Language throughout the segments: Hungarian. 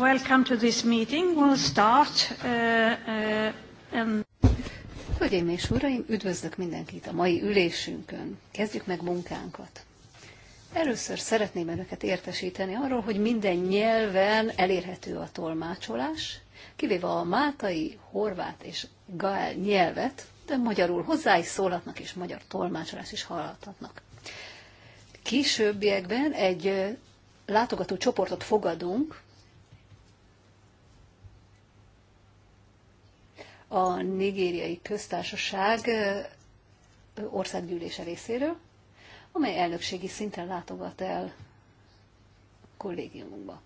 Welcome to this meeting. We'll start. Uh, uh, Hölgyeim és uraim, üdvözlök mindenkit a mai ülésünkön. Kezdjük meg munkánkat. Először szeretném önöket értesíteni arról, hogy minden nyelven elérhető a tolmácsolás, kivéve a máltai, horvát és gael nyelvet, de magyarul hozzá is szólhatnak, és magyar tolmácsolás is hallhatnak. Későbbiekben egy látogató csoportot fogadunk, a nigériai köztársaság országgyűlése részéről, amely elnökségi szinten látogat el kollégiumunkba.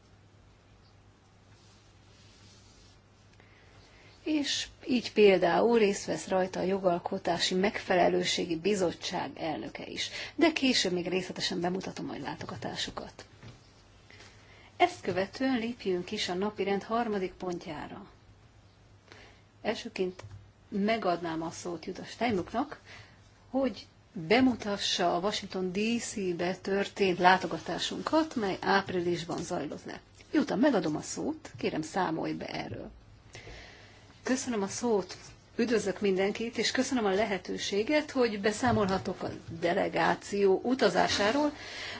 És így például részt vesz rajta a jogalkotási megfelelőségi bizottság elnöke is, de később még részletesen bemutatom majd látogatásukat. Ezt követően lépjünk is a napi rend harmadik pontjára, Elsőként megadnám a szót Judas Steinbucknak, hogy bemutassa a Washington DC-be történt látogatásunkat, mely áprilisban zajlott le. Juta, megadom a szót, kérem számolj be erről. Köszönöm a szót, üdvözlök mindenkit, és köszönöm a lehetőséget, hogy beszámolhatok a delegáció utazásáról,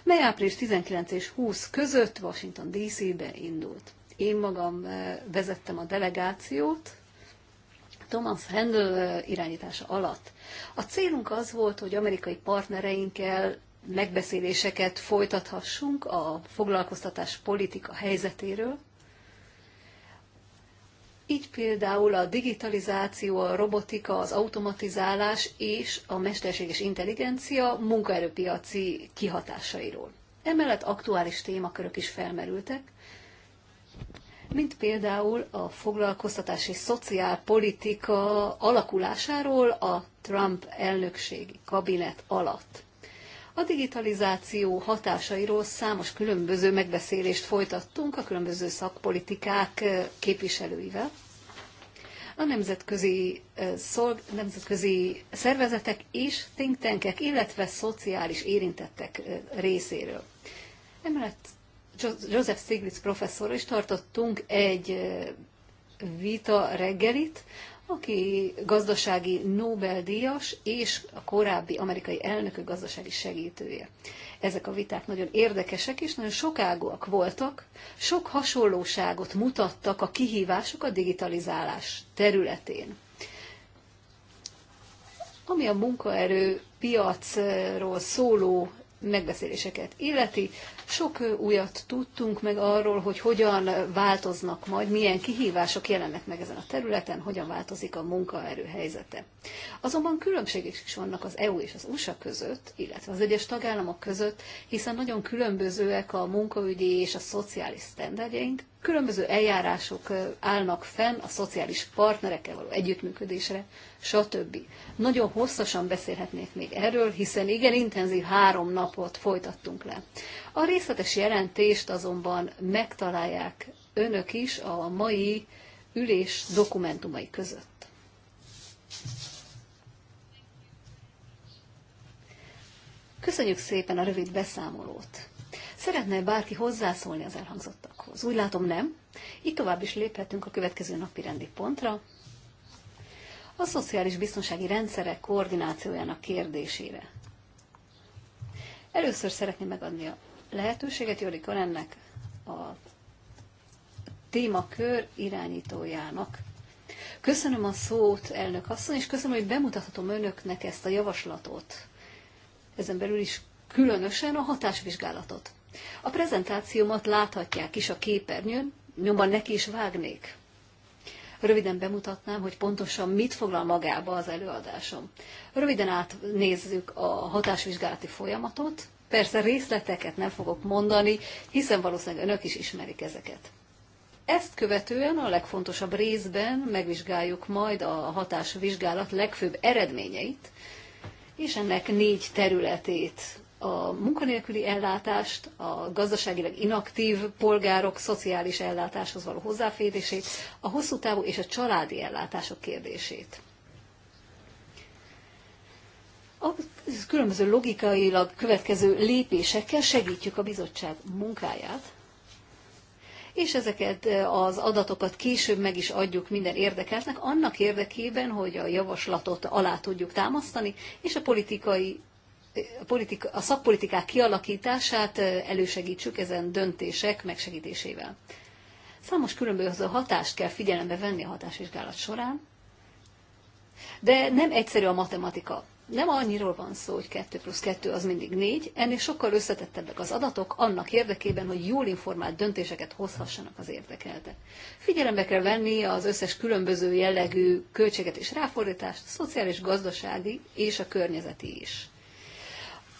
mely április 19 és 20 között Washington DC-be indult. Én magam eh, vezettem a delegációt, Thomas Handel irányítása alatt. A célunk az volt, hogy amerikai partnereinkkel megbeszéléseket folytathassunk a foglalkoztatás politika helyzetéről, így például a digitalizáció, a robotika, az automatizálás és a mesterséges intelligencia munkaerőpiaci kihatásairól. Emellett aktuális témakörök is felmerültek, mint például a foglalkoztatási szociálpolitika alakulásáról a Trump elnökségi kabinet alatt. A digitalizáció hatásairól számos különböző megbeszélést folytattunk a különböző szakpolitikák képviselőivel. A nemzetközi, szolg, nemzetközi szervezetek és think tankek, illetve szociális érintettek részéről. Emellett Joseph Stiglitz professzor is tartottunk egy vita reggelit, aki gazdasági Nobel-díjas és a korábbi amerikai elnökök gazdasági segítője. Ezek a viták nagyon érdekesek és nagyon sokágúak voltak, sok hasonlóságot mutattak a kihívások a digitalizálás területén. Ami a munkaerő piacról szóló megbeszéléseket illeti, sok újat tudtunk meg arról, hogy hogyan változnak majd, milyen kihívások jelennek meg ezen a területen, hogyan változik a munkaerő helyzete. Azonban különbségek is vannak az EU és az USA között, illetve az egyes tagállamok között, hiszen nagyon különbözőek a munkaügyi és a szociális sztenderjeink, különböző eljárások állnak fenn a szociális partnerekkel való együttműködésre, stb. Nagyon hosszasan beszélhetnék még erről, hiszen igen intenzív három napot folytattunk le. A részletes jelentést azonban megtalálják önök is a mai ülés dokumentumai között. Köszönjük szépen a rövid beszámolót. Szeretne bárki hozzászólni az elhangzottakhoz? Úgy látom nem. Így tovább is léphetünk a következő napi rendi pontra. A szociális biztonsági rendszerek koordinációjának kérdésére. Először szeretném megadni a lehetőséget Jorikon ennek a témakör irányítójának. Köszönöm a szót, elnök asszony, és köszönöm, hogy bemutathatom önöknek ezt a javaslatot. Ezen belül is különösen a hatásvizsgálatot. A prezentációmat láthatják is a képernyőn, nyomban neki is vágnék. Röviden bemutatnám, hogy pontosan mit foglal magába az előadásom. Röviden átnézzük a hatásvizsgálati folyamatot, Persze részleteket nem fogok mondani, hiszen valószínűleg önök is ismerik ezeket. Ezt követően a legfontosabb részben megvizsgáljuk majd a hatásvizsgálat legfőbb eredményeit, és ennek négy területét a munkanélküli ellátást, a gazdaságilag inaktív polgárok szociális ellátáshoz való hozzáférését, a hosszú távú és a családi ellátások kérdését a különböző logikailag következő lépésekkel segítjük a bizottság munkáját, és ezeket e, az adatokat később meg is adjuk minden érdekeltnek, annak érdekében, hogy a javaslatot alá tudjuk támasztani, és a politikai e, a, politika, a szakpolitikák kialakítását e, elősegítsük ezen döntések megsegítésével. Számos különböző hatást kell figyelembe venni a hatásvizsgálat során, de nem egyszerű a matematika nem annyiról van szó, hogy 2 plusz 2 az mindig 4, ennél sokkal összetettebbek az adatok annak érdekében, hogy jól informált döntéseket hozhassanak az érdekeltek. Figyelembe kell venni az összes különböző jellegű költséget és ráfordítást, a szociális, gazdasági és a környezeti is.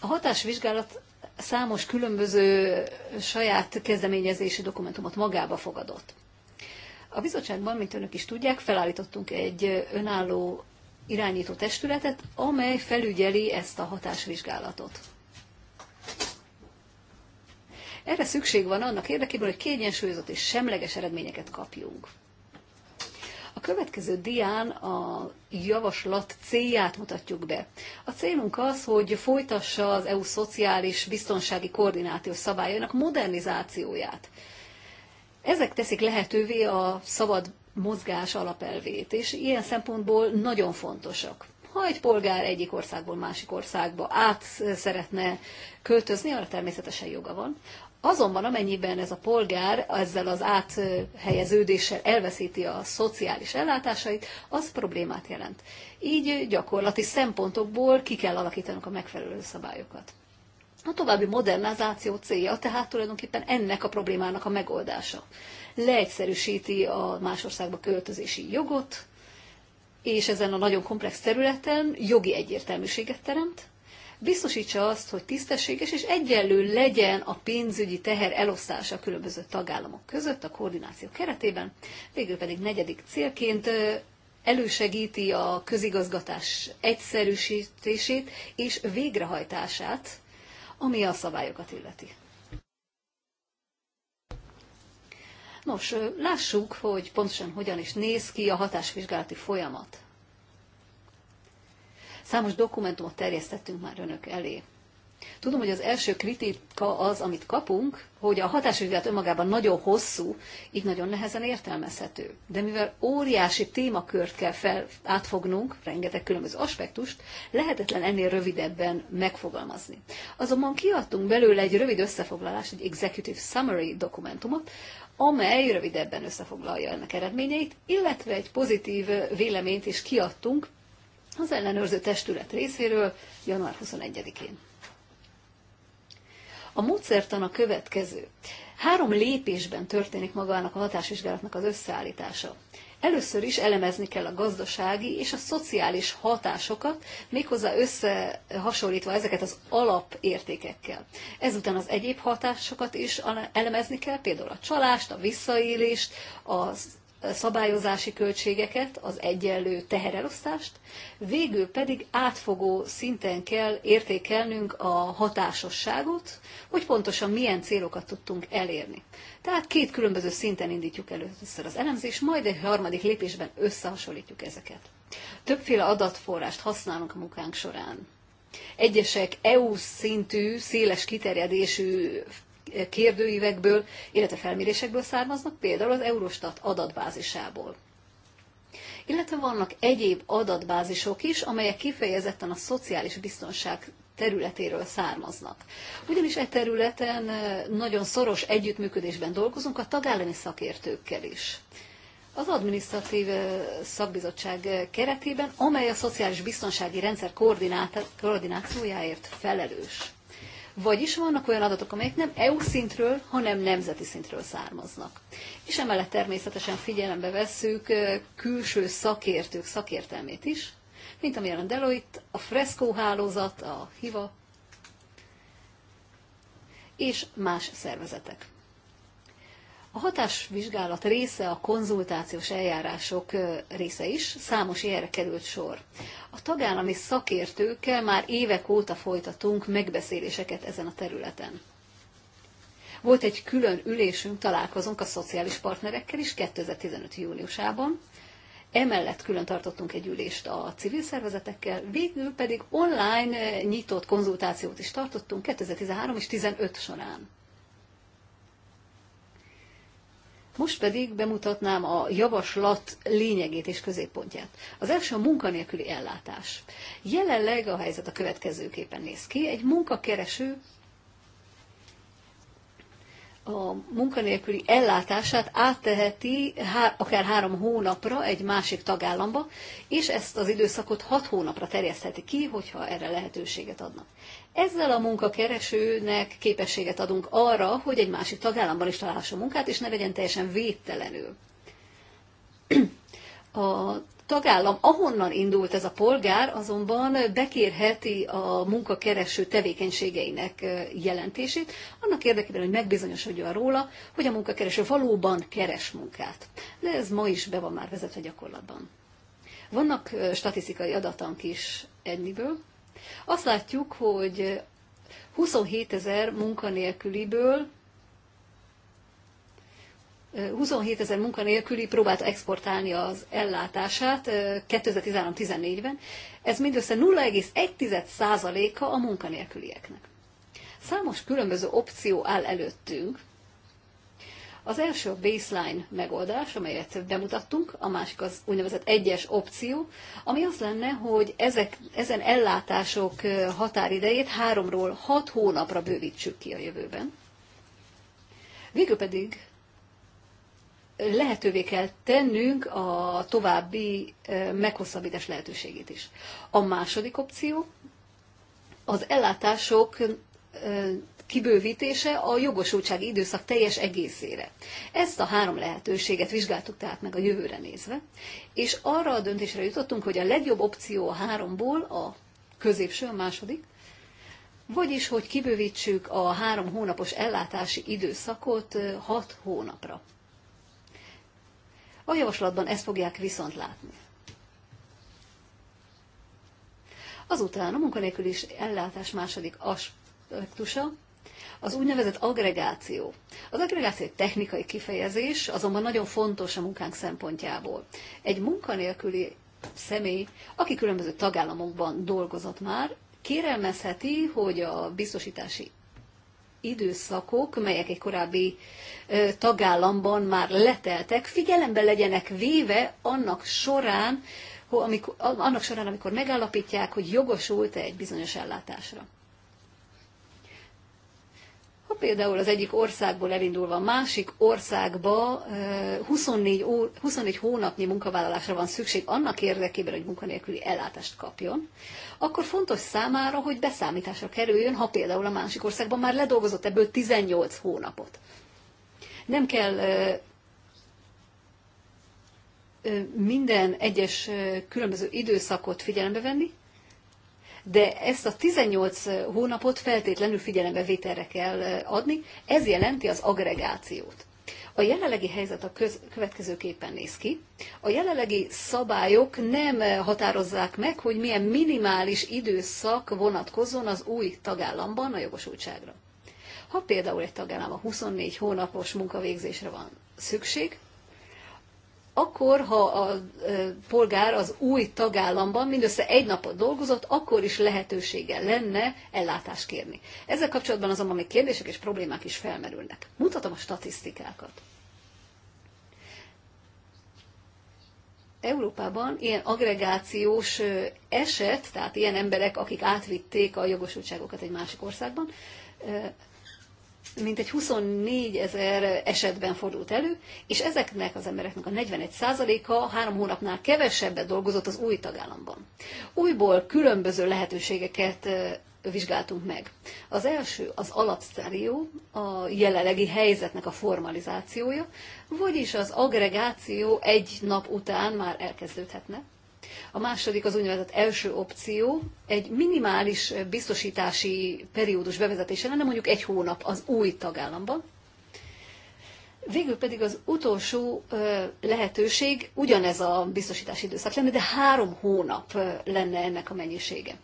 A hatásvizsgálat számos különböző saját kezdeményezési dokumentumot magába fogadott. A bizottságban, mint önök is tudják, felállítottunk egy önálló irányító testületet, amely felügyeli ezt a hatásvizsgálatot. Erre szükség van annak érdekében, hogy kiegyensúlyozott és semleges eredményeket kapjunk. A következő dián a javaslat célját mutatjuk be. A célunk az, hogy folytassa az EU szociális biztonsági koordinációs szabályainak modernizációját. Ezek teszik lehetővé a szabad mozgás alapelvét, és ilyen szempontból nagyon fontosak. Ha egy polgár egyik országból másik országba át szeretne költözni, arra természetesen joga van. Azonban amennyiben ez a polgár ezzel az áthelyeződéssel elveszíti a szociális ellátásait, az problémát jelent. Így gyakorlati szempontokból ki kell alakítanunk a megfelelő szabályokat. A további modernizáció célja tehát tulajdonképpen ennek a problémának a megoldása leegyszerűsíti a más országba költözési jogot, és ezen a nagyon komplex területen jogi egyértelműséget teremt, biztosítsa azt, hogy tisztességes és egyenlő legyen a pénzügyi teher elosztása a különböző tagállamok között a koordináció keretében, végül pedig negyedik célként elősegíti a közigazgatás egyszerűsítését és végrehajtását, ami a szabályokat illeti. Nos, lássuk, hogy pontosan hogyan is néz ki a hatásvizsgálati folyamat. Számos dokumentumot terjesztettünk már önök elé. Tudom, hogy az első kritika az, amit kapunk, hogy a hatásvizsgálat önmagában nagyon hosszú, így nagyon nehezen értelmezhető. De mivel óriási témakört kell fel, átfognunk, rengeteg különböző aspektust, lehetetlen ennél rövidebben megfogalmazni. Azonban kiadtunk belőle egy rövid összefoglalást, egy executive summary dokumentumot, amely rövidebben összefoglalja ennek eredményeit, illetve egy pozitív véleményt is kiadtunk az ellenőrző testület részéről január 21-én. A módszertan a következő. Három lépésben történik magának a hatásvizsgálatnak az összeállítása. Először is elemezni kell a gazdasági és a szociális hatásokat, méghozzá összehasonlítva ezeket az alapértékekkel. Ezután az egyéb hatásokat is elemezni kell, például a csalást, a visszaélést, az szabályozási költségeket, az egyenlő teherelosztást, végül pedig átfogó szinten kell értékelnünk a hatásosságot, hogy pontosan milyen célokat tudtunk elérni. Tehát két különböző szinten indítjuk először az elemzést, majd egy harmadik lépésben összehasonlítjuk ezeket. Többféle adatforrást használunk a munkánk során. Egyesek EU szintű, széles kiterjedésű kérdőívekből, illetve felmérésekből származnak, például az Eurostat adatbázisából. Illetve vannak egyéb adatbázisok is, amelyek kifejezetten a szociális biztonság területéről származnak. Ugyanis e területen e, nagyon szoros együttműködésben dolgozunk a tagállami szakértőkkel is. Az adminisztratív e, szakbizottság e, keretében, amely a szociális biztonsági rendszer koordinációjáért felelős. Vagyis vannak olyan adatok, amelyek nem EU szintről, hanem nemzeti szintről származnak. És emellett természetesen figyelembe vesszük külső szakértők szakértelmét is, mint amilyen a Deloitte, a Fresco hálózat, a HIVA és más szervezetek. A hatásvizsgálat része a konzultációs eljárások része is, számos ilyenre került sor. A tagállami szakértőkkel már évek óta folytatunk megbeszéléseket ezen a területen. Volt egy külön ülésünk, találkozunk a szociális partnerekkel is 2015. júniusában. Emellett külön tartottunk egy ülést a civil szervezetekkel, végül pedig online nyitott konzultációt is tartottunk 2013 és 15 során. Most pedig bemutatnám a javaslat lényegét és középpontját. Az első a munkanélküli ellátás. Jelenleg a helyzet a következőképpen néz ki. Egy munkakereső a munkanélküli ellátását átteheti akár három hónapra egy másik tagállamba, és ezt az időszakot hat hónapra terjesztheti ki, hogyha erre lehetőséget adnak. Ezzel a munkakeresőnek képességet adunk arra, hogy egy másik tagállamban is találhasson munkát, és ne legyen teljesen védtelenül. A tagállam, ahonnan indult ez a polgár, azonban bekérheti a munkakereső tevékenységeinek jelentését, annak érdekében, hogy megbizonyosodjon róla, hogy a munkakereső valóban keres munkát. De ez ma is be van már vezetve gyakorlatban. Vannak statisztikai adatank is ennyiből, azt látjuk, hogy 27 ezer munkanélküliből 27 ezer munkanélküli próbált exportálni az ellátását 2013-14-ben. Ez mindössze 0,1%-a a munkanélkülieknek. Számos különböző opció áll előttünk, az első a baseline megoldás, amelyet bemutattunk, a másik az úgynevezett egyes opció, ami az lenne, hogy ezek, ezen ellátások határidejét háromról hat hónapra bővítsük ki a jövőben. Végül pedig lehetővé kell tennünk a további meghosszabbítás lehetőségét is. A második opció az ellátások kibővítése a jogosultság időszak teljes egészére. Ezt a három lehetőséget vizsgáltuk tehát meg a jövőre nézve, és arra a döntésre jutottunk, hogy a legjobb opció a háromból a középső, a második, vagyis, hogy kibővítsük a három hónapos ellátási időszakot hat hónapra. A javaslatban ezt fogják viszont látni. Azután a munkanélkülés ellátás második aspektusa az úgynevezett agregáció. Az agregáció egy technikai kifejezés, azonban nagyon fontos a munkánk szempontjából. Egy munkanélküli személy, aki különböző tagállamokban dolgozott már, kérelmezheti, hogy a biztosítási időszakok, melyek egy korábbi tagállamban már leteltek, figyelembe legyenek véve annak során, amikor, annak során, amikor megállapítják, hogy jogosult-e egy bizonyos ellátásra. Ha például az egyik országból elindulva a másik országba 24, eh, ó, 24 hónapnyi munkavállalásra van szükség annak érdekében, hogy munkanélküli ellátást kapjon, akkor fontos számára, hogy beszámításra kerüljön, ha például a másik országban már ledolgozott ebből 18 hónapot. Nem kell eh, eh, minden egyes különböző időszakot figyelembe venni, de ezt a 18 hónapot feltétlenül vételre kell adni, ez jelenti az agregációt. A jelenlegi helyzet a köz, következőképpen néz ki. A jelenlegi szabályok nem határozzák meg, hogy milyen minimális időszak vonatkozzon az új tagállamban a jogosultságra. Ha például egy tagállam a 24 hónapos munkavégzésre van szükség, akkor, ha a polgár az új tagállamban mindössze egy napot dolgozott, akkor is lehetősége lenne ellátást kérni. Ezzel kapcsolatban azonban még kérdések és problémák is felmerülnek. Mutatom a statisztikákat. Európában ilyen agregációs eset, tehát ilyen emberek, akik átvitték a jogosultságokat egy másik országban, mintegy 24 ezer esetben fordult elő, és ezeknek az embereknek a 41%-a három hónapnál kevesebbet dolgozott az új tagállamban. Újból különböző lehetőségeket vizsgáltunk meg. Az első az alapszárió, a jelenlegi helyzetnek a formalizációja, vagyis az agregáció egy nap után már elkezdődhetne. A második az úgynevezett első opció, egy minimális biztosítási periódus bevezetése lenne mondjuk egy hónap az új tagállamban. Végül pedig az utolsó lehetőség ugyanez a biztosítási időszak lenne, de három hónap lenne ennek a mennyisége.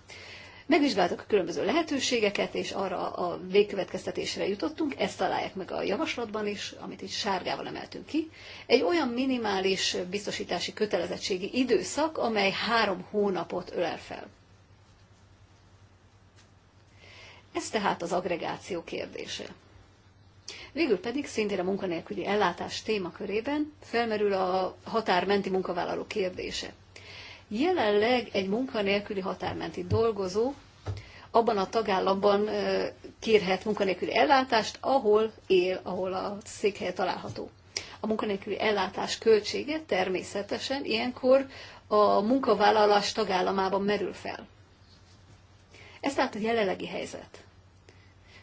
Megvizsgáltuk a különböző lehetőségeket, és arra a végkövetkeztetésre jutottunk, ezt találják meg a javaslatban is, amit itt sárgával emeltünk ki. Egy olyan minimális biztosítási kötelezettségi időszak, amely három hónapot ölel fel. Ez tehát az agregáció kérdése. Végül pedig szintén a munkanélküli ellátás témakörében felmerül a határmenti munkavállaló kérdése. Jelenleg egy munkanélküli határmenti dolgozó abban a tagállamban kérhet munkanélküli ellátást, ahol él, ahol a székhelye található. A munkanélküli ellátás költsége természetesen ilyenkor a munkavállalás tagállamában merül fel. Ez tehát a jelenlegi helyzet.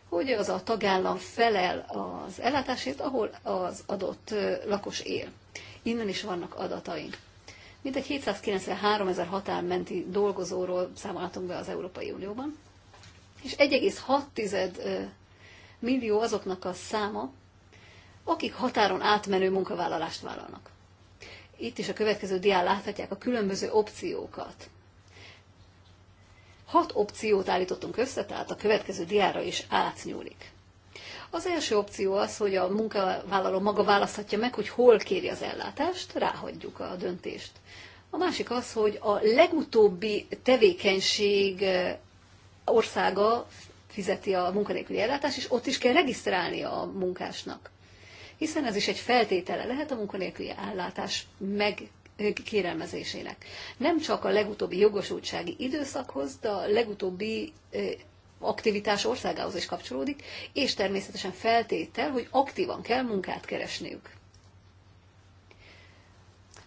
Hogy az a tagállam felel az ellátásért, ahol az adott lakos él. Innen is vannak adataink. Mintegy 793 ezer határmenti dolgozóról számolhatunk be az Európai Unióban, és 1,6 millió azoknak a száma, akik határon átmenő munkavállalást vállalnak. Itt is a következő dián láthatják a különböző opciókat. Hat opciót állítottunk össze, tehát a következő diára is átnyúlik. Az első opció az, hogy a munkavállaló maga választhatja meg, hogy hol kéri az ellátást, ráhagyjuk a döntést. A másik az, hogy a legutóbbi tevékenység eh, országa fizeti a munkanélküli ellátást, és ott is kell regisztrálni a munkásnak. Hiszen ez is egy feltétele lehet a munkanélküli ellátás meg kérelmezésének. Nem csak a legutóbbi jogosultsági időszakhoz, de a legutóbbi eh, aktivitás országához is kapcsolódik, és természetesen feltétel, hogy aktívan kell munkát keresniük.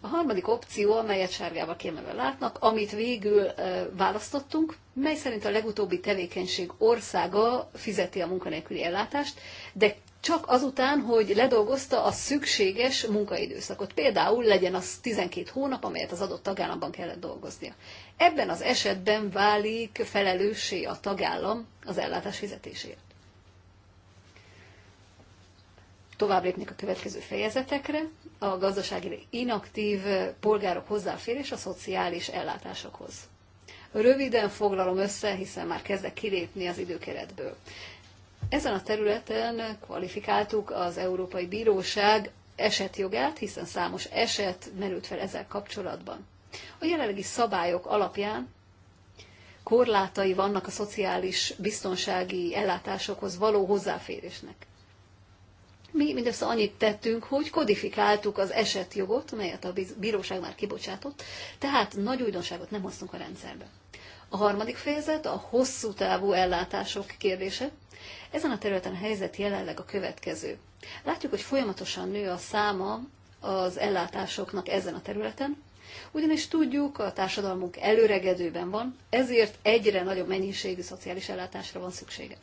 A harmadik opció, amelyet sárgával kiemelve látnak, amit végül választottunk, mely szerint a legutóbbi tevékenység országa fizeti a munkanélküli ellátást, de csak azután, hogy ledolgozta a szükséges munkaidőszakot. Például legyen az 12 hónap, amelyet az adott tagállamban kellett dolgoznia ebben az esetben válik felelőssé a tagállam az ellátás fizetéséért. Tovább lépnék a következő fejezetekre, a gazdasági inaktív polgárok hozzáférés a szociális ellátásokhoz. Röviden foglalom össze, hiszen már kezdek kilépni az időkeretből. Ezen a területen kvalifikáltuk az Európai Bíróság esetjogát, hiszen számos eset merült fel ezzel kapcsolatban. A jelenlegi szabályok alapján korlátai vannak a szociális biztonsági ellátásokhoz való hozzáférésnek. Mi mindössze annyit tettünk, hogy kodifikáltuk az esetjogot, melyet a bíróság már kibocsátott, tehát nagy újdonságot nem hoztunk a rendszerbe. A harmadik fejezet a hosszú távú ellátások kérdése. Ezen a területen a helyzet jelenleg a következő. Látjuk, hogy folyamatosan nő a száma az ellátásoknak ezen a területen, ugyanis tudjuk, a társadalmunk előregedőben van, ezért egyre nagyobb mennyiségű szociális ellátásra van szüksége.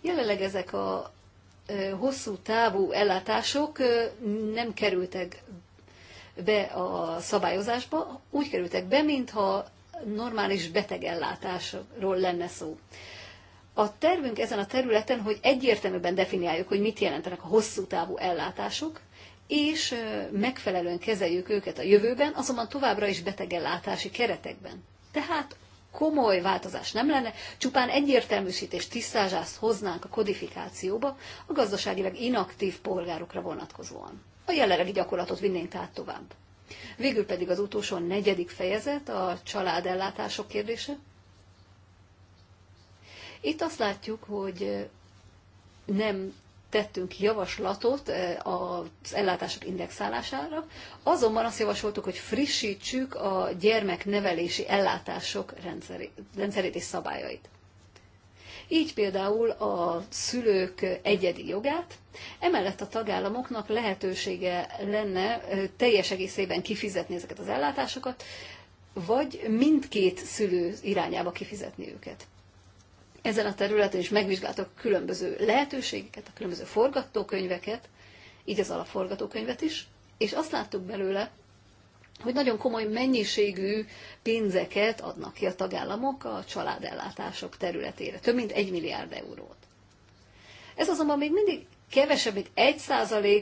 Jelenleg ezek a hosszú távú ellátások nem kerültek be a szabályozásba, úgy kerültek be, mintha normális betegellátásról lenne szó. A tervünk ezen a területen, hogy egyértelműen definiáljuk, hogy mit jelentenek a hosszú távú ellátások, és megfelelően kezeljük őket a jövőben, azonban továbbra is betegellátási keretekben. Tehát komoly változás nem lenne, csupán egyértelműsítés, tisztázást hoznánk a kodifikációba a gazdaságilag inaktív polgárokra vonatkozóan. A jelenlegi gyakorlatot vinnénk tehát tovább. Végül pedig az utolsó negyedik fejezet, a családellátások kérdése. Itt azt látjuk, hogy nem tettünk javaslatot az ellátások indexálására, azonban azt javasoltuk, hogy frissítsük a gyermeknevelési ellátások rendszerét és szabályait. Így például a szülők egyedi jogát, emellett a tagállamoknak lehetősége lenne teljes egészében kifizetni ezeket az ellátásokat, vagy mindkét szülő irányába kifizetni őket ezen a területen, is megvizsgáltak a különböző lehetőségeket, a különböző forgatókönyveket, így az alapforgatókönyvet is, és azt láttuk belőle, hogy nagyon komoly mennyiségű pénzeket adnak ki a tagállamok a családellátások területére, több mint egy milliárd eurót. Ez azonban még mindig kevesebb, mint egy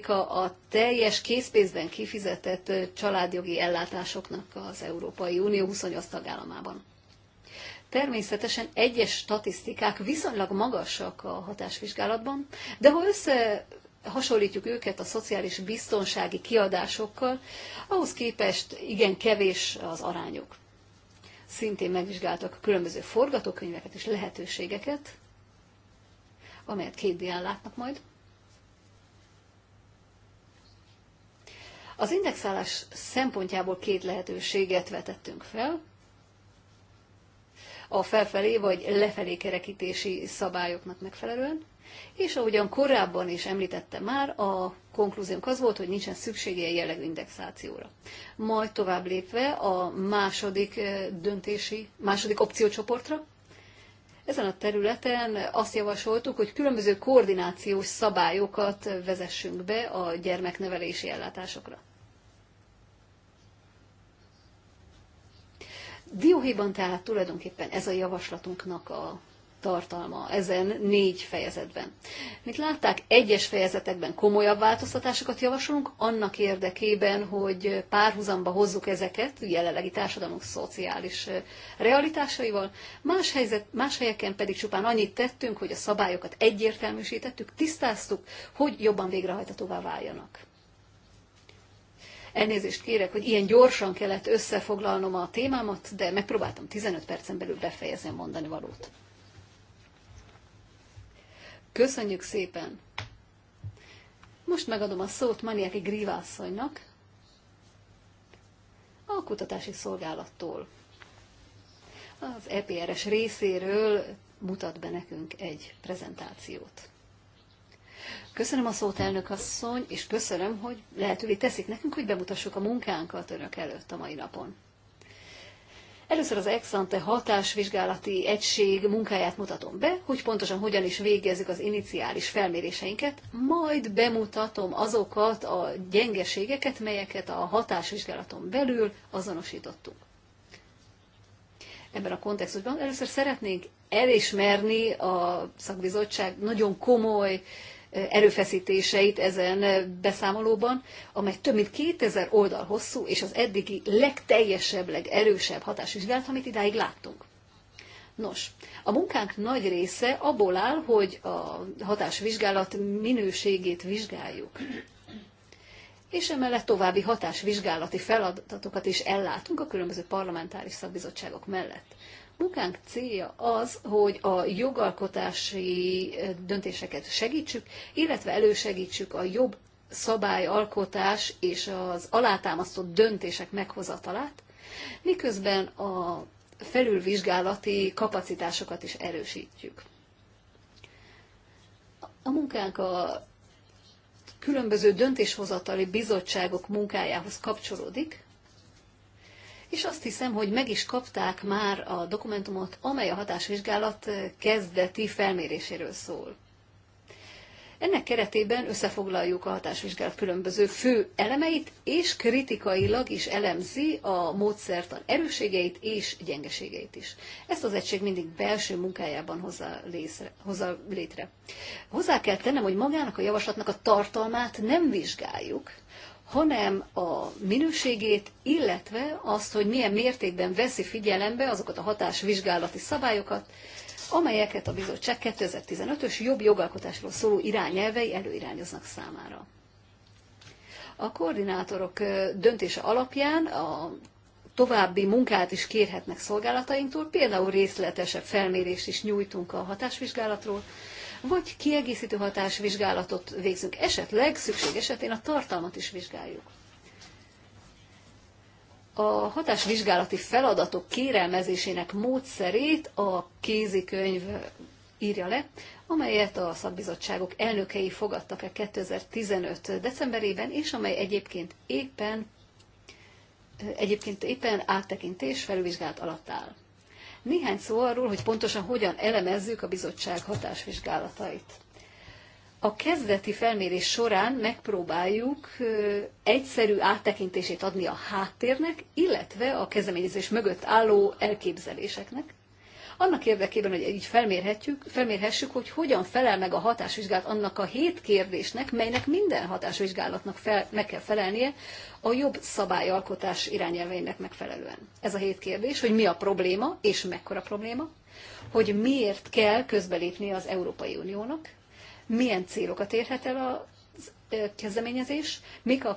a a teljes készpénzben kifizetett családjogi ellátásoknak az Európai Unió 28 tagállamában. Természetesen egyes statisztikák viszonylag magasak a hatásvizsgálatban, de ha össze hasonlítjuk őket a szociális biztonsági kiadásokkal, ahhoz képest igen kevés az arányok. Szintén megvizsgáltak különböző forgatókönyveket és lehetőségeket, amelyet két dián látnak majd. Az indexálás szempontjából két lehetőséget vetettünk fel – a felfelé vagy lefelé kerekítési szabályoknak megfelelően, és ahogyan korábban is említettem már, a konklúziónk az volt, hogy nincsen szüksége ilyen jellegű indexációra. Majd tovább lépve a második eh, döntési, második opciócsoportra, ezen a területen azt javasoltuk, hogy különböző koordinációs szabályokat vezessünk be a gyermeknevelési ellátásokra. Dióhéjban tehát tulajdonképpen ez a javaslatunknak a tartalma ezen négy fejezetben. Mint látták, egyes fejezetekben komolyabb változtatásokat javasolunk, annak érdekében, hogy párhuzamba hozzuk ezeket jelenlegi társadalmunk szociális realitásaival, más, helyzet, más helyeken pedig csupán annyit tettünk, hogy a szabályokat egyértelműsítettük, tisztáztuk, hogy jobban végrehajtatóvá váljanak. Elnézést kérek, hogy ilyen gyorsan kellett összefoglalnom a témámat, de megpróbáltam 15 percen belül befejezni a mondani valót. Köszönjük szépen! Most megadom a szót Maniaki Grívászonynak, a kutatási szolgálattól. Az EPRS részéről mutat be nekünk egy prezentációt. Köszönöm a szót, elnök asszony, és köszönöm, hogy lehetővé teszik nekünk, hogy bemutassuk a munkánkat önök előtt a mai napon. Először az Exante hatásvizsgálati egység munkáját mutatom be, hogy pontosan hogyan is végezzük az iniciális felméréseinket, majd bemutatom azokat a gyengeségeket, melyeket a hatásvizsgálaton belül azonosítottunk. Ebben a kontextusban először szeretnénk elismerni a szakbizottság nagyon komoly erőfeszítéseit ezen beszámolóban, amely több mint 2000 oldal hosszú, és az eddigi legteljesebb, legerősebb hatásvizsgálat, amit idáig láttunk. Nos, a munkánk nagy része abból áll, hogy a hatásvizsgálat minőségét vizsgáljuk. És emellett további hatásvizsgálati feladatokat is ellátunk a különböző parlamentáris szakbizottságok mellett. Munkánk célja az, hogy a jogalkotási eh, döntéseket segítsük, illetve elősegítsük a jobb szabályalkotás és az alátámasztott döntések meghozatalát, miközben a felülvizsgálati kapacitásokat is erősítjük. A munkánk a különböző döntéshozatali bizottságok munkájához kapcsolódik, és azt hiszem, hogy meg is kapták már a dokumentumot, amely a hatásvizsgálat eh, kezdeti felméréséről szól. Ennek keretében összefoglaljuk a hatásvizsgálat különböző fő elemeit, és kritikailag is elemzi a módszertan erősségeit és gyengeségeit is. Ezt az egység mindig belső munkájában hozzá, létre, hozzá létre. Hozzá kell tennem, hogy magának a javaslatnak a tartalmát nem vizsgáljuk, hanem a minőségét, illetve azt, hogy milyen mértékben veszi figyelembe azokat a hatásvizsgálati szabályokat, amelyeket a bizottság 2015-ös jobb jogalkotásról szóló irányelvei előirányoznak számára. A koordinátorok döntése alapján a további munkát is kérhetnek szolgálatainktól, például részletesebb felmérést is nyújtunk a hatásvizsgálatról, vagy kiegészítő hatásvizsgálatot végzünk. Esetleg szükség esetén a tartalmat is vizsgáljuk. A hatásvizsgálati feladatok kérelmezésének módszerét a kézikönyv írja le, amelyet a szakbizottságok elnökei fogadtak el 2015. decemberében, és amely egyébként éppen, egyébként éppen áttekintés felülvizsgált alatt áll. Néhány szó arról, hogy pontosan hogyan elemezzük a bizottság hatásvizsgálatait. A kezdeti felmérés során megpróbáljuk egyszerű áttekintését adni a háttérnek, illetve a kezdeményezés mögött álló elképzeléseknek, annak érdekében, hogy így felmérhetjük, felmérhessük, hogy hogyan felel meg a hatásvizsgálat annak a hét kérdésnek, melynek minden hatásvizsgálatnak fel, meg kell felelnie a jobb szabályalkotás irányelveinek megfelelően. Ez a hét kérdés, hogy mi a probléma, és mekkora probléma, hogy miért kell közbelépni az Európai Uniónak, milyen célokat érhet el a kezdeményezés, mik a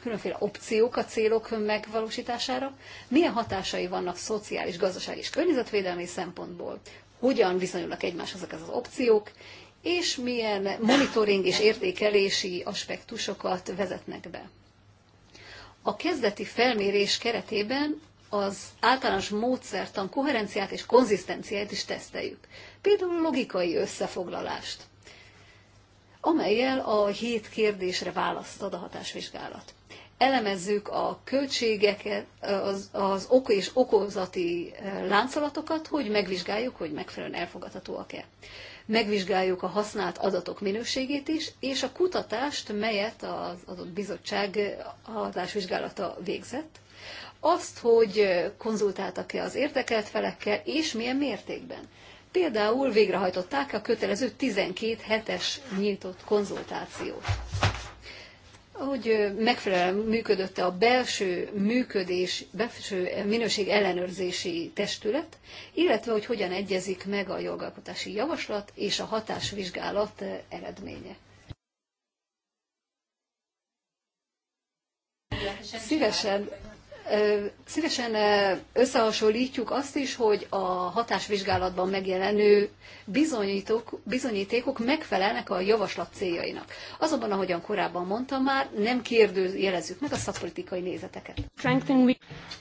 különféle opciók a célok megvalósítására, milyen hatásai vannak szociális, gazdasági és környezetvédelmi szempontból, hogyan viszonyulnak egymáshoz ezek az opciók, és milyen monitoring és értékelési aspektusokat vezetnek be. A kezdeti felmérés keretében az általános módszertan koherenciát és konzisztenciát is teszteljük. Például logikai összefoglalást – amelyel a hét kérdésre választ ad a hatásvizsgálat. Elemezzük a költségeket, az, az ok és okozati eh, láncolatokat, hogy megvizsgáljuk, hogy megfelelően elfogadhatóak-e. Megvizsgáljuk a használt adatok minőségét is, és a kutatást, melyet az adott bizottság eh, hatásvizsgálata végzett, azt, hogy eh, konzultáltak-e az érdekelt felekkel, és milyen mértékben. Például végrehajtották a kötelező 12 hetes nyitott konzultációt. Hogy megfelelően működötte a belső működés, belső minőség ellenőrzési testület, illetve hogy hogyan egyezik meg a jogalkotási javaslat és a hatásvizsgálat eredménye. Szívesen Szívesen összehasonlítjuk azt is, hogy a hatásvizsgálatban megjelenő bizonyítók, bizonyítékok megfelelnek a javaslat céljainak. Azonban, ahogyan korábban mondtam már, nem kérdőjelezzük meg a szakpolitikai nézeteket.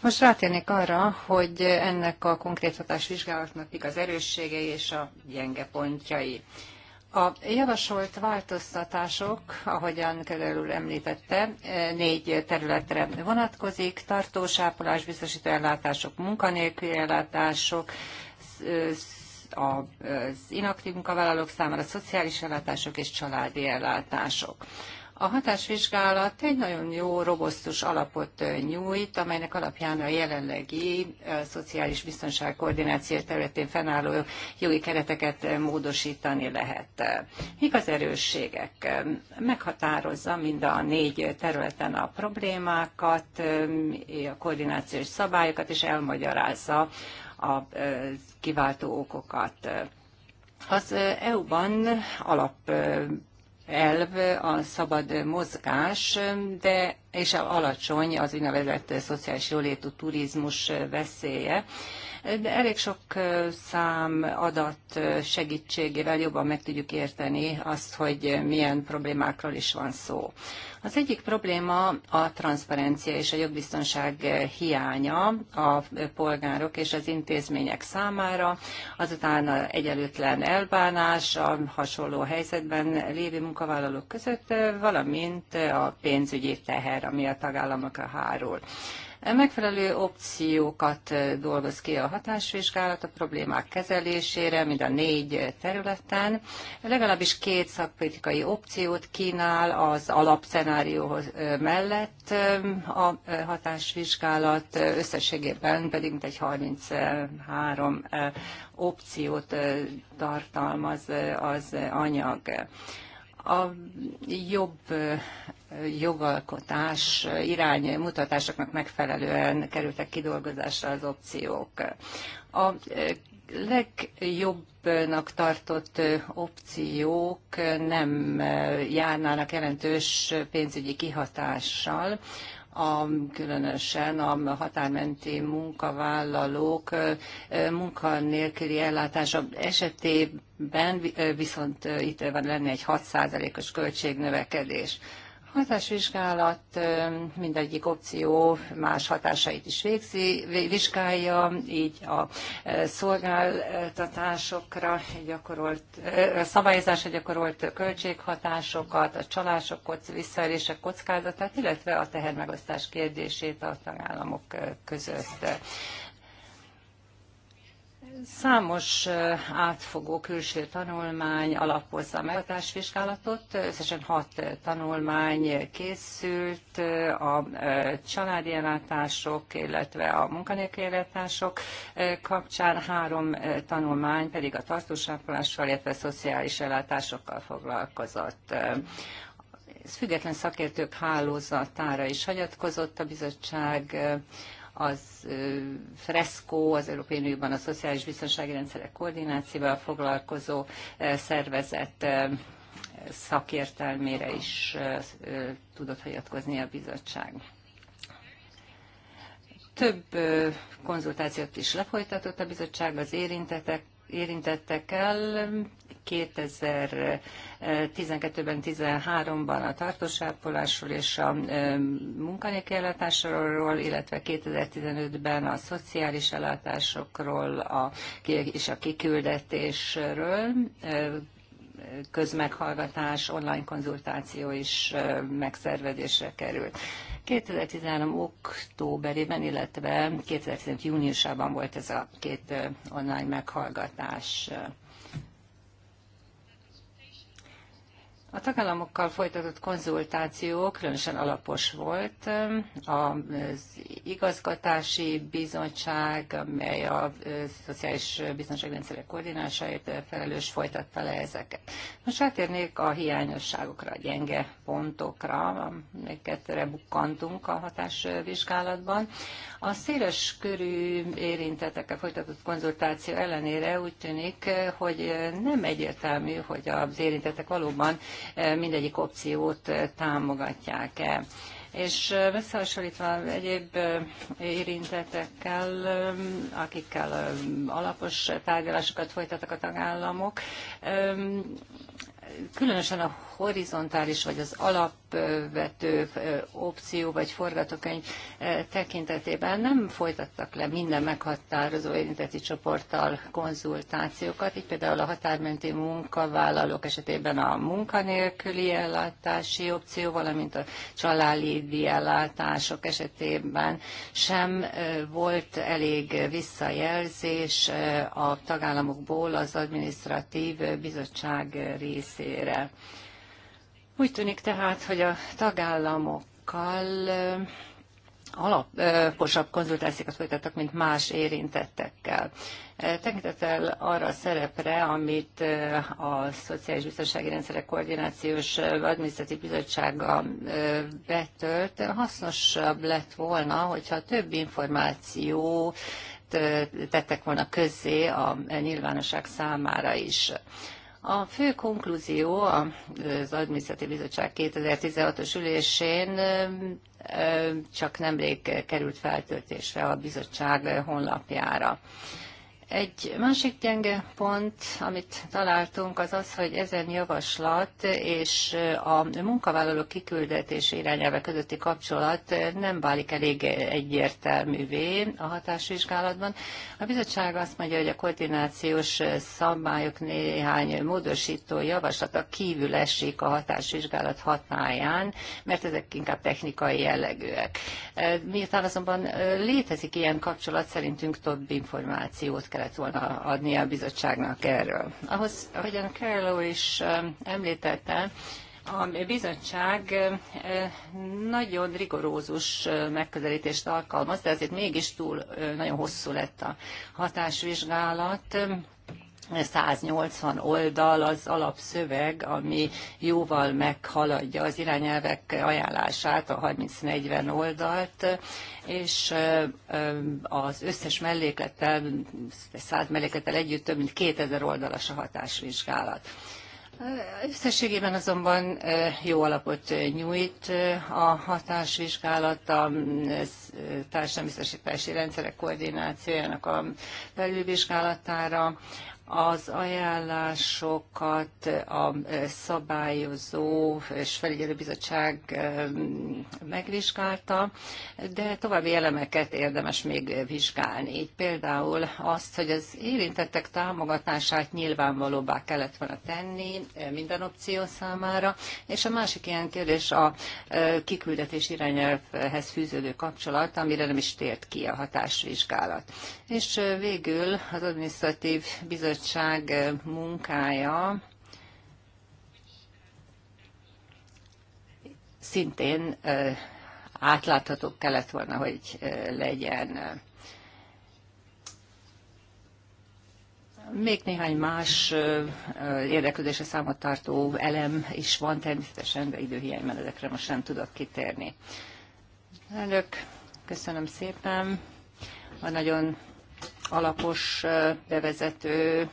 Most rátérnék arra, hogy ennek a konkrét hatásvizsgálatnak mik az erősségei és a gyenge pontjai. A javasolt változtatások, ahogyan körülül említette, négy területre vonatkozik, tartós ápolás, biztosító ellátások, munkanélküli ellátások, az inaktív munkavállalók számára szociális ellátások és családi ellátások. A hatásvizsgálat egy nagyon jó, robosztus alapot nyújt, amelynek alapján a jelenlegi a szociális biztonság koordináció területén fennálló jogi kereteket módosítani lehet. Mik az erősségek? Meghatározza mind a négy területen a problémákat, a koordinációs szabályokat, és elmagyarázza a kiváltó okokat. Az EU-ban alap elv a szabad mozgás, de és alacsony az úgynevezett szociális jólétű turizmus veszélye de elég sok szám adat segítségével jobban meg tudjuk érteni azt, hogy milyen problémákról is van szó. Az egyik probléma a transzparencia és a jogbiztonság hiánya a polgárok és az intézmények számára, azután az egyenlőtlen elbánás a hasonló helyzetben lévő munkavállalók között, valamint a pénzügyi teher, ami a tagállamokra hárul. Megfelelő opciókat dolgoz ki a hatásvizsgálat a problémák kezelésére, mind a négy területen. Legalábbis két szakpolitikai opciót kínál az alapszenárióhoz mellett a hatásvizsgálat, összességében pedig mintegy 33 opciót tartalmaz az anyag a jobb jogalkotás iránymutatásoknak megfelelően kerültek kidolgozásra az opciók. A legjobbnak tartott opciók nem járnának jelentős pénzügyi kihatással a, különösen a határmenti munkavállalók munkanélküli ellátása esetében, viszont itt van lenni egy 6%-os költségnövekedés hatásvizsgálat mindegyik opció más hatásait is végzi, vizsgálja, így a szolgáltatásokra gyakorolt, a szabályozásra gyakorolt költséghatásokat, a csalások, visszaélések kockázatát, illetve a tehermegosztás kérdését a tagállamok között. Számos átfogó külső tanulmány alapozza meg a társvizsgálatot. Összesen hat tanulmány készült a családi ellátások, illetve a munkanélküli ellátások kapcsán. Három tanulmány pedig a tartósápolással, illetve a szociális ellátásokkal foglalkozott Ez független szakértők hálózatára is hagyatkozott a bizottság az Fresco, az Európai Unióban a Szociális Biztonsági Rendszerek Koordinációval foglalkozó szervezet szakértelmére is tudott hagyatkozni a bizottság. Több konzultációt is lefolytatott a bizottság az érintetek érintettekkel 2012-ben, 13-ban a tartósápolásról és a munkanélkülellátásról, illetve 2015-ben a szociális ellátásokról a, és a kiküldetésről közmeghallgatás, online konzultáció is megszervezésre került. 2013. októberében, illetve 2015. júniusában volt ez a két online meghallgatás. A tagállamokkal folytatott konzultáció különösen alapos volt. Az igazgatási bizottság, amely a szociális biztonságrendszerek koordinásáért felelős folytatta le ezeket. Most átérnék a hiányosságokra, a gyenge pontokra, amiket bukkantunk a hatásvizsgálatban. A széles körű érintetekkel folytatott konzultáció ellenére úgy tűnik, hogy nem egyértelmű, hogy az érintetek valóban eh, mindegyik opciót eh, támogatják-e és eh, összehasonlítva egyéb érintetekkel, akikkel alapos tárgyalásokat folytattak a tagállamok, különösen a horizontális vagy az alap alapvető opció vagy forgatókönyv tekintetében nem folytattak le minden meghatározó érinteti csoporttal konzultációkat, így például a határmenti munkavállalók esetében a munkanélküli ellátási opció, valamint a családi ellátások esetében sem volt elég visszajelzés a tagállamokból az adminisztratív bizottság részére. Úgy tűnik tehát, hogy a tagállamokkal alaposabb konzultációkat folytattak, mint más érintettekkel. Tekintettel arra a szerepre, amit a Szociális Biztonsági Rendszerek Koordinációs Adminisztratív Bizottsága betölt, hasznosabb lett volna, hogyha több információ tettek volna közzé a nyilvánosság számára is. A fő konklúzió az Adminisztratív Bizottság 2016-os ülésén csak nemrég került feltöltésre a bizottság honlapjára. Egy másik gyenge pont, amit találtunk, az az, hogy ezen javaslat és a munkavállalók kiküldetés irányelve közötti kapcsolat nem válik elég egyértelművé a hatásvizsgálatban. A bizottság azt mondja, hogy a koordinációs szabályok néhány módosító javaslata kívül esik a hatásvizsgálat hatáján, mert ezek inkább technikai jellegűek. Miután azonban létezik ilyen kapcsolat, szerintünk több információt kell kellett volna adnia a bizottságnak erről. Ahhoz, ahogyan Carlo is um, említette, a bizottság um, nagyon rigorózus um, megközelítést alkalmaz, de azért mégis túl nagyon hosszú lett a hatásvizsgálat. 180 oldal az alapszöveg, ami jóval meghaladja az irányelvek ajánlását, a 30-40 oldalt, és az összes melléklettel, 100 melléklettel együtt több mint 2000 oldalas a hatásvizsgálat. Összességében azonban jó alapot nyújt a hatásvizsgálat, a biztosítási rendszerek koordinációjának a belülvizsgálatára, az ajánlásokat a e, szabályozó és felügyelőbizottság e, megvizsgálta, de további elemeket érdemes még vizsgálni. Így például azt, hogy az érintettek támogatását nyilvánvalóbbá kellett volna tenni e, minden opció számára, és a másik ilyen kérdés a kiküldetés irányelvhez fűződő kapcsolat, amire nem is tért ki a hatásvizsgálat. És végül az adminisztratív bizottság bizottság eh, munkája szintén eh, átlátható kellett volna, hogy eh, legyen. Még néhány más érdeklődésre számot tartó elem is van természetesen, de időhiányban ezekre most nem tudok kitérni. Elnök, köszönöm szépen a nagyon alapos bevezető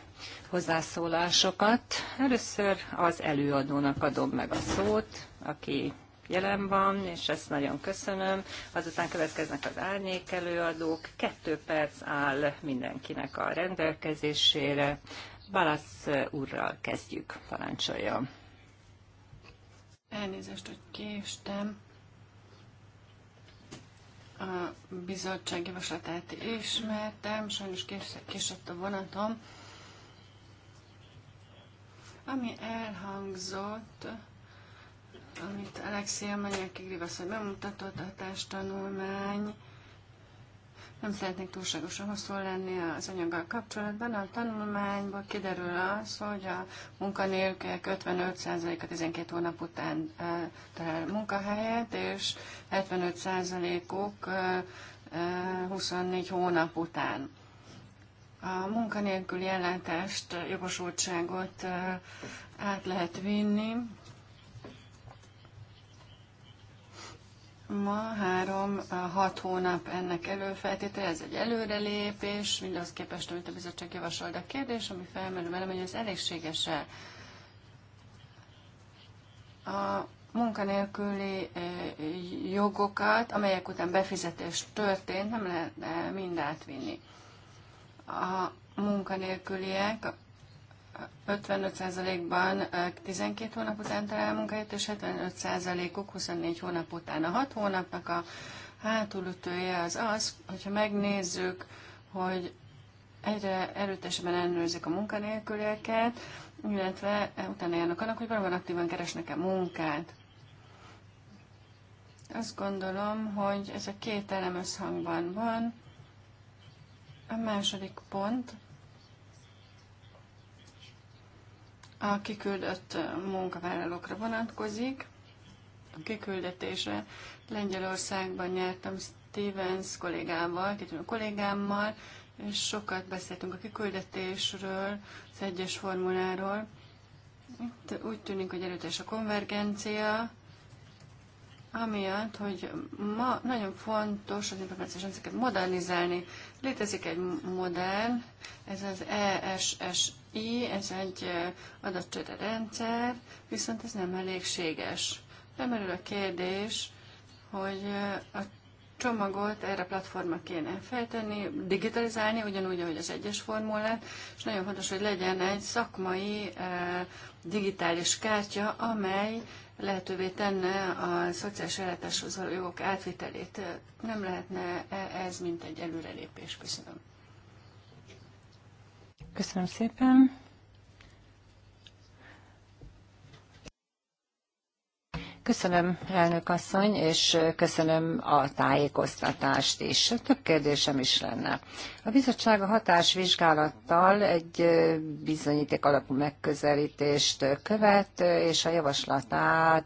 hozzászólásokat. Először az előadónak adom meg a szót, aki jelen van, és ezt nagyon köszönöm. Azután következnek az árnyék előadók. Kettő perc áll mindenkinek a rendelkezésére. Balasz úrral kezdjük, parancsolja. Elnézést, hogy késtem a bizottság javaslatát ismertem, sajnos késett a vonatom. Ami elhangzott, amit Alexia Maniakig hogy bemutatott, a hatástanulmány, nem szeretnék túlságosan hosszú lenni az anyaggal kapcsolatban. A tanulmányból kiderül az, hogy a munkanélkülek 55%-a 12 hónap után talál munkahelyet, és 75%-uk 24 hónap után. A munkanélküli ellátást, jogosultságot át lehet vinni Ma három-hat hónap ennek előfeltétele, ez egy előrelépés, mindaz képest, amit a bizottság javasol. De a kérdés, ami felmerül velem, hogy ez elégséges-e? A munkanélküli e, jogokat, amelyek után befizetés történt, nem lehet e, mind átvinni. A munkanélküliek 55%-ban 12 hónap után talál munkahelyet, és 75%-uk 24 hónap után. A 6 hónapnak a hátulütője az az, hogyha megnézzük, hogy egyre erőtesebben ellenőrzik a munkanélkülieket, illetve utána járnak annak, hogy valóban aktívan keresnek-e munkát. Azt gondolom, hogy ez a két elem összhangban van. A második pont, a kiküldött munkavállalókra vonatkozik. A kiküldetésre Lengyelországban nyertem Stevens kollégával, kitűnő kollégámmal, és sokat beszéltünk a kiküldetésről, az egyes formuláról. Itt úgy tűnik, hogy erőtes a konvergencia, amiatt, hogy ma nagyon fontos az információs rendszereket modernizálni. Létezik egy modell, ez az ESSS I, ez egy adatcsere rendszer, viszont ez nem elégséges. Felmerül a kérdés, hogy a csomagot erre a platformra kéne feltenni, digitalizálni, ugyanúgy, ahogy az egyes formulát, és nagyon fontos, hogy legyen egy szakmai digitális kártya, amely lehetővé tenne a szociális ellátáshoz való jogok átvitelét. Nem lehetne ez, mint egy előrelépés? Köszönöm. Köszönöm szépen. Köszönöm, elnök asszony, és köszönöm a tájékoztatást is. Több kérdésem is lenne. A bizottság a hatásvizsgálattal egy bizonyíték alapú megközelítést követ, és a javaslatát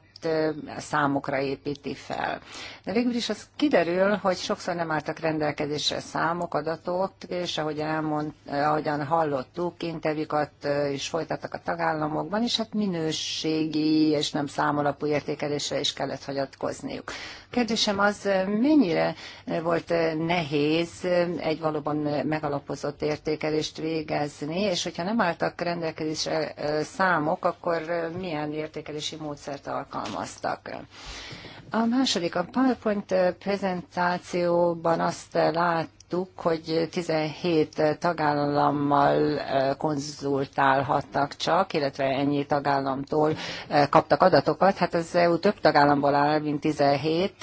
számokra építi fel. De végül is az kiderül, hogy sokszor nem álltak rendelkezésre számok, adatok, és ahogyan, elmond, ahogyan hallottuk, interjúkat is folytattak a tagállamokban, és hát minőségi és nem számolapú értékelésre is kellett hagyatkozniuk. Kérdésem az, mennyire volt nehéz egy valóban megalapozott értékelést végezni, és hogyha nem álltak rendelkezésre számok, akkor milyen értékelési módszert alkalmaztak? A második, a PowerPoint prezentációban azt láttuk, hogy 17 tagállammal konzultálhattak csak, illetve ennyi tagállamtól kaptak adatokat. Hát az EU több tagállamból áll, mint 17.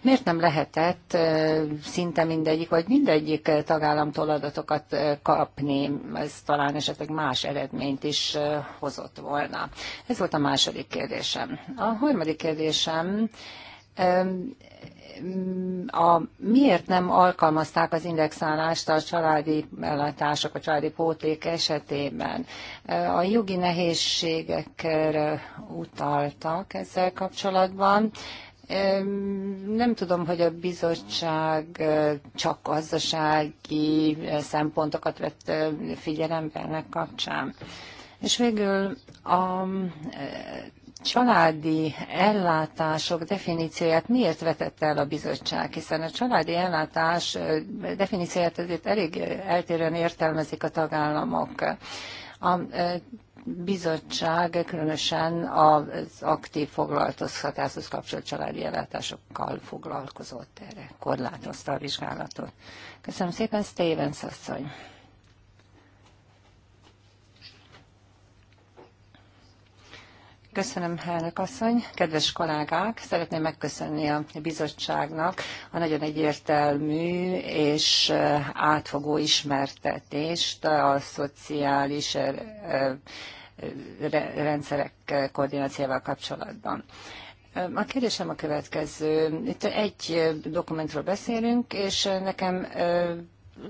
Miért nem lehetett szinte mindegyik, vagy mindegyik tagállamtól adatokat kapni? Ez talán esetleg más eredményt is hozott volna. Ez volt a második kérdésem. A harmadik kérdésem, a, miért nem alkalmazták az indexálást a családi ellátások, a családi pótlék esetében? A jogi nehézségekre utaltak ezzel kapcsolatban. Nem tudom, hogy a bizottság csak gazdasági szempontokat vett figyelembe ennek kapcsán. És végül a családi ellátások definícióját miért vetette el a bizottság? Hiszen a családi ellátás definícióját azért elég eltérően értelmezik a tagállamok. A bizottság különösen az aktív foglalkoztatáshoz kapcsolt családi ellátásokkal foglalkozott erre, korlátozta a vizsgálatot. Köszönöm szépen, Stevens asszony! Köszönöm, elnök asszony. Kedves kollégák, szeretném megköszönni a bizottságnak a nagyon egyértelmű és átfogó ismertetést a szociális rendszerek koordinációval kapcsolatban. A kérdésem a következő. Itt egy dokumentról beszélünk, és nekem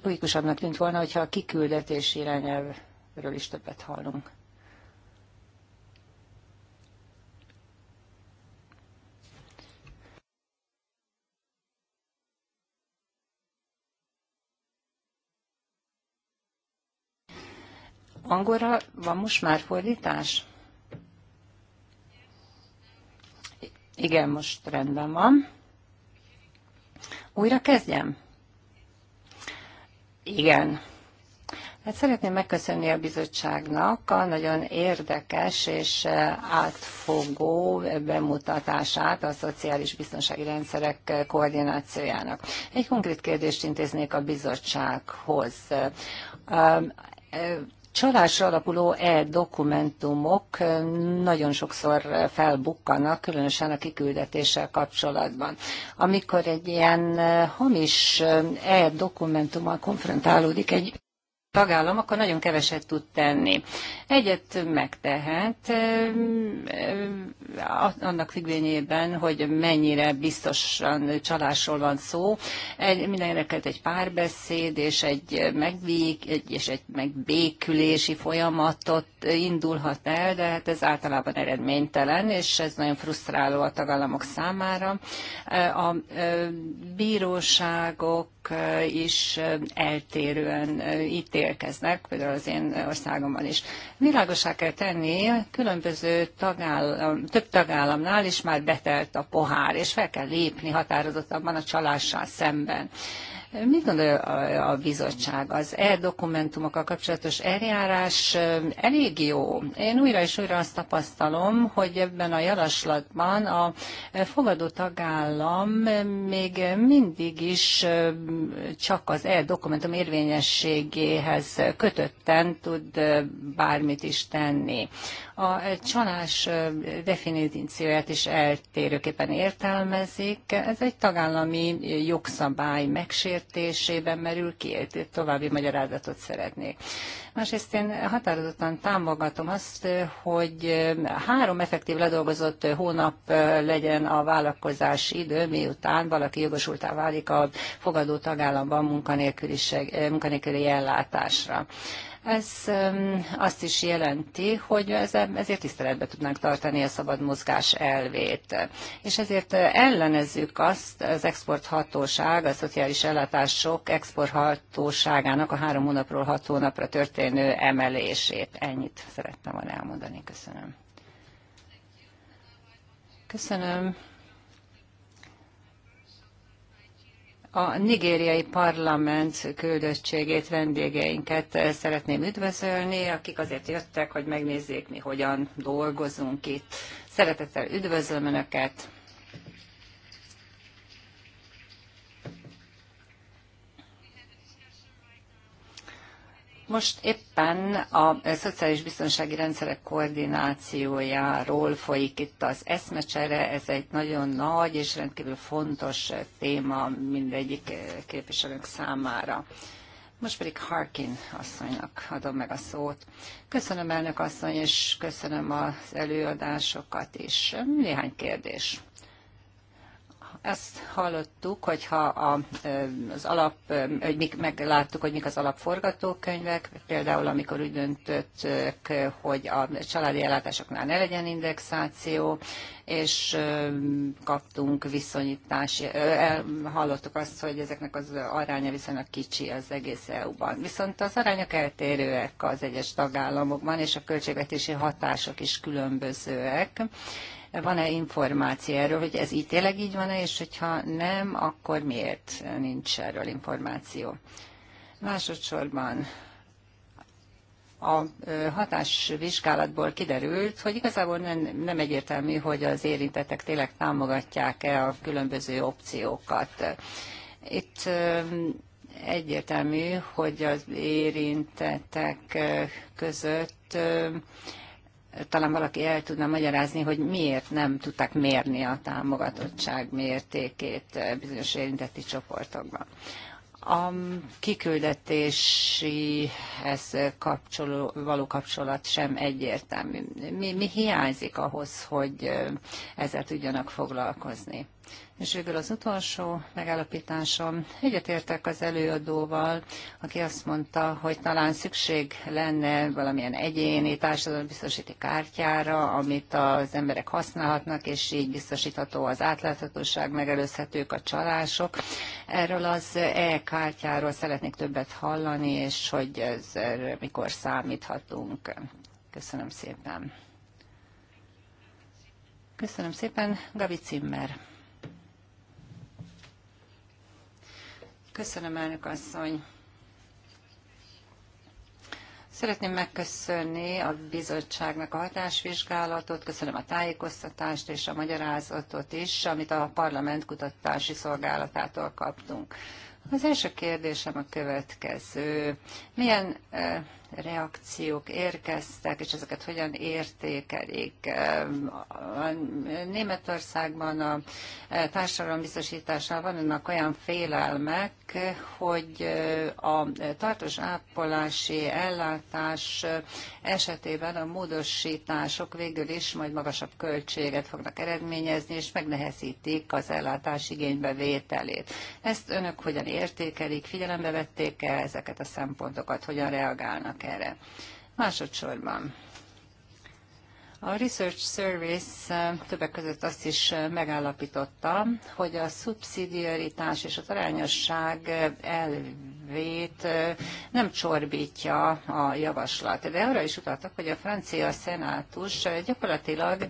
logikusabbnak tűnt volna, hogyha a kiküldetés irányelvről is többet hallunk. angolra van most már fordítás? Igen, most rendben van. Újra kezdjem? Igen. Hát szeretném megköszönni a bizottságnak a nagyon érdekes és átfogó bemutatását a szociális biztonsági rendszerek koordinációjának. Egy konkrét kérdést intéznék a bizottsághoz csalásra alapuló e-dokumentumok nagyon sokszor felbukkanak, különösen a kiküldetéssel kapcsolatban. Amikor egy ilyen hamis e-dokumentummal konfrontálódik egy tagállam, akkor nagyon keveset tud tenni. Egyet megtehet, annak függvényében, hogy mennyire biztosan csalásról van szó. Egy, mindenre egy párbeszéd és egy, megbék, egy, és egy megbékülési folyamatot indulhat el, de hát ez általában eredménytelen, és ez nagyon frusztráló a tagállamok számára. A bíróságok Eh, is eh, eltérően ítélkeznek, eh, például az én országomban is. Világosá kell tenni, különböző tagállam, több tagállamnál is már betelt a pohár, és fel kell lépni határozottabban a csalással szemben. Mit gondol a bizottság? Az e-dokumentumokkal kapcsolatos eljárás elég jó. Én újra és újra azt tapasztalom, hogy ebben a javaslatban a fogadó tagállam még mindig is csak az e-dokumentum érvényességéhez kötötten tud bármit is tenni a csalás definícióját is eltérőképpen értelmezik. Ez egy tagállami jogszabály megsértésében merül ki. További magyarázatot szeretnék. Másrészt én határozottan támogatom azt, hogy három effektív ledolgozott hónap legyen a vállalkozás idő, miután valaki jogosultá válik a fogadó tagállamban munkanélküli ellátásra. Ez azt is jelenti, hogy ezért tiszteletbe tudnánk tartani a szabad mozgás elvét. És ezért ellenezzük azt az exporthatóság, a szociális ellátások exporthatóságának a három hónapról hat hónapra történő emelését. Ennyit szerettem volna elmondani. Köszönöm. Köszönöm. A nigériai parlament küldöttségét, vendégeinket eh, szeretném üdvözölni, akik azért jöttek, hogy megnézzék, mi hogyan dolgozunk itt. Szeretettel üdvözlöm Önöket! Most éppen a szociális biztonsági rendszerek koordinációjáról folyik itt az eszmecsere, ez egy nagyon nagy és rendkívül fontos téma mindegyik képviselők számára. Most pedig Harkin asszonynak adom meg a szót. Köszönöm elnök asszony, és köszönöm az előadásokat is. Néhány kérdés. Ezt hallottuk, hogyha a, az alap, hogy mik, megláttuk, hogy mik az alapforgatókönyvek, például amikor úgy döntöttük, hogy a családi ellátásoknál ne legyen indexáció, és kaptunk viszonyítási, hallottuk azt, hogy ezeknek az aránya viszonylag kicsi az egész EU-ban. Viszont az arányok eltérőek az egyes tagállamokban, és a költségvetési hatások is különbözőek van-e információ erről, hogy ez így tényleg így van-e, és hogyha nem, akkor miért nincs erről információ? Másodszorban a hatásvizsgálatból kiderült, hogy igazából nem, nem egyértelmű, hogy az érintettek tényleg támogatják-e a különböző opciókat. Itt egyértelmű, hogy az érintettek között talán valaki el tudna magyarázni, hogy miért nem tudták mérni a támogatottság mértékét eh, bizonyos érintetti csoportokban. A kiküldetéshez kapcsoló, való kapcsolat sem egyértelmű. Mi, mi hiányzik ahhoz, hogy eh, ezzel tudjanak foglalkozni? És végül az utolsó megállapításom. Egyetértek az előadóval, aki azt mondta, hogy talán szükség lenne valamilyen egyéni társadalombiztosíti kártyára, amit az emberek használhatnak, és így biztosítható az átláthatóság, megelőzhetők a csalások. Erről az e-kártyáról szeretnék többet hallani, és hogy ez mikor számíthatunk. Köszönöm szépen. Köszönöm szépen, Gabi Zimmer. Köszönöm, elnök asszony. Szeretném megköszönni a bizottságnak a hatásvizsgálatot, köszönöm a tájékoztatást és a magyarázatot is, amit a parlament kutatási szolgálatától kaptunk. Az első kérdésem a következő. Milyen eh, reakciók érkeztek, és ezeket hogyan értékelik. Németországban a e, társadalombiztosításnál vannak olyan félelmek, hogy e, a tartós ápolási ellátás esetében a módosítások végül is majd magasabb költséget fognak eredményezni, és megnehezítik az ellátás igénybevételét. Ezt önök hogyan értékelik, figyelembe vették-e ezeket a szempontokat, hogyan reagálnak erre. Másodsorban a Research Service többek között azt is megállapította, hogy a szubszidiaritás és az arányosság elvét nem csorbítja a javaslat. De arra is utaltak, hogy a francia szenátus gyakorlatilag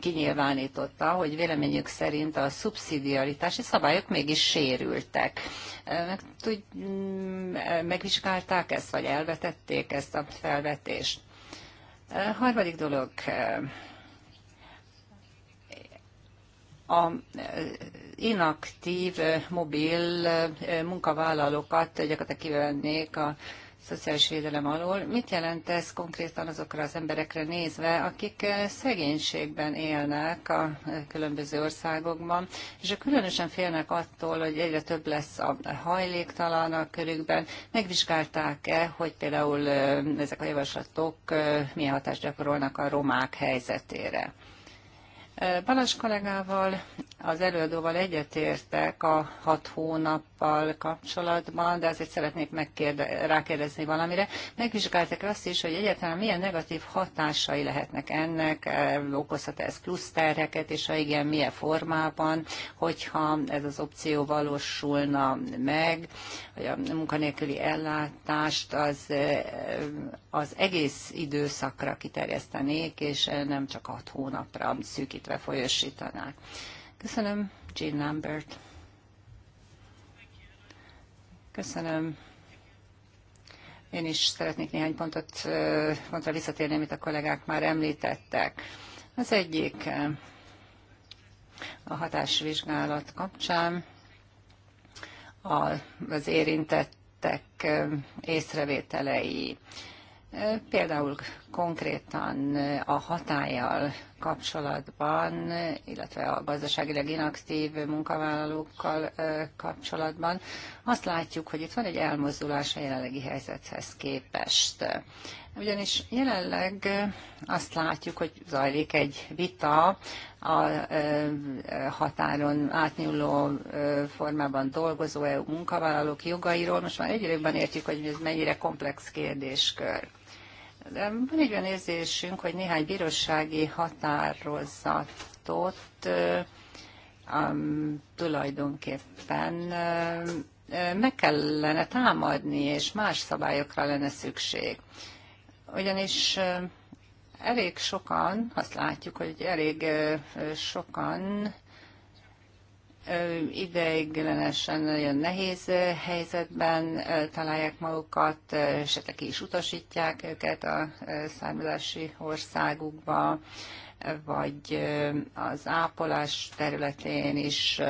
kinyilvánította, hogy véleményük szerint a szubszidiaritási szabályok mégis sérültek. megvizsgálták ezt, vagy elvetették ezt a felvetést? harmadik dolog, a inaktív mobil munkavállalókat gyakorlatilag kivennék a szociális védelem alól. Mit jelent ez konkrétan azokra az emberekre nézve, akik eh, szegénységben élnek a eh, különböző országokban, és különösen félnek attól, hogy egyre több lesz a hajléktalan a körükben. Megvizsgálták-e, hogy például eh, ezek a javaslatok milyen hatást gyakorolnak a romák helyzetére? Balas kollégával az előadóval egyetértek a hat hónappal kapcsolatban, de azért szeretnék megkérde, rákérdezni valamire. Megvizsgáltak azt is, hogy egyáltalán milyen negatív hatásai lehetnek ennek, e, okozhat ez plusz terheket, és ha igen, milyen formában, hogyha ez az opció valósulna meg, hogy a munkanélküli ellátást az, e, az egész időszakra kiterjesztenék, és nem csak hat hónapra szűkítve folyosítanák. Köszönöm, Jean Lambert. Köszönöm. Én is szeretnék néhány pontot, pontra visszatérni, amit a kollégák már említettek. Az egyik a hatásvizsgálat kapcsán az érintettek észrevételei. Például konkrétan a hatállyal kapcsolatban, illetve a gazdaságileg inaktív munkavállalókkal kapcsolatban azt látjuk, hogy itt van egy elmozdulás a jelenlegi helyzethez képest. Ugyanis jelenleg azt látjuk, hogy zajlik egy vita a határon átnyúló formában dolgozó EU munkavállalók jogairól. Most már egyre jobban értjük, hogy ez mennyire komplex kérdéskör. Van egy olyan érzésünk, hogy néhány bírósági határozatot um, tulajdonképpen meg kellene támadni, és más szabályokra lenne szükség. Ugyanis elég sokan, azt látjuk, hogy elég sokan ideiglenesen nagyon nehéz helyzetben találják magukat, esetleg is utasítják őket a számítási országukba, vagy az ápolás területén is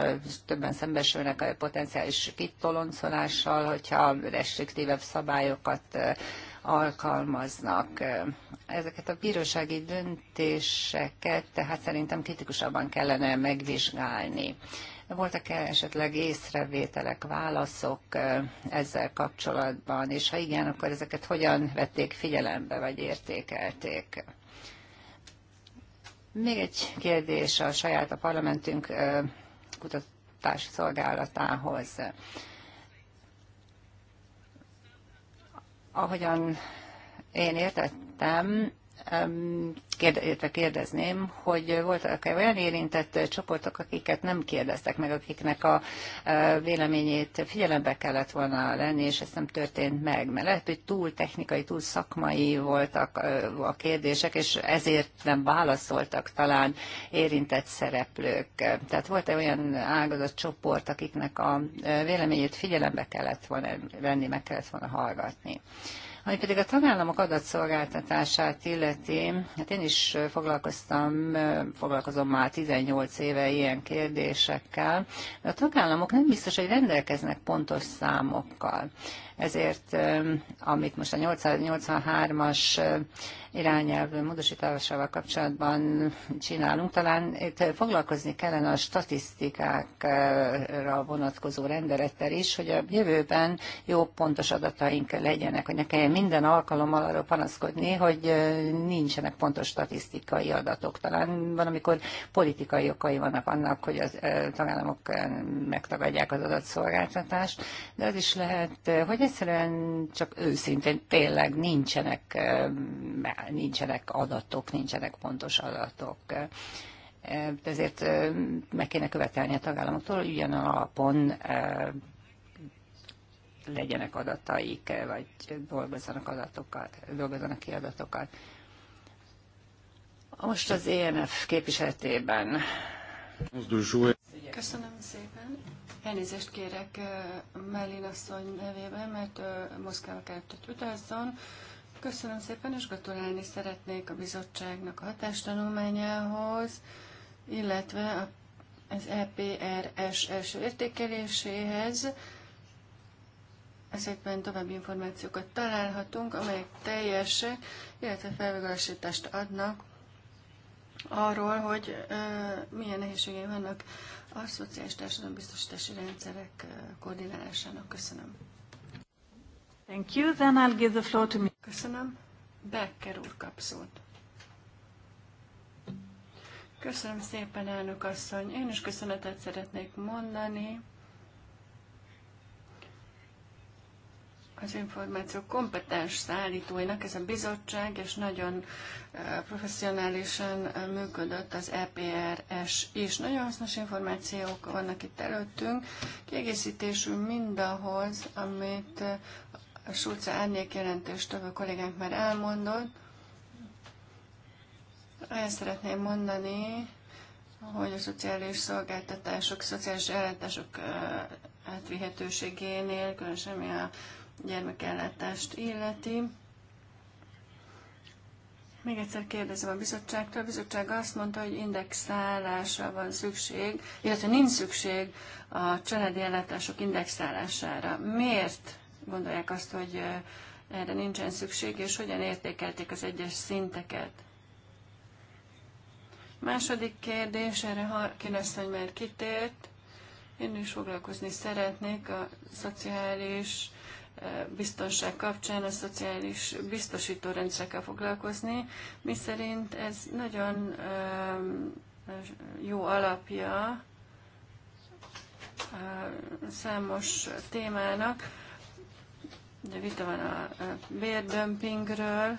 többen szembesülnek a potenciális kitoloncolással, hogyha restriktívebb szabályokat alkalmaznak. Ezeket a bírósági döntéseket tehát szerintem kritikusabban kellene megvizsgálni. Voltak-e esetleg észrevételek, válaszok ezzel kapcsolatban, és ha igen, akkor ezeket hogyan vették figyelembe, vagy értékelték? Még egy kérdés a saját a parlamentünk kutatási szolgálatához. Ahogyan én értettem, kérdezném, hogy voltak-e olyan érintett csoportok, akiket nem kérdeztek meg, akiknek a e, véleményét figyelembe kellett volna lenni, és ez nem történt meg, mert lehet, hogy túl technikai, túl szakmai voltak e, a kérdések, és ezért nem válaszoltak talán érintett szereplők. Tehát volt-e olyan csoport, akiknek a e, véleményét figyelembe kellett volna venni, meg kellett volna hallgatni. Ami pedig a tagállamok adatszolgáltatását illeti, hát én is foglalkoztam, foglalkozom már 18 éve ilyen kérdésekkel, de a tagállamok nem biztos, hogy rendelkeznek pontos számokkal ezért amit most a 883-as irányelv módosításával kapcsolatban csinálunk, talán itt foglalkozni kellene a statisztikákra vonatkozó rendelettel is, hogy a jövőben jó pontos adataink legyenek, hogy ne kelljen minden alkalommal arról panaszkodni, hogy nincsenek pontos statisztikai adatok. Talán van, amikor politikai okai vannak annak, hogy a tagállamok megtagadják az adatszolgáltatást, de az is lehet, hogy egyszerűen csak őszintén tényleg nincsenek, eh, nincsenek adatok, nincsenek pontos adatok. Eh, ezért eh, meg kéne követelni a tagállamoktól, hogy ugyan a alapon legyenek adataik, vagy dolgozzanak adatokat, dolgozzanak ki adatokat. Most az ENF képviseletében. Köszönöm szépen. Elnézést kérek Mellin asszony nevében, mert Moszkvába kellett, hogy utazzon. Köszönöm szépen, és gratulálni szeretnék a bizottságnak a hatástanulmányához, illetve az EPRS első értékeléséhez. Ezekben további információkat találhatunk, amelyek teljesek, illetve felvilágosítást adnak arról, hogy milyen nehézségei vannak a szociális társadalombiztosítási rendszerek koordinálásának. Köszönöm. Thank you. Then I'll give the floor to me. Köszönöm. Becker úr kap szót. Köszönöm szépen, elnök asszony. Én is köszönetet szeretnék mondani az információ kompetens szállítóinak, ez a bizottság, és nagyon eh, professzionálisan eh, működött az EPRS is. Nagyon hasznos információk vannak itt előttünk, Kiegészítésünk mindahhoz, amit eh, a Sulca árnyék jelentős a kollégánk már elmondott. El szeretném mondani, hogy a szociális szolgáltatások, szociális ellátások átvihetőségénél, különösen mi a gyermekellátást illeti. Még egyszer kérdezem a bizottságtól. A bizottság azt mondta, hogy indexálásra van szükség, illetve nincs szükség a családi ellátások indexálására. Miért gondolják azt, hogy erre nincsen szükség, és hogyan értékelték az egyes szinteket? Második kérdés, erre kérdeztem, hogy már kitért. Én is foglalkozni szeretnék a szociális biztonság kapcsán a szociális biztosító rendszerekkel foglalkozni, mi szerint ez nagyon jó alapja számos témának. De vita van a bérdömpingről,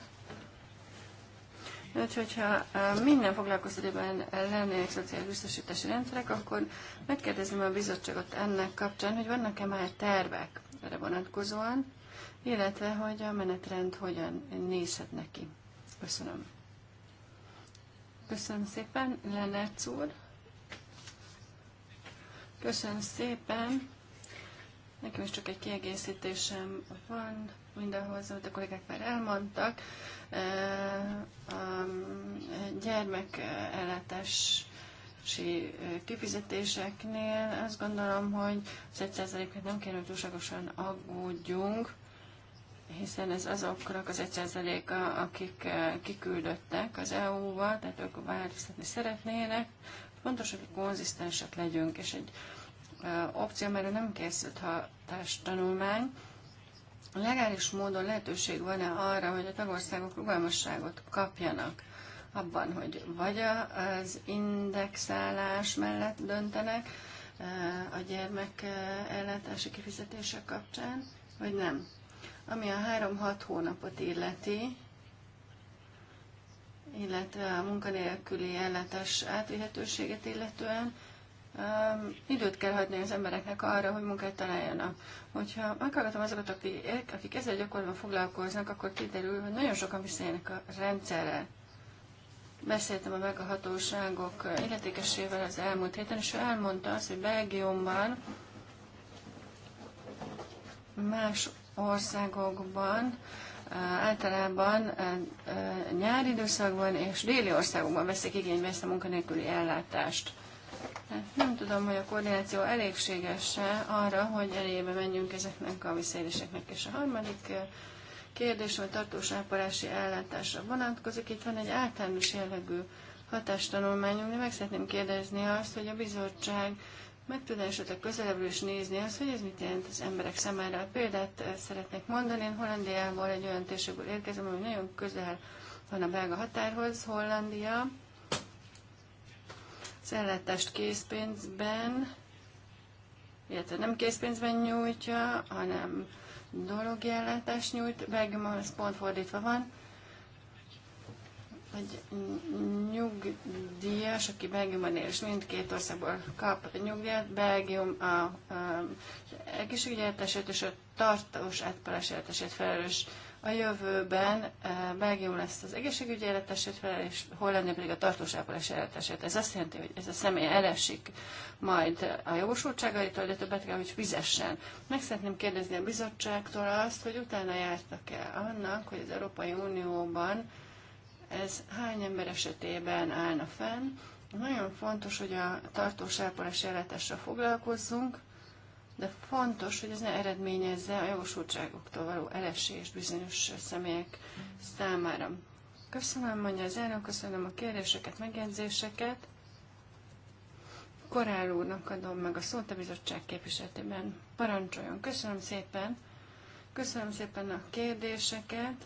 hogyha ha minden foglalkoztatóban lennének szociális biztosítási rendszerek, akkor megkérdezném a bizottságot ennek kapcsán, hogy vannak-e már tervek erre vonatkozóan, illetve hogy a menetrend hogyan nézhet neki. Köszönöm. Köszönöm szépen, Lenárc úr. Köszönöm szépen. Nekem is csak egy kiegészítésem van mindahhoz, amit a kollégák már elmondtak. A gyermekellátás áfási kifizetéseknél azt gondolom, hogy az 1%-et nem kéne, hogy túlságosan aggódjunk, hiszen ez azoknak az 1%-a, akik kiküldöttek az EU-ba, tehát ők változtatni szeretnének. Fontos, hogy konzisztensek legyünk, és egy opció, mert nem készült hatástanulmány. Legális módon lehetőség van-e arra, hogy a tagországok rugalmasságot kapjanak? abban, hogy vagy az indexálás mellett döntenek e, a gyermek e, ellátási kifizetése kapcsán, vagy nem. Ami a 3-6 hónapot illeti, illetve a munkanélküli ellátás átvihetőséget illetően, Um, időt kell hagyni az embereknek arra, hogy munkát találjanak. Hogyha meghallgatom azokat, akik, akik ezzel gyakorlatilag foglalkoznak, akkor kiderül, hogy nagyon sokan visszajönnek a rendszerrel. Beszéltem a meghatóságok illetékesével az elmúlt héten, és ő elmondta azt, hogy Belgiumban más országokban eh, általában eh, eh, nyári időszakban és déli országokban veszik igénybe ezt a munkanélküli ellátást. Hát nem tudom, hogy a koordináció elégséges-e arra, hogy elébe menjünk ezeknek a visszaéléseknek. És a harmadik kérdés, ami tartós ápolási ellátásra vonatkozik. Itt van egy általános jellegű hatástanulmányunk, de meg szeretném kérdezni azt, hogy a bizottság meg tudná esetleg közelebbről is nézni azt, hogy ez mit jelent az emberek számára. példát eh, szeretnék mondani, én Hollandiából egy olyan térségből érkezem, ami nagyon közel van a belga határhoz, Hollandia. Az ellátást készpénzben, illetve nem készpénzben nyújtja, hanem dolog jelentés nyújt, Belgiumban ez pont fordítva van, egy nyugdíjas, aki Belgiumban él, és mindkét országból kap nyugdíjat, Belgium a, a, a egészségügyi és a tartós átpalás felelős a jövőben eh, Belgium lesz az egészségügyi ellátáért felel, és Hollandia pedig a tartósápolás ellátáért. Ez azt jelenti, hogy ez a személy elesik majd a jogosultságaitól, de többet kell, hogy fizessen. Meg szeretném kérdezni a bizottságtól azt, hogy utána jártak-e annak, hogy az Európai Unióban ez hány ember esetében állna fenn. Nagyon fontos, hogy a tartósápolás ellátásra foglalkozzunk, de fontos, hogy ez ne eredményezze a jogosultságoktól való elesést bizonyos személyek számára. Köszönöm, mondja az elnök, köszönöm a kérdéseket, megjegyzéseket. Korál úrnak adom meg a szót a bizottság képviseletében. Parancsoljon, köszönöm szépen. Köszönöm szépen a kérdéseket.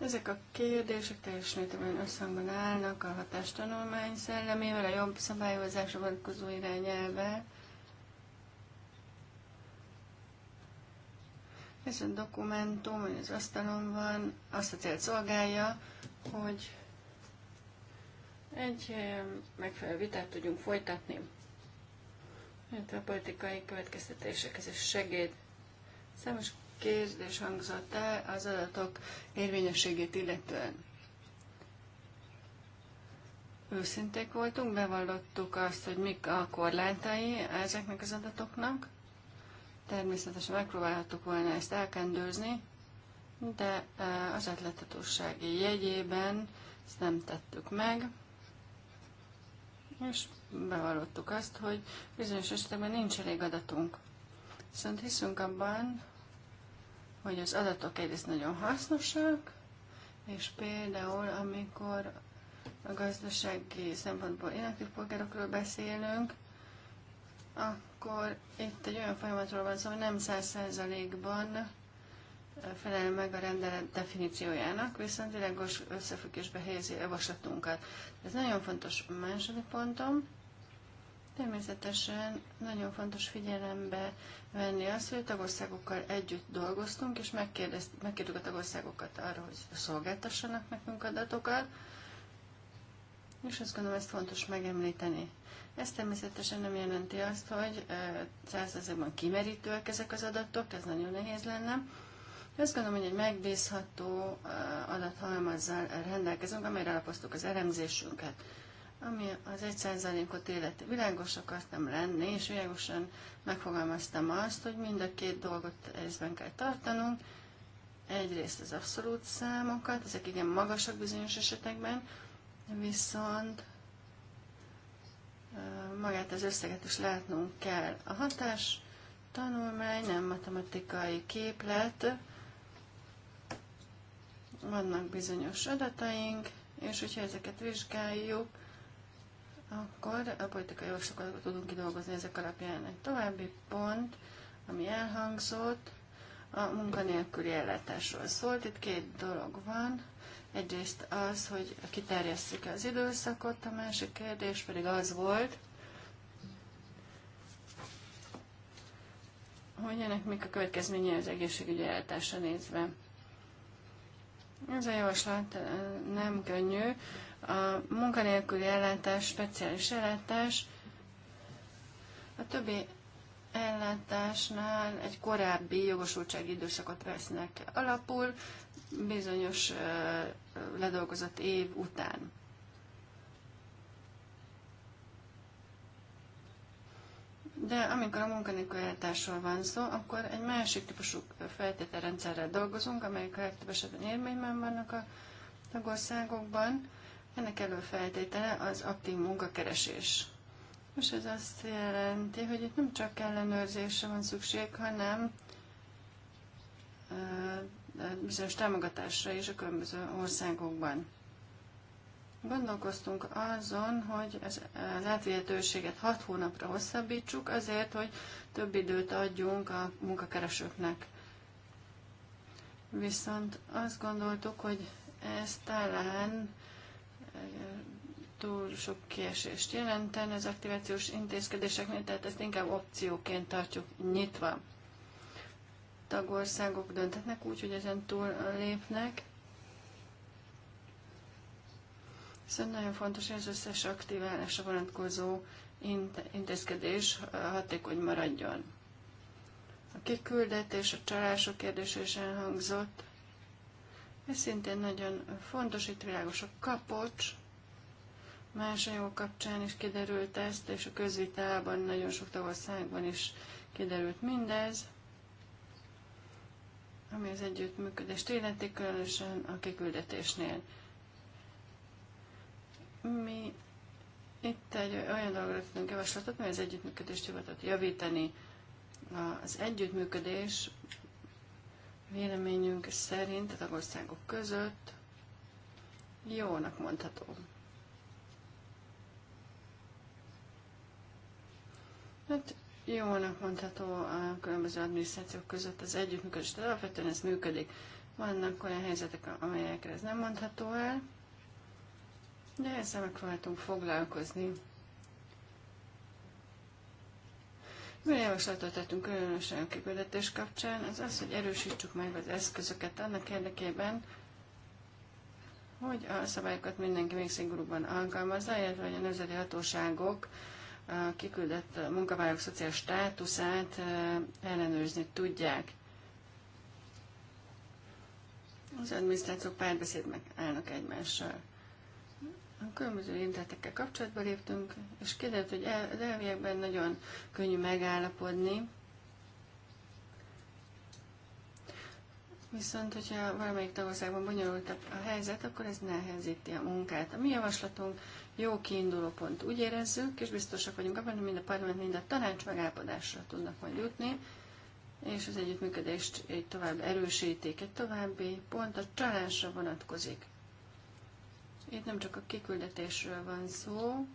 Ezek a kérdések teljes mértékben összhangban állnak a hatástanulmány szellemével, a jobb szabályozásra vonatkozó irányelvvel, Ez a dokumentum, ami az asztalon van, azt a célt szolgálja, hogy egy eh, megfelelő vitát tudjunk folytatni, mint hát a politikai következtetésekhez is segéd. Számos kérdés hangzott el az adatok érvényességét illetően. Őszinték voltunk, bevallottuk azt, hogy mik a korlátai ezeknek az adatoknak, Természetesen megpróbálhattuk volna ezt elkendőzni, de az átláthatósági jegyében ezt nem tettük meg, és bevallottuk azt, hogy bizonyos esetekben nincs elég adatunk. Viszont hiszünk abban, hogy az adatok egyrészt nagyon hasznosak, és például, amikor a gazdasági szempontból inaktív polgárokról beszélünk, akkor itt egy olyan folyamatról van szó, hogy nem száz százalékban eh, felel meg a rendelet definíciójának, viszont világos összefüggésbe helyezi javaslatunkat. Ez nagyon fontos második pontom. Természetesen nagyon fontos figyelembe venni azt, hogy a tagországokkal együtt dolgoztunk, és megkértük a tagországokat arra, hogy szolgáltassanak nekünk adatokat, és azt gondolom, ezt fontos megemlíteni. Ez természetesen nem jelenti azt, hogy százalékban kimerítőek ezek az adatok, ez nagyon nehéz lenne. Azt gondolom, hogy egy megbízható adathalmazzal rendelkezünk, amelyre alapoztuk az elemzésünket, ami az egy százalékot életi világos akartam lenni, és világosan megfogalmaztam azt, hogy mind a két dolgot részben kell tartanunk. Egyrészt az abszolút számokat, ezek igen magasak bizonyos esetekben, viszont magát az összeget is látnunk kell. A hatás tanulmány nem matematikai képlet, vannak bizonyos adataink, és hogyha ezeket vizsgáljuk, akkor a politikai javaslatokat tudunk kidolgozni ezek alapján. Egy további pont, ami elhangzott, a munkanélküli ellátásról szólt. Itt két dolog van. Egyrészt az, hogy kiterjesszük az időszakot, a másik kérdés pedig az volt, hogy ennek mik a következménye az egészségügyi ellátásra nézve. Ez a javaslat nem könnyű. A munkanélküli ellátás, speciális ellátás, a többi ellátásnál egy korábbi jogosultsági időszakot vesznek alapul, bizonyos ledolgozott év után. De amikor a munkanélkülátásról van szó, akkor egy másik típusú feltételrendszerrel dolgozunk, amelyek a legtöbb esetben érményben vannak a tagországokban. Ennek előfeltétele az aktív munkakeresés. És ez azt jelenti, hogy itt nem csak ellenőrzésre van szükség, hanem bizonyos támogatásra is a különböző országokban. Gondolkoztunk azon, hogy ez, az e, átvihetőséget 6 hónapra hosszabbítsuk, azért, hogy több időt adjunk a munkakeresőknek. Viszont azt gondoltuk, hogy ez talán e, túl sok kiesést jelenten az aktivációs intézkedéseknél, tehát ezt inkább opcióként tartjuk nyitva tagországok dönthetnek úgy, hogy ezen túl lépnek. Szóval nagyon fontos, hogy az összes aktiválásra vonatkozó intézkedés hatékony maradjon. A kiküldetés, a csalások kérdése is elhangzott. Ez szintén nagyon fontos, itt világos a kapocs, más jó kapcsán is kiderült ezt, és a közvitában nagyon sok tagországban is kiderült mindez ami az együttműködést illeti, különösen a kiküldetésnél. Mi itt egy olyan dologra tudunk javaslatot, mert az együttműködést hivatott javítani. Az együttműködés véleményünk szerint a tagországok között jónak mondható. Hát Jónak mondható a különböző adminisztrációk között az együttműködés, tehát alapvetően ez működik. Vannak olyan helyzetek, amelyekre ez nem mondható el, de ezzel fogunk foglalkozni. Milyen javaslatot tettünk különösen a kiküldetés kapcsán, az az, hogy erősítsük meg az eszközöket annak érdekében, hogy a szabályokat mindenki még szigorúban alkalmazza, illetve hogy a nemzeti hatóságok a kiküldött munkavállalók szociális státuszát ellenőrizni tudják. Az adminisztrációk meg állnak egymással. A különböző érintettekkel kapcsolatba léptünk, és kiderült, hogy el, az elviekben nagyon könnyű megállapodni, Viszont, hogyha valamelyik tagországban bonyolultabb a helyzet, akkor ez nehezíti a munkát. A mi javaslatunk jó kiinduló pont. Úgy érezzük, és biztosak vagyunk abban, hogy mind a parlament, mind a tanács megállapodásra tudnak majd jutni, és az együttműködést egy tovább erősíték. Egy további pont a csalásra vonatkozik. Itt nem csak a kiküldetésről van szó,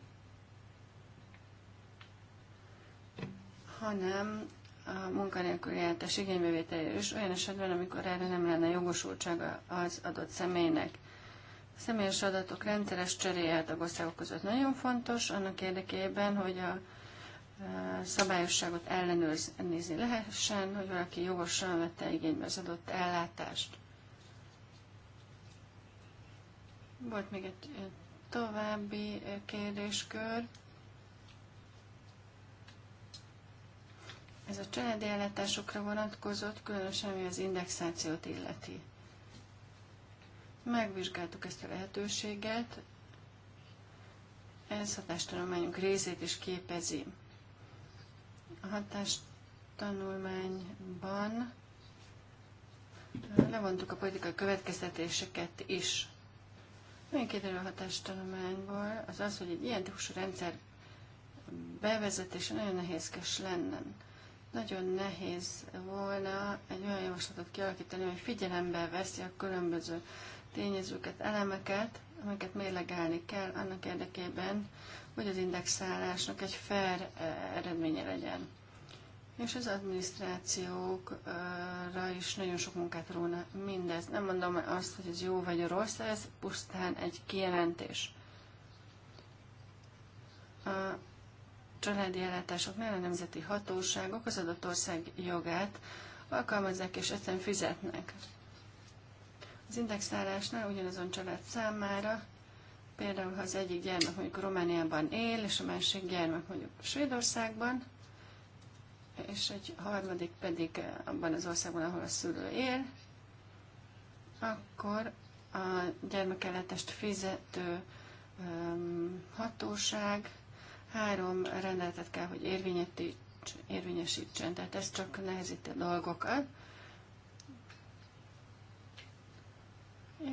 hanem a munkanélküli eltes igénybevételéről, is olyan esetben, amikor erre nem lenne jogosultsága az adott személynek személyes adatok rendszeres cseréje a országok között nagyon fontos, annak érdekében, hogy a e, szabályosságot ellenőrizni lehessen, hogy valaki jogosan vette igénybe az adott ellátást. Volt még egy e, további e, kérdéskör. Ez a családi ellátásokra vonatkozott, különösen mi az indexációt illeti. Megvizsgáltuk ezt a lehetőséget, ez hatástanulmányunk részét is képezi. A hatástanulmányban eh, levontuk a politikai következtetéseket is. Milyen kiderül a hatástanulmányból az az, hogy egy ilyen típusú rendszer bevezetése nagyon nehézkes lenne. Nagyon nehéz volna egy olyan javaslatot kialakítani, hogy figyelembe veszi a különböző tényezőket, elemeket, amiket mérlegelni kell annak érdekében, hogy az indexálásnak egy fair eh, eredménye legyen. És az adminisztrációkra is nagyon sok munkát róna mindez. Nem mondom azt, hogy ez jó vagy rossz, ez pusztán egy kijelentés. A családi ellátásoknál a nemzeti hatóságok az adott ország jogát alkalmazzák és ezen fizetnek. Az indexálásnál ugyanazon család számára, például ha az egyik gyermek mondjuk Romániában él, és a másik gyermek mondjuk Svédországban, és egy harmadik pedig eh, abban az országban, ahol a szülő él, akkor a gyermekellátást fizető ehm, hatóság három rendeletet kell, hogy érvényesítsen, tehát ez csak nehezíti a dolgokat.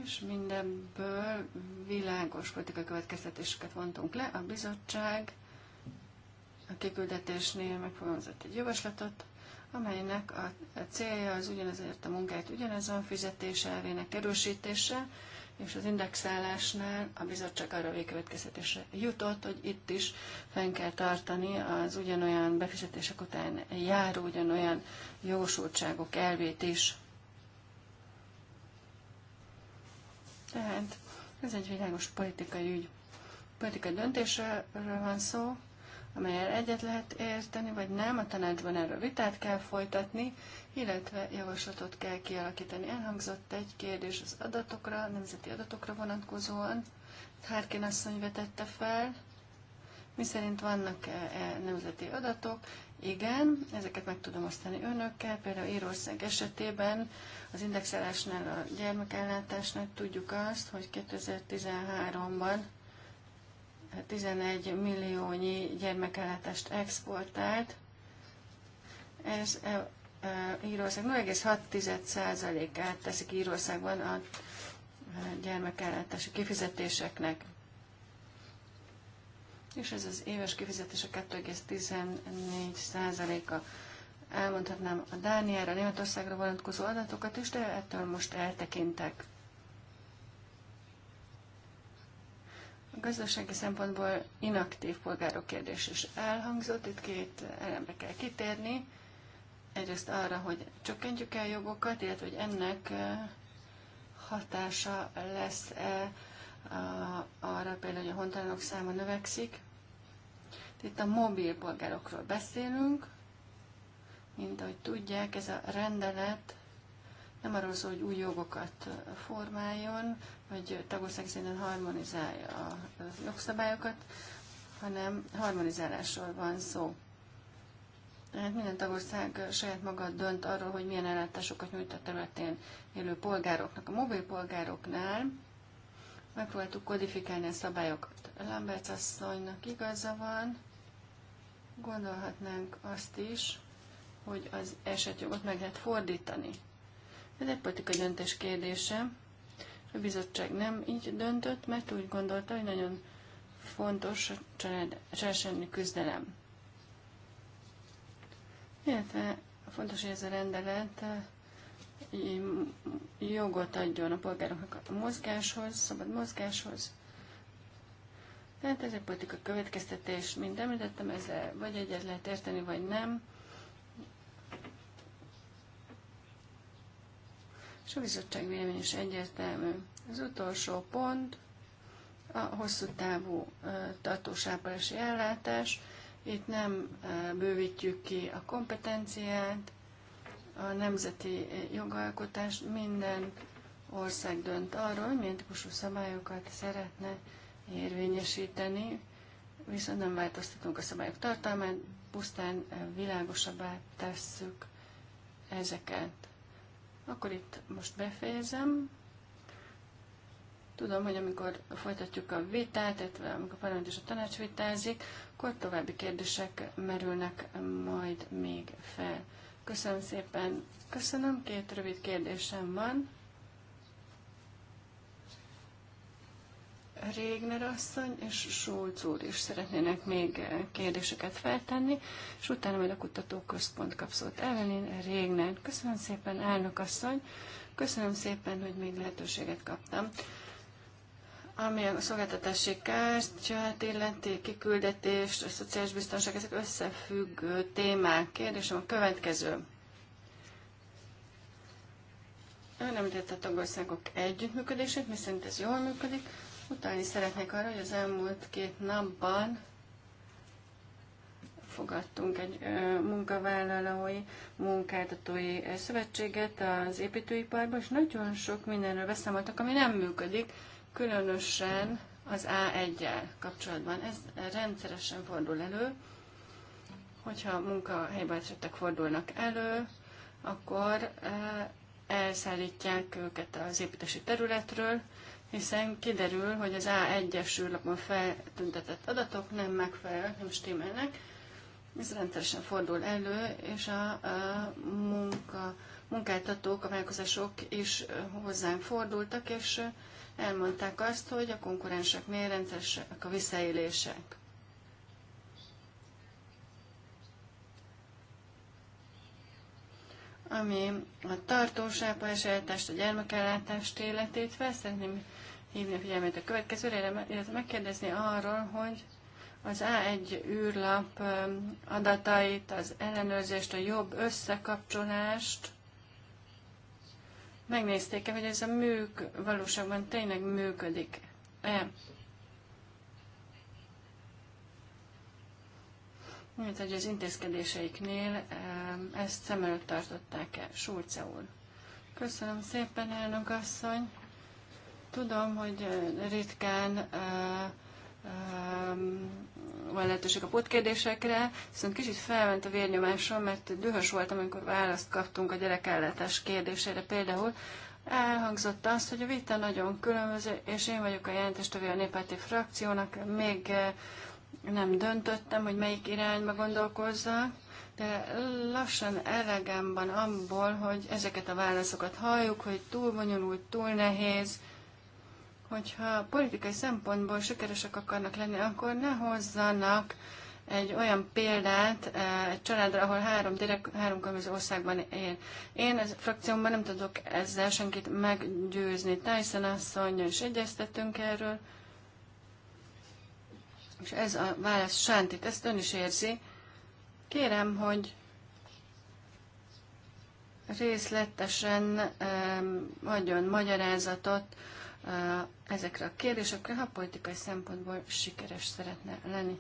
És mindebből világos politikai következtetéseket vontunk le. A bizottság a kiküldetésnél megfogalmazott egy javaslatot, amelynek a célja az ugyanezért a munkáit ugyanazon fizetés elvének erősítése, és az indexálásnál a bizottság arra végkövetkeztetésre jutott, hogy itt is fenn kell tartani az ugyanolyan befizetések után járó ugyanolyan jogosultságok elvét is. Tehát ez egy világos politikai ügy. Politikai döntésről van szó, amelyel egyet lehet érteni, vagy nem, a tanácsban erről vitát kell folytatni, illetve javaslatot kell kialakítani. Elhangzott egy kérdés az adatokra, nemzeti adatokra vonatkozóan. Hárkin asszony vetette fel, miszerint vannak -e nemzeti adatok, igen, ezeket meg tudom osztani önökkel. Például Írország esetében az indexelásnál, a gyermekellátásnál tudjuk azt, hogy 2013-ban 11 milliónyi gyermekellátást exportált. Ez e, e, Írország 0,6%-át teszik Írországban a e, gyermekellátási kifizetéseknek és ez az éves kifizetés a 2,14%-a. Elmondhatnám a Dániára, Németországra vonatkozó adatokat is, de ettől most eltekintek. A gazdasági szempontból inaktív polgárok kérdés is elhangzott, itt két elemre kell kitérni. Egyrészt arra, hogy csökkentjük el jogokat, illetve hogy ennek eh, hatása lesz-e arra például, hogy a hontalanok száma növekszik. Itt a mobil polgárokról beszélünk. Mint ahogy tudják, ez a rendelet nem arról szól, hogy új jogokat formáljon, vagy tagország szinten harmonizálja a jogszabályokat, hanem harmonizálásról van szó. Hát minden tagország saját maga dönt arról, hogy milyen ellátásokat nyújt a területén élő polgároknak. A mobil polgároknál Megpróbáltuk kodifikálni a szabályokat. Lambert asszonynak igaza van, gondolhatnánk azt is, hogy az esetjogot meg lehet fordítani. Ez egy politikai döntés kérdése. A bizottság nem így döntött, mert úgy gondolta, hogy nagyon fontos a család, család küzdelem. Illetve fontos, hogy ez a rendelet jogot adjon a polgároknak a mozgáshoz, szabad mozgáshoz. Tehát ez egy politika következtetés, mint említettem, ezzel vagy egyet lehet érteni, vagy nem. És a bizottság vélemény is egyértelmű. Az utolsó pont a hosszú távú tartós ellátás. Itt nem bővítjük ki a kompetenciát, a nemzeti jogalkotás minden ország dönt arról, milyen típusú szabályokat szeretne érvényesíteni, viszont nem változtatunk a szabályok tartalmát, pusztán világosabbá tesszük ezeket. Akkor itt most befejezem. Tudom, hogy amikor folytatjuk a vitát, illetve amikor a parlament és a tanács vitázik, akkor további kérdések merülnek majd még fel. Köszönöm szépen. Köszönöm, két rövid kérdésem van. Régner asszony és Schulz úr is szeretnének még kérdéseket feltenni, és utána majd a kutatóközpont kap szót. Evelyn Régner, köszönöm szépen, elnök asszony, köszönöm szépen, hogy még lehetőséget kaptam ami a szolgáltatási kártyát illeti, kiküldetés, a szociális biztonság, ezek összefüggő témák. Kérdésem a következő. Ön említette a tagországok együttműködését, mi szerint ez jól működik. Utalni szeretnék arra, hogy az elmúlt két napban fogadtunk egy munkavállalói, munkáltatói szövetséget az építőiparban, és nagyon sok mindenről beszámoltak, ami nem működik különösen az a 1 jel kapcsolatban. Ez rendszeresen fordul elő, hogyha munkahelybe esetek fordulnak elő, akkor eh, elszállítják őket az építési területről, hiszen kiderül, hogy az A1-es űrlapon feltüntetett adatok nem megfelelnek, nem stimmelnek. Ez rendszeresen fordul elő, és a, a munka, munkáltatók, a vállalkozások is eh, hozzánk fordultak, és eh, elmondták azt, hogy a konkurensek miért rendszeresek a visszaélések. ami a tartóságba elsajátást, a gyermekellátást életét vesz. Szeretném hívni a figyelmét a következőre, illetve megkérdezni arról, hogy az A1 űrlap um, adatait, az ellenőrzést, a jobb összekapcsolást, Megnézték-e, hogy ez a műk valóságban tényleg működik-e? Mint hogy az intézkedéseiknél ezt szem előtt tartották-e, Sulce úr. Köszönöm szépen, elnök asszony. Tudom, hogy eh, ritkán eh, van lehetőség a pótkérdésekre, viszont kicsit felment a vérnyomásom, mert dühös voltam, amikor választ kaptunk a gyerekellátás kérdésére például. Elhangzott azt, hogy a vita nagyon különböző, és én vagyok a jelentéstevő a néppárti frakciónak, még eh, nem döntöttem, hogy melyik irányba gondolkozzak, de lassan elegem van abból, hogy ezeket a válaszokat halljuk, hogy túl bonyolult, túl nehéz, hogyha politikai szempontból sikeresek akarnak lenni, akkor ne hozzanak egy olyan példát eh, egy családra, ahol három, direkt, három különböző országban él. Én a frakciómban nem tudok ezzel senkit meggyőzni. Tyson asszonyja is egyeztetünk erről, és ez a válasz Sántit, ezt ön is érzi. Kérem, hogy részletesen adjon magyarázatot ezekre a kérdésekre, ha politikai szempontból sikeres szeretne lenni.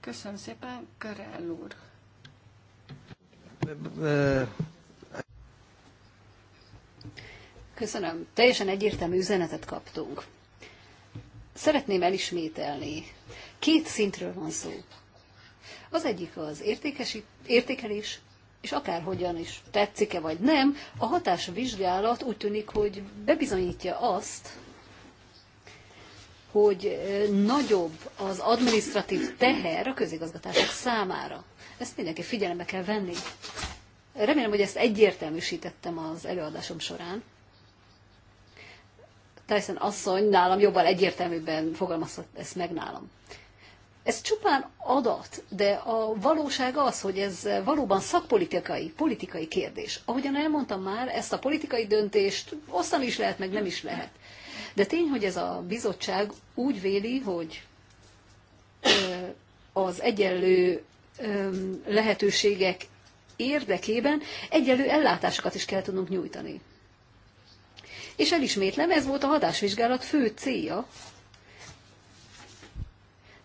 Köszönöm szépen, Körel úr! Köszönöm. Teljesen egyértelmű üzenetet kaptunk. Szeretném elismételni. Két szintről van szó. Az egyik az értékesi, értékelés, és akárhogyan is tetszik-e vagy nem, a hatásvizsgálat úgy tűnik, hogy bebizonyítja azt, hogy nagyobb az administratív teher a közigazgatások számára. Ezt mindenki figyelembe kell venni. Remélem, hogy ezt egyértelműsítettem az előadásom során. Tyson asszony nálam jobban egyértelműbben fogalmazott ezt meg nálam. Ez csupán adat, de a valóság az, hogy ez valóban szakpolitikai, politikai kérdés. Ahogyan elmondtam már, ezt a politikai döntést osztani is lehet, meg nem is lehet. De tény, hogy ez a bizottság úgy véli, hogy az egyenlő lehetőségek érdekében egyenlő ellátásokat is kell tudnunk nyújtani. És elismétlem, ez volt a hadásvizsgálat fő célja,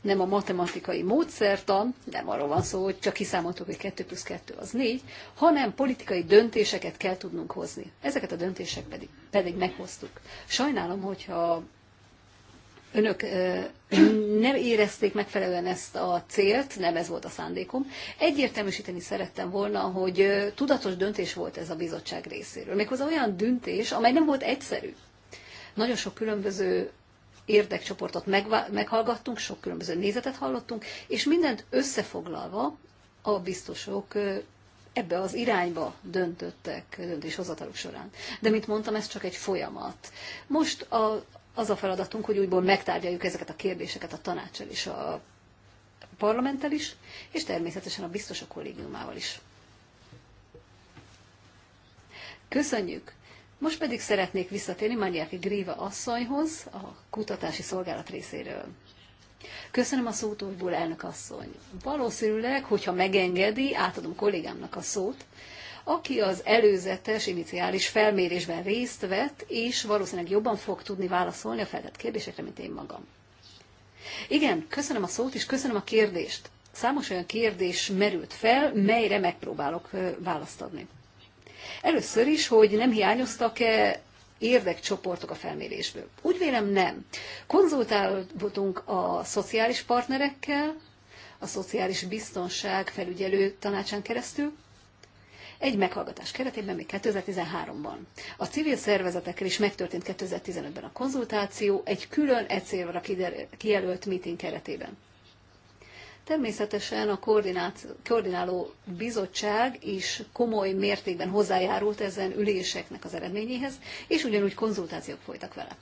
nem a matematikai módszertan, nem arról van szó, hogy csak kiszámoltuk, hogy 2 plusz 2 az 4, hanem politikai döntéseket kell tudnunk hozni. Ezeket a döntések pedig, pedig meghoztuk. Sajnálom, hogyha önök nem érezték megfelelően ezt a célt, nem ez volt a szándékom. Egyértelműsíteni szerettem volna, hogy tudatos döntés volt ez a bizottság részéről. Méghozzá olyan döntés, amely nem volt egyszerű. Nagyon sok különböző érdekcsoportot meghallgattunk, sok különböző nézetet hallottunk, és mindent összefoglalva a biztosok ebbe az irányba döntöttek döntéshozataluk során. De, mint mondtam, ez csak egy folyamat. Most a, az a feladatunk, hogy újból megtárgyaljuk ezeket a kérdéseket a tanácsal és a parlamenttel is, és természetesen a biztosok kollégiumával is. Köszönjük most pedig szeretnék visszatérni Maniáki Gréva asszonyhoz a kutatási szolgálat részéről. Köszönöm a szót, újból elnök asszony. Valószínűleg, hogyha megengedi, átadom kollégámnak a szót, aki az előzetes, iniciális felmérésben részt vett, és valószínűleg jobban fog tudni válaszolni a feltett kérdésekre, mint én magam. Igen, köszönöm a szót, és köszönöm a kérdést. Számos olyan kérdés merült fel, melyre megpróbálok választ adni. Először is, hogy nem hiányoztak-e érdekcsoportok a felmérésből. Úgy vélem nem. Konzultáltunk a szociális partnerekkel, a Szociális Biztonság felügyelő tanácsán keresztül, egy meghallgatás keretében még 2013-ban. A civil szervezetekkel is megtörtént 2015-ben a konzultáció, egy külön e célra kijelölt meeting keretében. Természetesen a koordináló bizottság is komoly mértékben hozzájárult ezen üléseknek az eredményéhez, és ugyanúgy konzultációk folytak vele.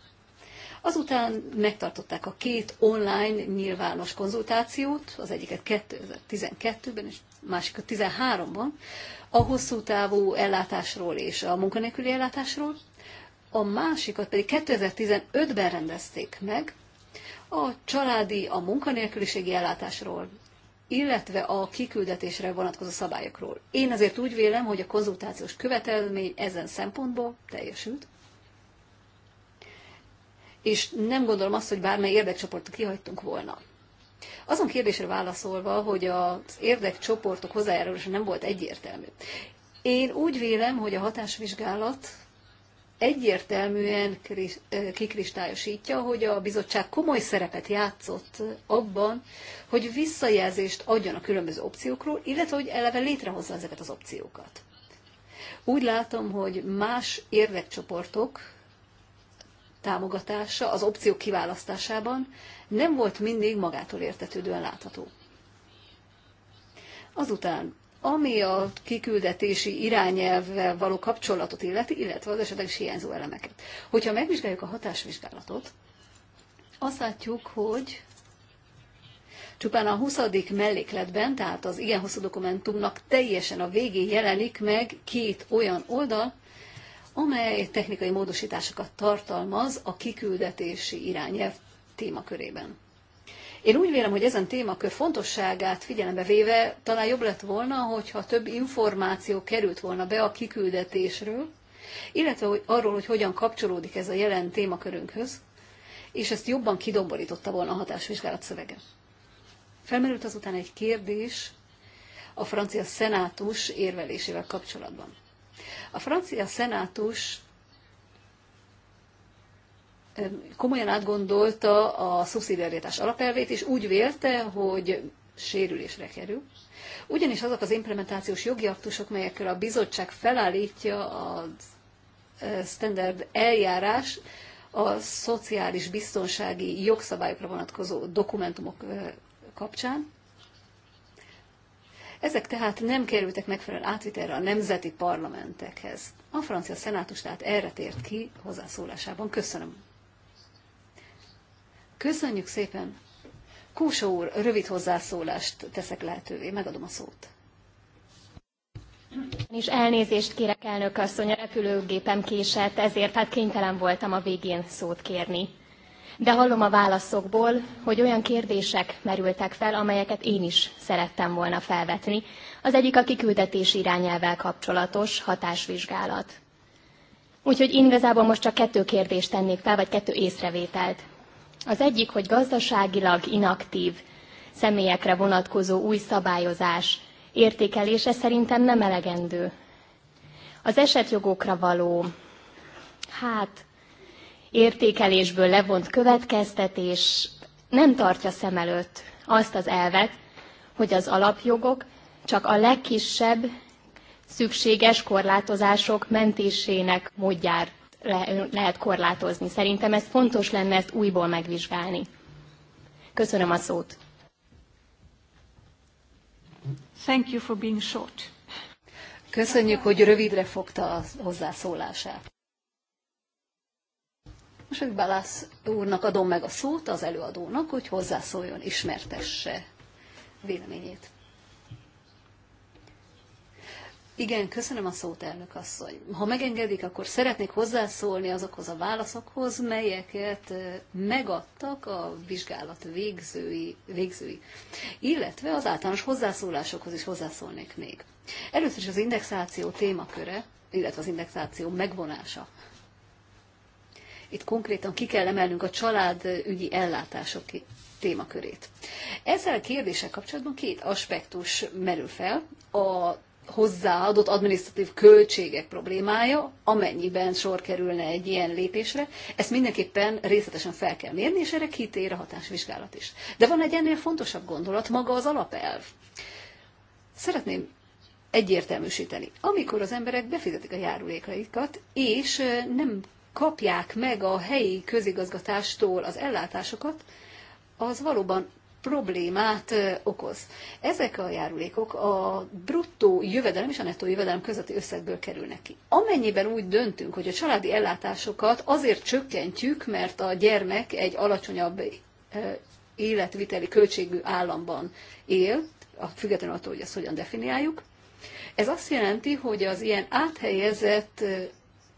Azután megtartották a két online nyilvános konzultációt, az egyiket 2012-ben és másikat 2013-ban, a hosszú távú ellátásról és a munkanélküli ellátásról, a másikat pedig 2015-ben rendezték meg, a családi, a munkanélküliségi ellátásról, illetve a kiküldetésre vonatkozó szabályokról. Én azért úgy vélem, hogy a konzultációs követelmény ezen szempontból teljesült, és nem gondolom azt, hogy bármely érdekcsoportot kihagytunk volna. Azon kérdésre válaszolva, hogy az érdekcsoportok hozzájárulása nem volt egyértelmű. Én úgy vélem, hogy a hatásvizsgálat egyértelműen kikristályosítja, hogy a bizottság komoly szerepet játszott abban, hogy visszajelzést adjon a különböző opciókról, illetve hogy eleve létrehozza ezeket az opciókat. Úgy látom, hogy más érdekcsoportok támogatása az opciók kiválasztásában nem volt mindig magától értetődően látható. Azután ami a kiküldetési irányelvvel való kapcsolatot illeti, illetve az esetleges hiányzó elemeket. Hogyha megvizsgáljuk a hatásvizsgálatot, azt látjuk, hogy csupán a 20. mellékletben, tehát az igen hosszú dokumentumnak teljesen a végén jelenik meg két olyan oldal, amely technikai módosításokat tartalmaz a kiküldetési irányelv témakörében. Én úgy vélem, hogy ezen témakör fontosságát figyelembe véve talán jobb lett volna, hogyha több információ került volna be a kiküldetésről, illetve hogy arról, hogy hogyan kapcsolódik ez a jelen témakörünkhöz, és ezt jobban kidomborította volna a hatásvizsgálat szövege. Felmerült azután egy kérdés a francia szenátus érvelésével kapcsolatban. A francia szenátus komolyan átgondolta a szubszidiaritás alapelvét, és úgy vélte, hogy sérülésre kerül. Ugyanis azok az implementációs jogi aktusok, melyekkel a bizottság felállítja a e, standard eljárás, a szociális biztonsági jogszabályokra vonatkozó dokumentumok e, kapcsán. Ezek tehát nem kerültek megfelelően átvitelre a nemzeti parlamentekhez. A francia szenátus tehát erre tért ki hozzászólásában. Köszönöm. Köszönjük szépen! Kúsó úr, rövid hozzászólást teszek lehetővé, megadom a szót. Én is elnézést kérek, elnök asszony, a repülőgépem késett, ezért hát kénytelen voltam a végén szót kérni. De hallom a válaszokból, hogy olyan kérdések merültek fel, amelyeket én is szerettem volna felvetni. Az egyik a kiküldetés irányelvel kapcsolatos hatásvizsgálat. Úgyhogy én igazából most csak kettő kérdést tennék fel, vagy kettő észrevételt. Az egyik, hogy gazdaságilag inaktív személyekre vonatkozó új szabályozás értékelése szerintem nem elegendő. Az esetjogokra való, hát, értékelésből levont következtetés nem tartja szem előtt azt az elvet, hogy az alapjogok csak a legkisebb szükséges korlátozások mentésének módjára le, lehet korlátozni. Szerintem ez fontos lenne ezt újból megvizsgálni. Köszönöm a szót. Thank you for being short. Köszönjük, hogy rövidre fogta a hozzászólását. Most egy Balász úrnak adom meg a szót az előadónak, hogy hozzászóljon, ismertesse véleményét. Igen, köszönöm a szót, elnök asszony. Ha megengedik, akkor szeretnék hozzászólni azokhoz a válaszokhoz, melyeket megadtak a vizsgálat végzői, végzői. illetve az általános hozzászólásokhoz is hozzászólnék még. Először is az indexáció témaköre, illetve az indexáció megvonása. Itt konkrétan ki kell emelnünk a családügyi ellátások témakörét. Ezzel a kérdéssel kapcsolatban két aspektus merül fel. A hozzáadott adminisztratív költségek problémája, amennyiben sor kerülne egy ilyen lépésre, ezt mindenképpen részletesen fel kell mérni, és erre kitér a hatásvizsgálat is. De van egy ennél fontosabb gondolat, maga az alapelv. Szeretném egyértelműsíteni. Amikor az emberek befizetik a járulékaikat, és nem kapják meg a helyi közigazgatástól az ellátásokat, az valóban problémát okoz. Ezek a járulékok a bruttó jövedelem és a nettó jövedelem közötti összegből kerülnek ki. Amennyiben úgy döntünk, hogy a családi ellátásokat azért csökkentjük, mert a gyermek egy alacsonyabb életviteli költségű államban él, függetlenül attól, hogy ezt hogyan definiáljuk, ez azt jelenti, hogy az ilyen áthelyezett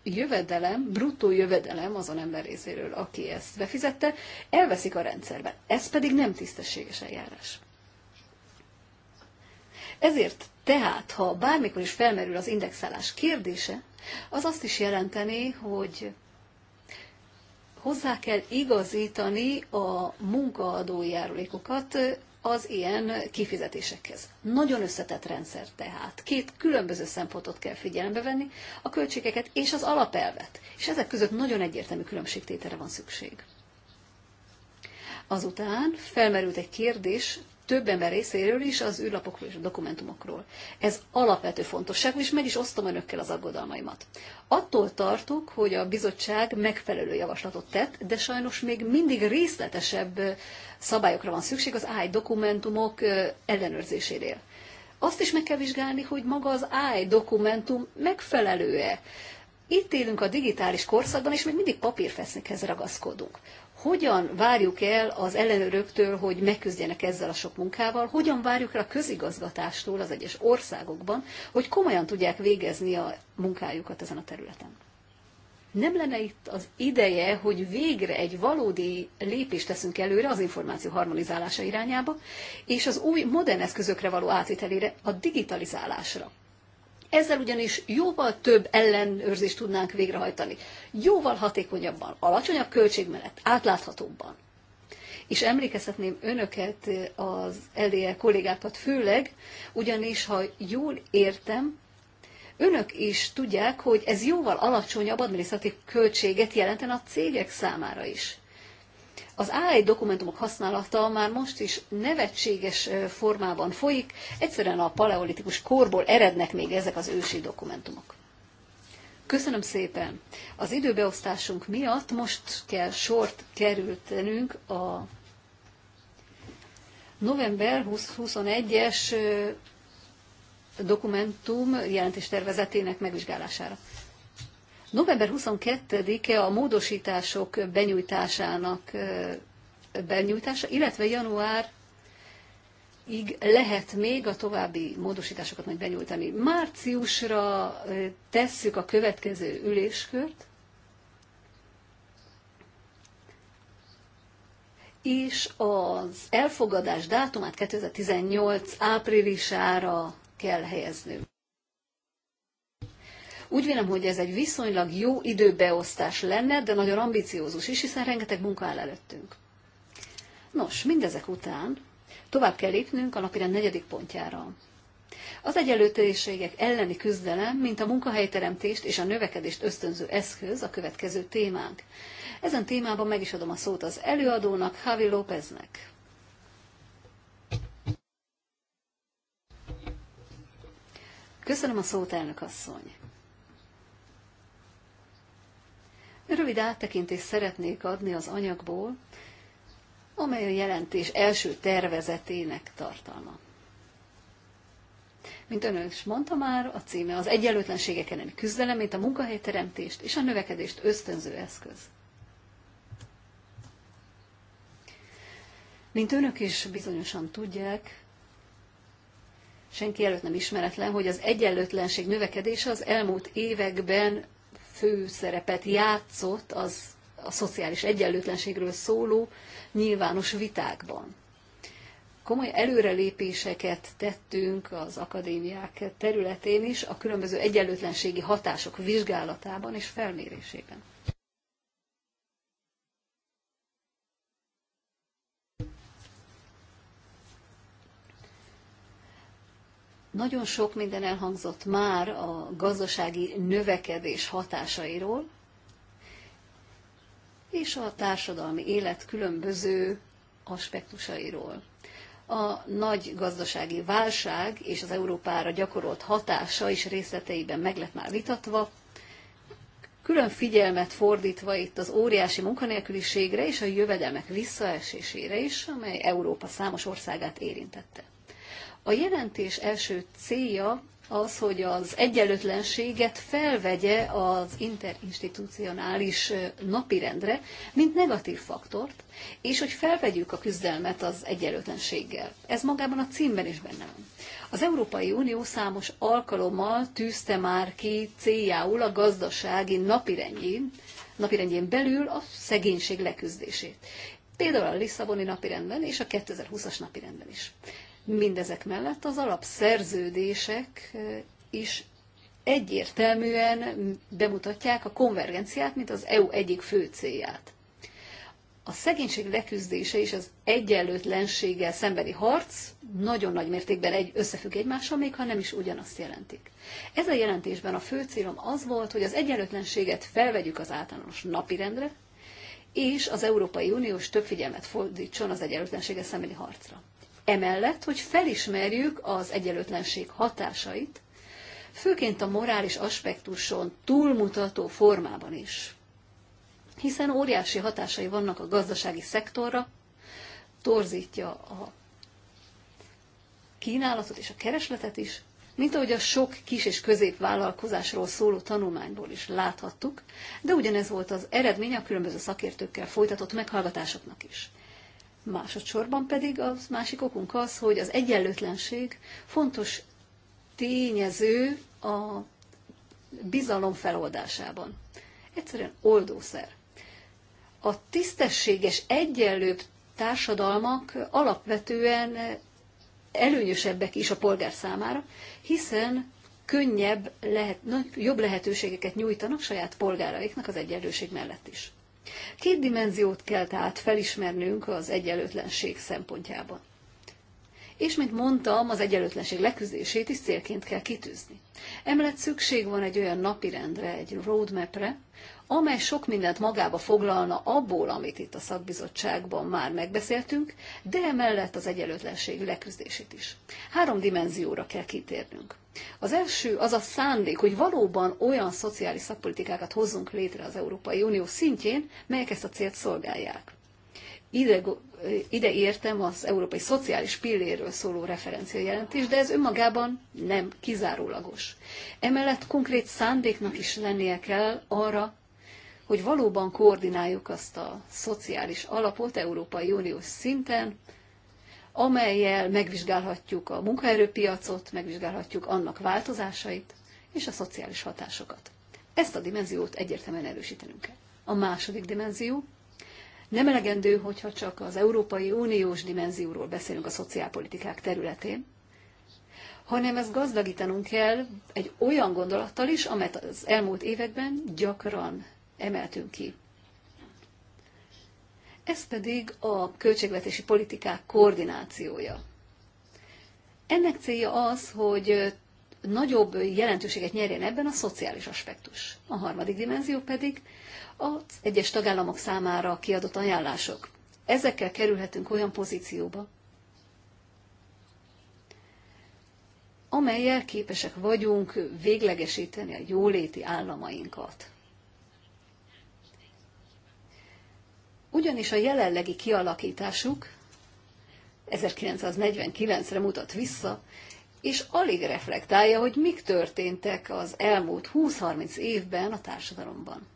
jövedelem, bruttó jövedelem azon ember részéről, aki ezt befizette, elveszik a rendszerbe. Ez pedig nem tisztességes eljárás. Ezért tehát, ha bármikor is felmerül az indexálás kérdése, az azt is jelenteni, hogy hozzá kell igazítani a munkaadói járulékokat az ilyen kifizetésekhez. Nagyon összetett rendszer tehát. Két különböző szempontot kell figyelembe venni, a költségeket és az alapelvet. És ezek között nagyon egyértelmű különbségtételre van szükség. Azután felmerült egy kérdés több ember részéről is az űrlapokról és a dokumentumokról. Ez alapvető fontosságú, és meg is osztom önökkel az aggodalmaimat. Attól tartok, hogy a bizottság megfelelő javaslatot tett, de sajnos még mindig részletesebb szabályokra van szükség az AI dokumentumok ellenőrzésénél. Azt is meg kell vizsgálni, hogy maga az AI dokumentum megfelelő-e itt élünk a digitális korszakban, és még mindig papírfesznikhez ragaszkodunk hogyan várjuk el az ellenőröktől, hogy megküzdjenek ezzel a sok munkával, hogyan várjuk el a közigazgatástól az egyes országokban, hogy komolyan tudják végezni a munkájukat ezen a területen. Nem lenne itt az ideje, hogy végre egy valódi lépést teszünk előre az információ harmonizálása irányába, és az új modern eszközökre való átvitelére, a digitalizálásra. Ezzel ugyanis jóval több ellenőrzést tudnánk végrehajtani. Jóval hatékonyabban, alacsonyabb költség mellett, átláthatóbban. És emlékezhetném önöket, az LDE kollégákat főleg, ugyanis, ha jól értem, önök is tudják, hogy ez jóval alacsonyabb adminisztratív költséget jelenten a cégek számára is. Az AI dokumentumok használata már most is nevetséges formában folyik, egyszerűen a paleolitikus korból erednek még ezek az ősi dokumentumok. Köszönöm szépen! Az időbeosztásunk miatt most kell sort kerültenünk a november 2021-es dokumentum jelentéstervezetének megvizsgálására. November 22-e a módosítások benyújtásának benyújtása, illetve január így lehet még a további módosításokat majd benyújtani. Márciusra tesszük a következő üléskört, és az elfogadás dátumát 2018 áprilisára kell helyeznünk. Úgy vélem, hogy ez egy viszonylag jó időbeosztás lenne, de nagyon ambiciózus is, hiszen rengeteg munka áll előttünk. Nos, mindezek után tovább kell lépnünk a napirend negyedik pontjára. Az egyenlőtlenségek elleni küzdelem, mint a munkahelyteremtést és a növekedést ösztönző eszköz a következő témánk. Ezen témában meg is adom a szót az előadónak, Javi Lópeznek. Köszönöm a szót, elnök asszony! Rövid áttekintést szeretnék adni az anyagból, amely a jelentés első tervezetének tartalma. Mint önök is mondta már, a címe az egyenlőtlenségek elleni küzdelem, mint a munkahelyteremtést és a növekedést ösztönző eszköz. Mint önök is bizonyosan tudják, senki előtt nem ismeretlen, hogy az egyenlőtlenség növekedése az elmúlt években fő szerepet játszott az a szociális egyenlőtlenségről szóló nyilvános vitákban. Komoly előrelépéseket tettünk az akadémiák területén is, a különböző egyenlőtlenségi hatások vizsgálatában és felmérésében. Nagyon sok minden elhangzott már a gazdasági növekedés hatásairól, és a társadalmi élet különböző aspektusairól. A nagy gazdasági válság és az Európára gyakorolt hatása is részleteiben meg lett már vitatva, külön figyelmet fordítva itt az óriási munkanélküliségre és a jövedelmek visszaesésére is, amely Európa számos országát érintette. A jelentés első célja az, hogy az egyenlőtlenséget felvegye az interinstitucionális napirendre, mint negatív faktort, és hogy felvegyük a küzdelmet az egyenlőtlenséggel. Ez magában a címben is benne van. Az Európai Unió számos alkalommal tűzte már ki céljául a gazdasági napirendjén, napirendjén belül a szegénység leküzdését. Például a Lisszaboni napirendben és a 2020-as napirendben is. Mindezek mellett az alapszerződések is egyértelműen bemutatják a konvergenciát, mint az EU egyik fő célját. A szegénység leküzdése és az egyenlőtlenséggel szembeni harc nagyon nagy mértékben egy, összefügg egymással, még ha nem is ugyanazt jelentik. Ez a jelentésben a fő célom az volt, hogy az egyenlőtlenséget felvegyük az általános napirendre, és az Európai Uniós több figyelmet fordítson az egyenlőtlenséggel szembeni harcra. Emellett, hogy felismerjük az egyenlőtlenség hatásait, főként a morális aspektuson túlmutató formában is. Hiszen óriási hatásai vannak a gazdasági szektorra, torzítja a kínálatot és a keresletet is, mint ahogy a sok kis és középvállalkozásról szóló tanulmányból is láthattuk, de ugyanez volt az eredmény a különböző szakértőkkel folytatott meghallgatásoknak is. Másodszorban pedig az másik okunk az, hogy az egyenlőtlenség fontos tényező a bizalom feloldásában. Egyszerűen oldószer. A tisztességes, egyenlőbb társadalmak alapvetően előnyösebbek is a polgár számára, hiszen könnyebb, lehet, jobb lehetőségeket nyújtanak saját polgáraiknak az egyenlőség mellett is. Két dimenziót kell tehát felismernünk az egyenlőtlenség szempontjában és mint mondtam, az egyenlőtlenség leküzdését is célként kell kitűzni. Emellett szükség van egy olyan napirendre, egy roadmapre, amely sok mindent magába foglalna abból, amit itt a szakbizottságban már megbeszéltünk, de emellett az egyenlőtlenség leküzdését is. Három dimenzióra kell kitérnünk. Az első az a szándék, hogy valóban olyan szociális szakpolitikákat hozzunk létre az Európai Unió szintjén, melyek ezt a célt szolgálják. Ide ide értem az európai szociális pilléről szóló referenciajelentést, de ez önmagában nem kizárólagos. Emellett konkrét szándéknak is lennie kell arra, hogy valóban koordináljuk azt a szociális alapot Európai Uniós szinten, amelyel megvizsgálhatjuk a munkaerőpiacot, megvizsgálhatjuk annak változásait és a szociális hatásokat. Ezt a dimenziót egyértelműen erősítenünk kell. A második dimenzió nem elegendő, hogyha csak az Európai Uniós dimenzióról beszélünk a szociálpolitikák területén, hanem ezt gazdagítanunk kell egy olyan gondolattal is, amelyet az elmúlt években gyakran emeltünk ki. Ez pedig a költségvetési politikák koordinációja. Ennek célja az, hogy nagyobb jelentőséget nyerjen ebben a szociális aspektus. A harmadik dimenzió pedig az egyes tagállamok számára kiadott ajánlások. Ezekkel kerülhetünk olyan pozícióba, amelyel képesek vagyunk véglegesíteni a jóléti államainkat. Ugyanis a jelenlegi kialakításuk 1949-re mutat vissza, és alig reflektálja, hogy mik történtek az elmúlt 20-30 évben a társadalomban.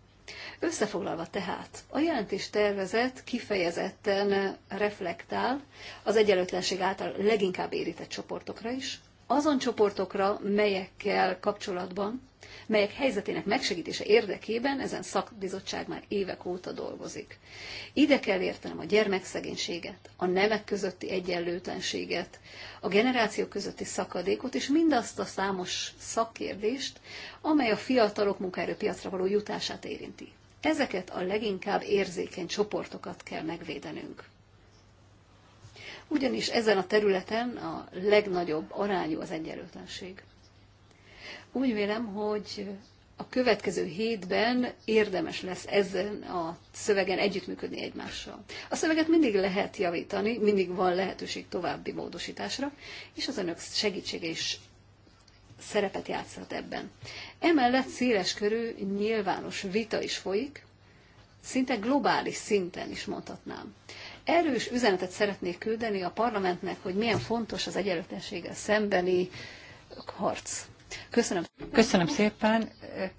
Összefoglalva tehát, a jelentés tervezet kifejezetten reflektál az egyenlőtlenség által leginkább érintett csoportokra is, azon csoportokra, melyekkel kapcsolatban melyek helyzetének megsegítése érdekében ezen szakbizottság már évek óta dolgozik. Ide kell értenem a gyermekszegénységet, a nemek közötti egyenlőtlenséget, a generációk közötti szakadékot, és mindazt a számos szakkérdést, amely a fiatalok munkaerőpiacra való jutását érinti. Ezeket a leginkább érzékeny csoportokat kell megvédenünk ugyanis ezen a területen a legnagyobb arányú az egyenlőtlenség. Úgy vélem, hogy a következő hétben érdemes lesz ezen a szövegen együttműködni egymással. A szöveget mindig lehet javítani, mindig van lehetőség további módosításra, és az önök segítsége is szerepet játszhat ebben. Emellett körű nyilvános vita is folyik, szinte globális szinten is mondhatnám. Erős üzenetet szeretnék küldeni a parlamentnek, hogy milyen fontos az egyenlőtlenséggel szembeni harc. Köszönöm. Köszönöm szépen.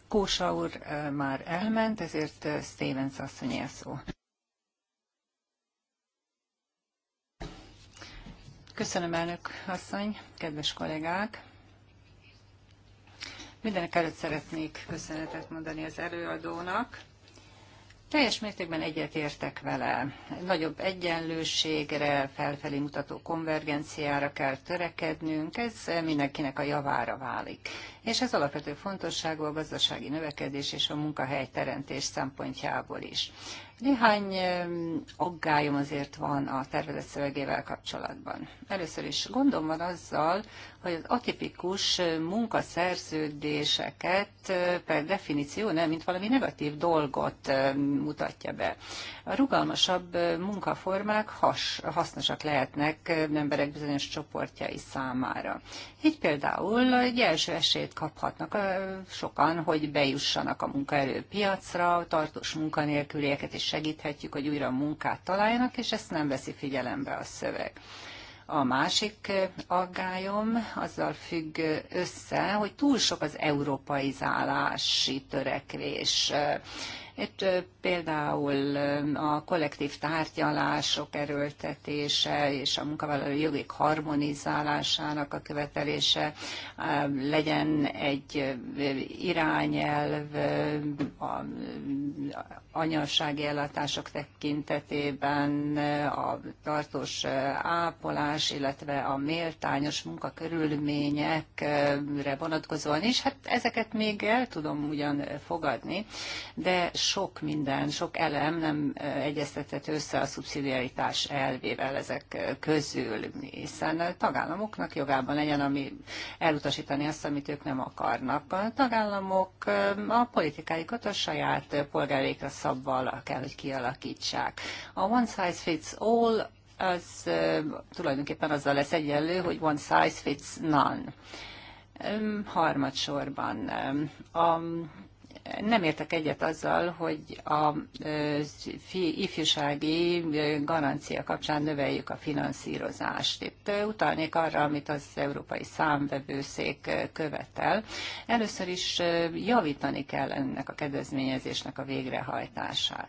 Kósa úr már elment, ezért Stevens asszony szó. Köszönöm, elnök asszony, kedves kollégák! Mindenek előtt szeretnék köszönetet mondani az előadónak. Teljes mértékben egyetértek vele. Nagyobb egyenlőségre, felfelé mutató konvergenciára kell törekednünk, ez mindenkinek a javára válik. És ez alapvető fontosságú a gazdasági növekedés és a munkahely teremtés szempontjából is. Néhány aggályom azért van a tervezett szövegével kapcsolatban. Először is gondom van azzal, hogy az atipikus munkaszerződéseket per definíció nem, mint valami negatív dolgot mutatja be. A rugalmasabb munkaformák has, hasznosak lehetnek emberek bizonyos csoportjai számára. Így például egy első esélyt kaphatnak sokan, hogy bejussanak a munkaerőpiacra, tartós munkanélkülieket is segíthetjük, hogy újra munkát találjanak, és ezt nem veszi figyelembe a szöveg. A másik aggályom azzal függ össze, hogy túl sok az európai zálási törekvés. Itt például a kollektív tárgyalások erőltetése és a munkavállaló jogik harmonizálásának a követelése legyen egy irányelv a anyasági ellátások tekintetében, a tartós ápolás, illetve a méltányos munkakörülményekre vonatkozóan is. Hát ezeket még el tudom ugyan fogadni, de sok minden, sok elem nem egyeztethető össze a szubszidiaritás elvével ezek közül, hiszen a tagállamoknak jogában legyen, ami elutasítani azt, amit ők nem akarnak. A tagállamok a politikáikat a saját polgárékra szabva kell, hogy kialakítsák. A one size fits all az tulajdonképpen azzal lesz egyenlő, hogy one size fits none. Harmadsorban a nem értek egyet azzal, hogy a ifjúsági garancia kapcsán növeljük a finanszírozást. Itt utalnék arra, amit az Európai Számvevőszék követel. Először is javítani kell ennek a kedvezményezésnek a végrehajtását.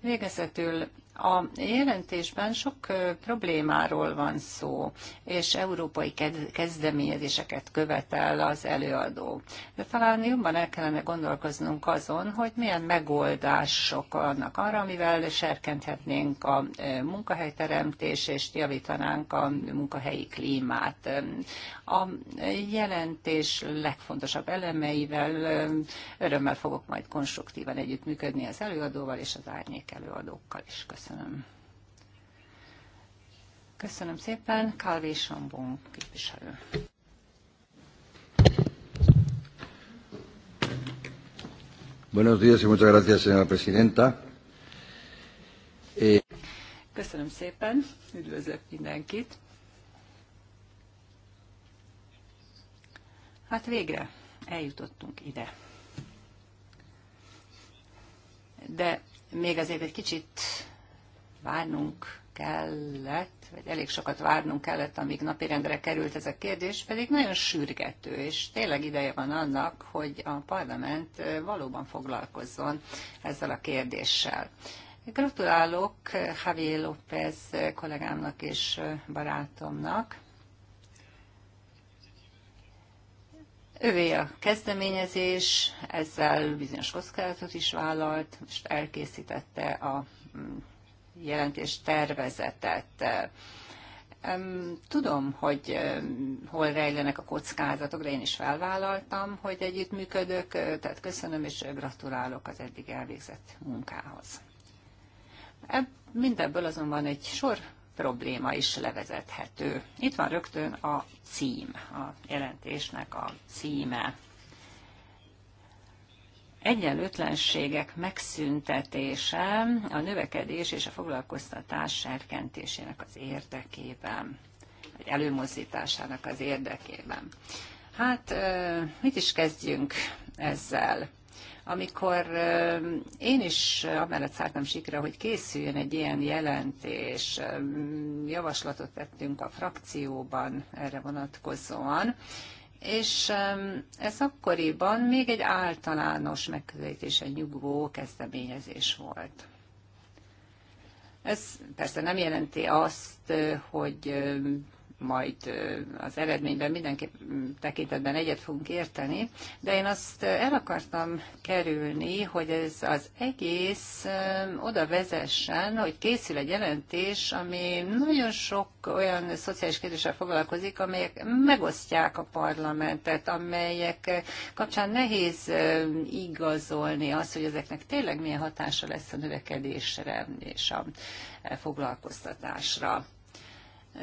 Végezetül a jelentésben sok problémáról van szó, és európai kezdeményezéseket követel az előadó. De talán jobban el kellene gondolkoznunk azon, hogy milyen megoldások annak arra, amivel serkenthetnénk a munkahelyteremtés, és javítanánk a munkahelyi klímát. A jelentés legfontosabb elemeivel örömmel fogok majd konstruktívan együttműködni az előadóval és az árnyék előadókkal is. Köszönöm. Köszönöm. Köszönöm szépen. Kálvé Sambon képviselő. Buenos días y muchas gracias, señora presidenta. Eh, Köszönöm szépen, üdvözlök mindenkit. Hát végre eljutottunk ide. De még azért egy kicsit várnunk kellett, vagy elég sokat várnunk kellett, amíg napirendre került ez a kérdés, pedig nagyon sürgető, és tényleg ideje van annak, hogy a parlament valóban foglalkozzon ezzel a kérdéssel. Gratulálok Javier López kollégámnak és barátomnak. Ővé a kezdeményezés, ezzel bizonyos kockázatot is vállalt, és elkészítette a mm, jelentés tervezetet. Tudom, hogy hol rejlenek a kockázatok, de én is felvállaltam, hogy együttműködök, tehát köszönöm és gratulálok az eddig elvégzett munkához. E, mindebből azonban egy sor probléma is levezethető. Itt van rögtön a cím, a jelentésnek a címe egyenlőtlenségek megszüntetése a növekedés és a foglalkoztatás serkentésének az érdekében, vagy előmozdításának az érdekében. Hát mit is kezdjünk ezzel? Amikor én is amellett szálltam sikre, hogy készüljön egy ilyen jelentés, javaslatot tettünk a frakcióban erre vonatkozóan, és ez akkoriban még egy általános megközelítés egy nyugvó kezdeményezés volt. Ez persze nem jelenti azt, hogy majd az eredményben mindenki mm, tekintetben egyet fogunk érteni, de én azt el akartam kerülni, hogy ez az egész oda vezessen, hogy készül egy jelentés, ami nagyon sok olyan szociális kérdéssel foglalkozik, amelyek megosztják a parlamentet, amelyek kapcsán nehéz igazolni azt, hogy ezeknek tényleg milyen hatása lesz a növekedésre és a e, foglalkoztatásra.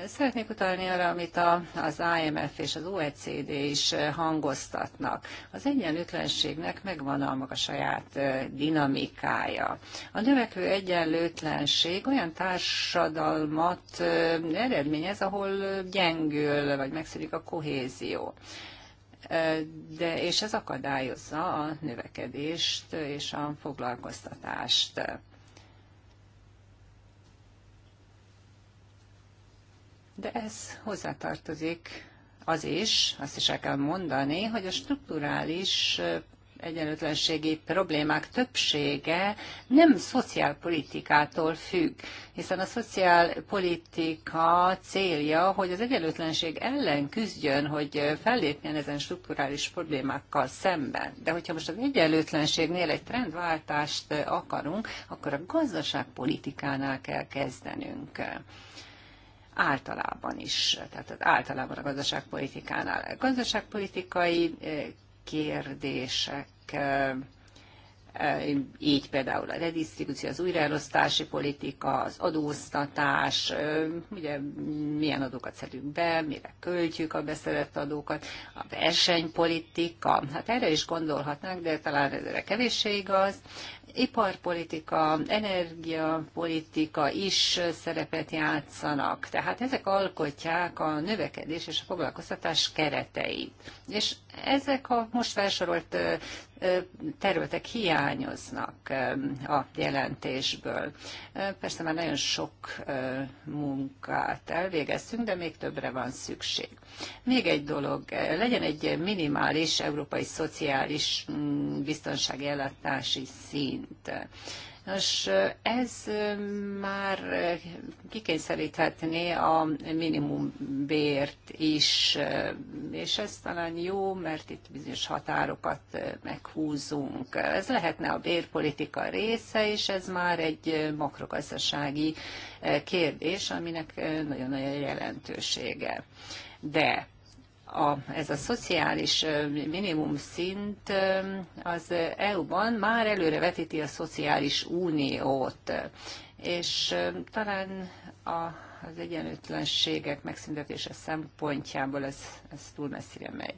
Szeretnék utalni arra, amit a, az IMF és az OECD is eh, hangoztatnak. Az egyenlőtlenségnek megvan a maga saját eh, dinamikája. A növekvő egyenlőtlenség olyan társadalmat eh, eredményez, ahol gyengül, vagy megszűnik a kohézió. De, és ez akadályozza a növekedést és a foglalkoztatást. De ez hozzátartozik az is, azt is el kell mondani, hogy a strukturális egyenlőtlenségi problémák többsége nem szociálpolitikától függ, hiszen a szociálpolitika célja, hogy az egyenlőtlenség ellen küzdjön, hogy fellépjen ezen strukturális problémákkal szemben. De hogyha most az egyenlőtlenségnél egy trendváltást akarunk, akkor a gazdaságpolitikánál kell kezdenünk általában is, tehát általában a gazdaságpolitikánál. A gazdaságpolitikai eh, kérdések eh, eh, így például a redistribúció, az újraelosztási politika, az adóztatás, ugye milyen adókat szedünk be, mire költjük a beszedett adókat, a versenypolitika, hát erre is gondolhatnánk, de talán erre kevéssé igaz iparpolitika, energiapolitika is szerepet játszanak. Tehát ezek alkotják a növekedés és a foglalkoztatás kereteit. És ezek a most felsorolt területek hiányoznak a jelentésből. Persze már nagyon sok munkát elvégeztünk, de még többre van szükség. Még egy dolog, legyen egy minimális európai szociális mm, biztonsági ellátási szint. Nos, ez mm, már kikényszeríthetné a minimum bért is, mm, és ez talán jó, mert itt bizonyos határokat meghúzunk. Ez lehetne a bérpolitika része, és ez már egy makrogazdasági kérdés, aminek nagyon-nagyon jelentősége de a, ez a szociális minimum szint az EU-ban már előre vetíti a szociális uniót, és talán a, az egyenlőtlenségek megszüntetése szempontjából ez, ez túl messzire megy.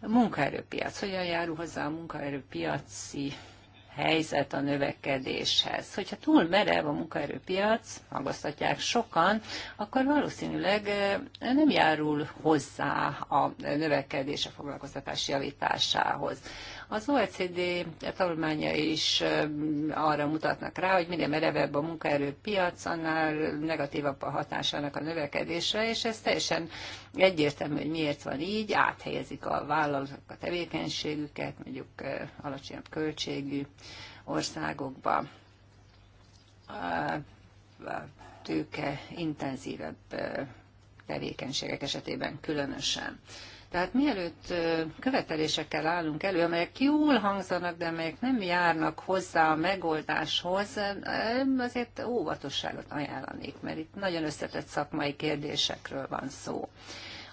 A munkaerőpiac. Hogyan járul hozzá a munkaerőpiaci helyzet a növekedéshez. Hogyha túl merev a munkaerőpiac, hangoztatják sokan, akkor valószínűleg nem járul hozzá a növekedés a foglalkoztatás javításához. Az OECD tanulmánya is arra mutatnak rá, hogy minél merevebb a munkaerőpiac, annál negatívabb a hatásának a növekedésre, és ez teljesen Egyértelmű, hogy miért van így, áthelyezik a vállalatok a tevékenységüket, mondjuk alacsonyabb költségű országokba. A tőke intenzívebb tevékenységek esetében különösen. Tehát mielőtt követelésekkel állunk elő, amelyek jól hangzanak, de amelyek nem járnak hozzá a megoldáshoz, azért óvatosságot ajánlanék, mert itt nagyon összetett szakmai kérdésekről van szó.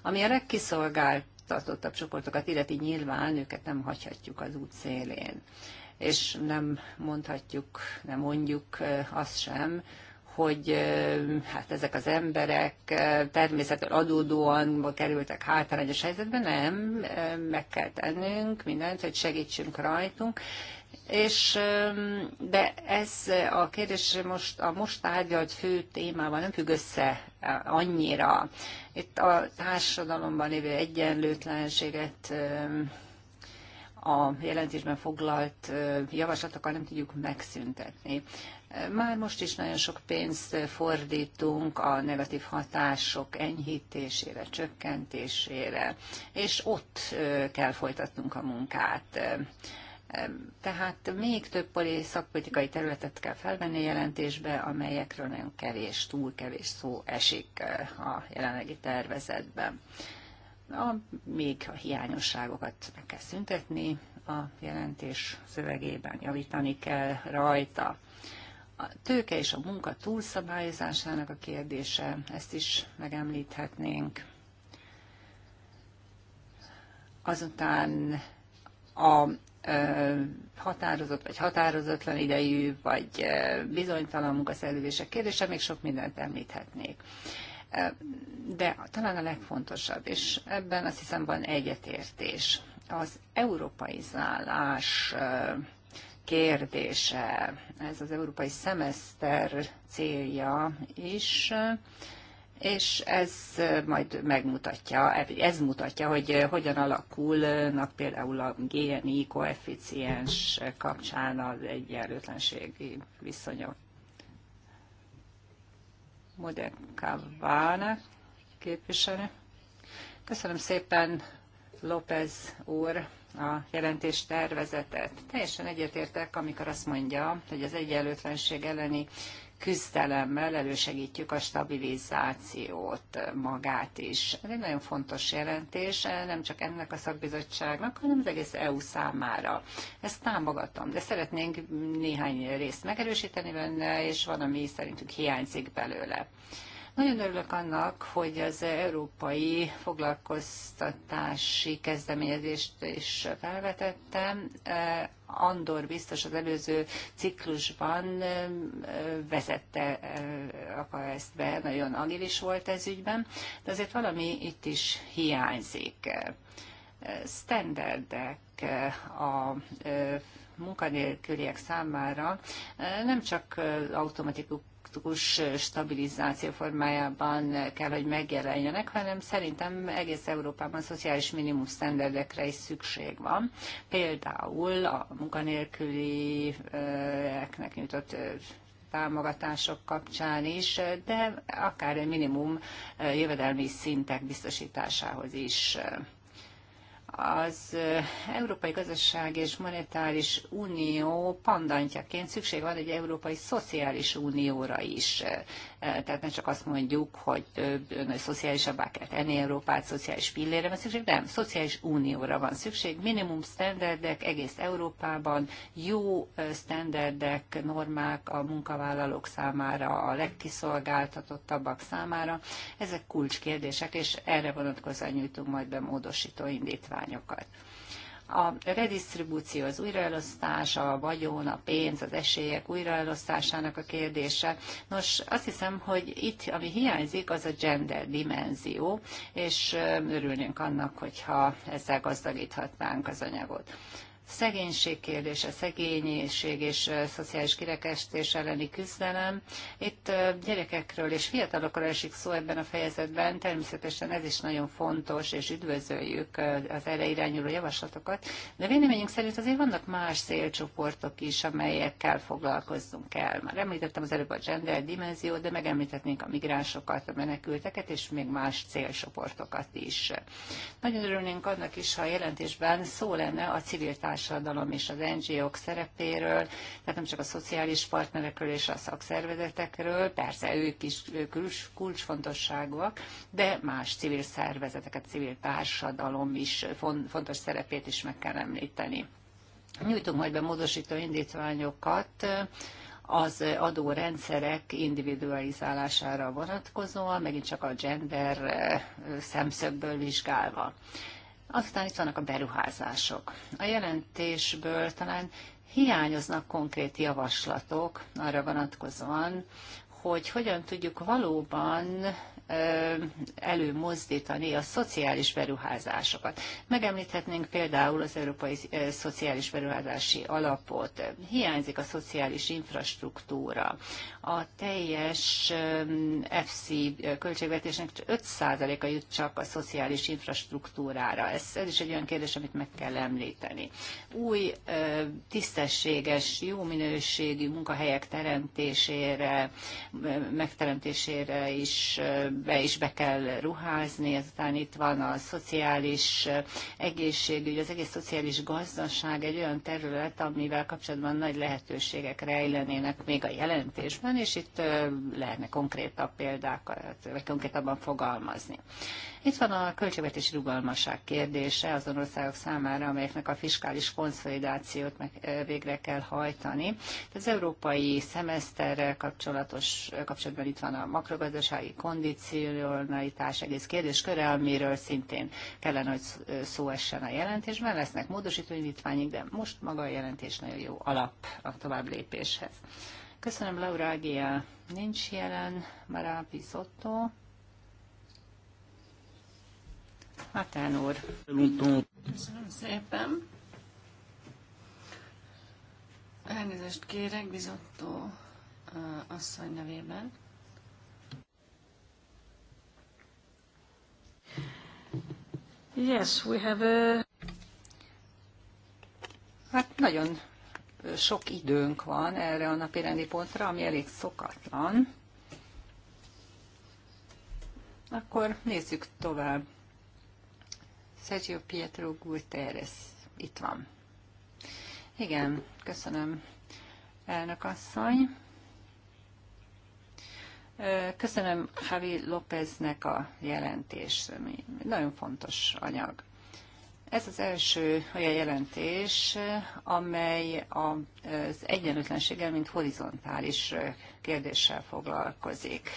Ami a legkiszolgáltatottabb csoportokat illeti, nyilván őket nem hagyhatjuk az út szélén. És nem mondhatjuk, nem mondjuk azt sem, hogy hát ezek az emberek természetesen adódóan kerültek hátrányos helyzetbe, nem, meg kell tennünk mindent, hogy segítsünk rajtunk, és, de ez a kérdés most a most tárgyalt fő témával nem függ össze annyira. Itt a társadalomban lévő egyenlőtlenséget a jelentésben foglalt javaslatokkal nem tudjuk megszüntetni. Már most is nagyon sok pénzt fordítunk a negatív hatások enyhítésére, csökkentésére, és ott kell folytatnunk a munkát. Tehát még több szakpolitikai területet kell felvenni jelentésbe, amelyekről nagyon kevés, túl kevés szó esik a jelenlegi tervezetben. A, még a hiányosságokat meg kell szüntetni a jelentés szövegében, javítani kell rajta. A tőke és a munka túlszabályozásának a kérdése, ezt is megemlíthetnénk. Azután a határozott vagy határozatlan idejű, vagy bizonytalan munkaszerződések kérdése, még sok mindent említhetnék. De talán a legfontosabb, és ebben azt hiszem van egyetértés, az európai zállás kérdése. Ez az európai szemeszter célja is, és ez majd megmutatja, ez mutatja, hogy hogyan alakulnak például a GNI koeficiens kapcsán az egyenlőtlenségi viszonyok. Modekaván képviselő. Köszönöm szépen, López úr a jelentés tervezetet. Teljesen egyetértek, amikor azt mondja, hogy az egyenlőtlenség elleni küzdelemmel elősegítjük a stabilizációt magát is. Ez egy nagyon fontos jelentés, nem csak ennek a szakbizottságnak, hanem az egész EU számára. Ezt támogatom, de szeretnénk néhány részt megerősíteni benne, és van, ami szerintünk hiányzik belőle. Nagyon örülök annak, hogy az európai foglalkoztatási kezdeményezést is felvetettem. E, Andor biztos az előző ciklusban e, vezette e, ezt be, nagyon agilis volt ez ügyben, de azért valami itt is hiányzik. Standardek a munkanélküliek számára nem csak automatikus demokratikus stabilizáció formájában kell, hogy megjelenjenek, hanem szerintem egész Európában szociális minimum standardekre is szükség van. Például a munkanélkülieknek nyújtott támogatások kapcsán is, de akár minimum jövedelmi szintek biztosításához is az eh, Európai Gazdaság és Monetáris Unió pandantjaként szükség van egy Európai Szociális Unióra is. Eh, tehát ne csak azt mondjuk, hogy szociálisabbá kell tenni Európát, szociális pillére van szükség, nem, szociális unióra van szükség, minimum standardek egész Európában, jó standardek, normák a munkavállalók számára, a legkiszolgáltatottabbak számára, ezek kulcskérdések, és erre vonatkozóan nyújtunk majd be módosító indítványokat a redistribúció, az újraelosztás, a vagyon, a pénz, az esélyek újraelosztásának a kérdése. Nos, azt hiszem, hogy itt, ami hiányzik, az a gender dimenzió, és örülnénk annak, hogyha ezzel gazdagíthatnánk az anyagot szegénység kérdése, szegénység és szociális kirekesztés elleni küzdelem. Itt gyerekekről és fiatalokról esik szó ebben a fejezetben, természetesen ez is nagyon fontos, és üdvözöljük az erre irányuló javaslatokat, de véleményünk szerint azért vannak más célcsoportok is, amelyekkel foglalkozzunk kell. Már említettem az előbb a gender dimenziót, de megemlítetnénk a migránsokat, a menekülteket, és még más célcsoportokat is. Nagyon örülnénk annak is, ha a jelentésben szó lenne a civil társadalom és az NGO-k szerepéről, tehát nem csak a szociális partnerekről és a szakszervezetekről, persze ők is kulcsfontosságúak, de más civil szervezeteket, civil társadalom is fontos szerepét is meg kell említeni. Nyújtunk majd be módosító indítványokat, az adórendszerek individualizálására vonatkozóan, megint csak a gender szemszögből vizsgálva. Aztán itt vannak a beruházások. A jelentésből talán hiányoznak konkrét javaslatok arra vonatkozóan, hogy hogyan tudjuk valóban előmozdítani a szociális beruházásokat. Megemlíthetnénk például az Európai Szociális Beruházási Alapot. Hiányzik a szociális infrastruktúra a teljes FC költségvetésnek 5%-a jut csak a szociális infrastruktúrára. Ez, ez is egy olyan kérdés, amit meg kell említeni. Új, tisztességes, jó minőségű munkahelyek teremtésére, megteremtésére is be is be kell ruházni, ezután itt van a szociális egészségügy, az egész szociális gazdaság egy olyan terület, amivel kapcsolatban nagy lehetőségek rejlenének még a jelentésben, kapcsolatban, és itt lehetne konkrétabb példákat, vagy konkrétabban fogalmazni. Itt van a költségvetési rugalmasság kérdése azon országok számára, amelyeknek a fiskális konszolidációt meg végre kell hajtani. Az európai szemeszterrel kapcsolatos, kapcsolatban itt van a makrogazdasági kondicionalitás egész kérdésköre, amiről szintén kellene, hogy szó essen a jelentésben. Lesznek módosító indítványok, de most maga a jelentés nagyon jó alap a tovább lépéshez. Köszönöm, Laura Agia. Nincs jelen, Mará Pisotto. Hatán úr. Köszönöm szépen. Elnézést kérek, bizottó asszony nevében. Yes, we have a... Hát nagyon sok időnk van erre a rendi pontra, ami elég szokatlan. Akkor nézzük tovább. Sergio Pietro Guterres itt van. Igen, köszönöm, elnök asszony. Köszönöm Javi Lópeznek a jelentést, ami nagyon fontos anyag. Ez az első olyan jelentés, amely az egyenlőtlenséggel, mint horizontális kérdéssel foglalkozik.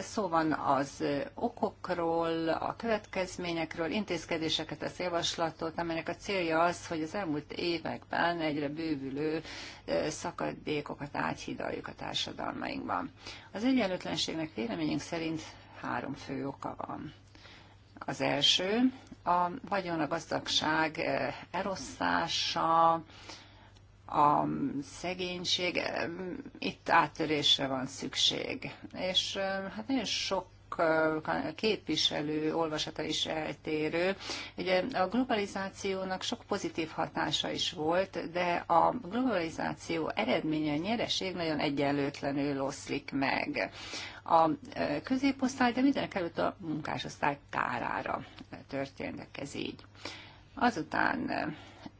Szó van az okokról, a következményekről, intézkedéseket az javaslatot, amelynek a célja az, hogy az elmúlt években egyre bővülő szakadékokat áthidaljuk a társadalmainkban. Az egyenlőtlenségnek véleményünk szerint három fő oka van. Az első, a vagyon, a gazdagság eh, elosztása, a szegénység, eh, itt áttörésre van szükség. És eh, hát nagyon sok képviselő olvasata is eltérő. Ugye a globalizációnak sok pozitív hatása is volt, de a globalizáció eredménye, a nyereség nagyon egyenlőtlenül oszlik meg a középosztály, de mindenek előtt a munkásosztály kárára történnek ez így. Azután